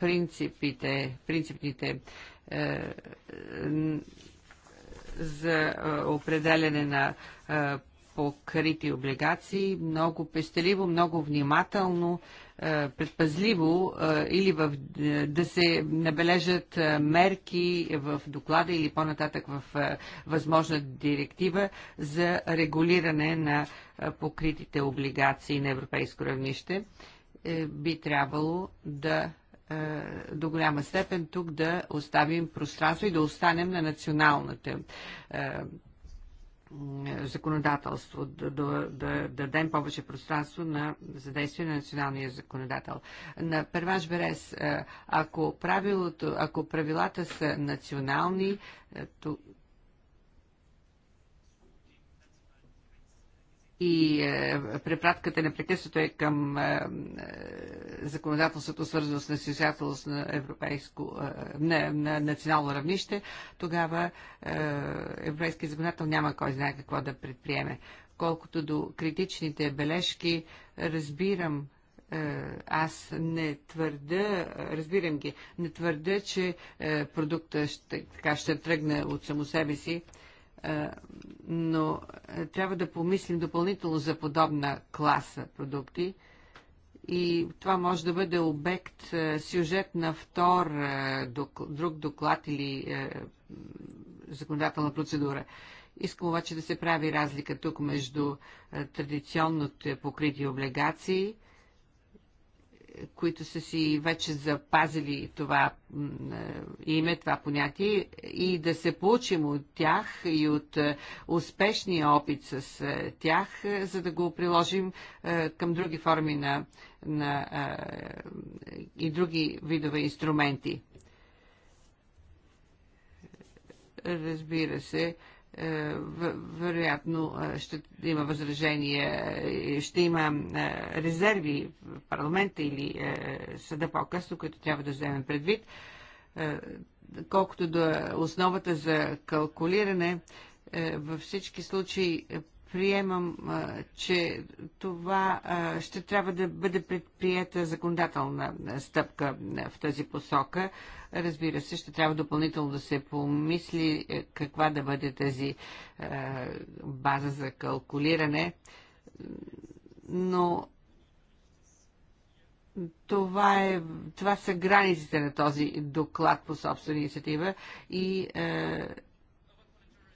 принципите, принципните е, за е, определяне на е, покрити облигации, много пестеливо, много внимателно, предпазливо или в, да се набележат мерки в доклада или по-нататък в възможна директива за регулиране на покритите облигации на европейско равнище. Би трябвало да е, до голяма степен тук да оставим пространство и да останем на националната е, законодателство, да, да, да дадем повече пространство на задействие на националния законодател. На Перваш Берес, е, ако, правилото, ако правилата са национални, то, и е, препратката непрекъснато е към е, е законодателството, свързано с насисателност на европейско, е, на, на национално равнище, тогава е, европейският законодател няма кой знае какво да предприеме. Колкото до критичните бележки, разбирам е, аз не твърда, разбирам ги, не твърда, че е, продукта ще, така ще тръгне от само себе си. Е, но е, трябва да помислим допълнително за подобна класа продукти. И това може да бъде обект, е, сюжет на втор друг доклад или законодателна процедура. Искам обаче да се прави разлика тук между традиционното покритие облигации – които са си вече запазили това е, име, това понятие и да се получим от тях и от е, успешния опит с е, тях, за да го приложим към други форми на, на и други видове инструменти. Разбира се, е, вероятно е, ще има възражения, е, ще има резерви в парламента или съда по-късно, които трябва да вземем предвид. Колкото до основата за калкулиране, във всички случаи приемам, че това ще трябва да бъде предприета законодателна стъпка в тази посока. Разбира се, ще трябва допълнително да се помисли каква да бъде тази база за калкулиране, но това, е, това са границите на този доклад по собствена инициатива и е,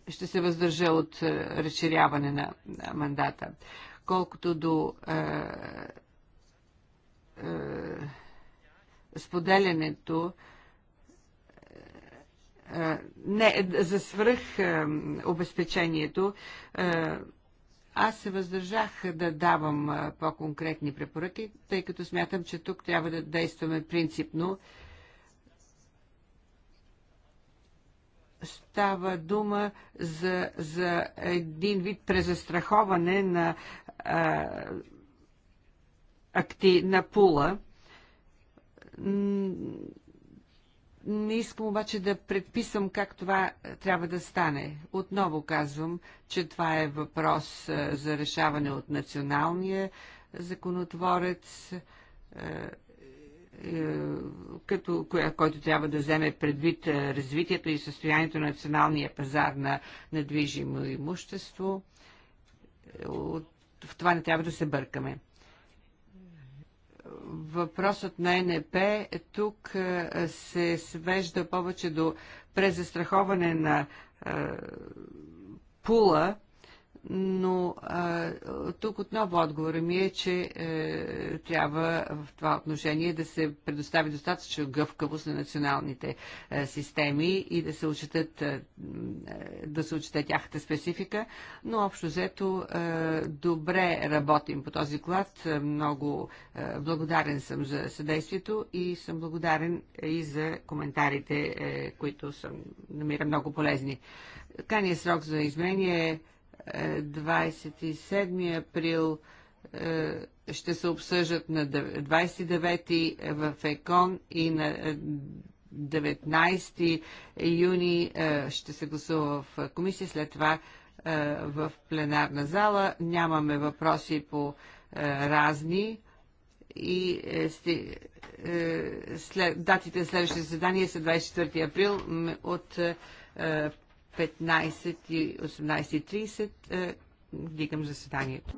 ще се въздържа от е, разширяване на мандата. Колкото до е, е, споделянето, е, е, не, за свръх е, обезпечението, е, аз се въздържах да давам е, по-конкретни препоръки, тъй като смятам, че тук трябва да действаме принципно. Е, става дума за, за един вид презастраховане на, а, акти, на пула. Не искам обаче да предписам как това трябва да стане. Отново казвам, че това е въпрос за решаване от националния законотворец е, като, който трябва да вземе предвид е, развитието и състоянието на националния пазар на недвижимо имущество. Е, в това не трябва да се бъркаме. Въпросът на НП тук се свежда повече до презастраховане на пула, но а, тук отново отговора ми е, че е, трябва в това отношение да се предостави достатъчно гъвкавост на националните е, системи и да се учетат, е, да се учете тяхната специфика, но общо взето е, добре работим по този клад. Е, много е, благодарен съм за съдействието и съм благодарен и за коментарите, е, които съм намира много полезни. Крайният срок за изменение е 27 април е, ще се обсъждат на 29 в ЕКОН и на 19 е, юни е, ще се гласува в комисия, след това в пленарна зала. Нямаме въпроси по разни и след, датите следващите заседания са 24 април от 15 и 18.30 е, вдигам заседанието.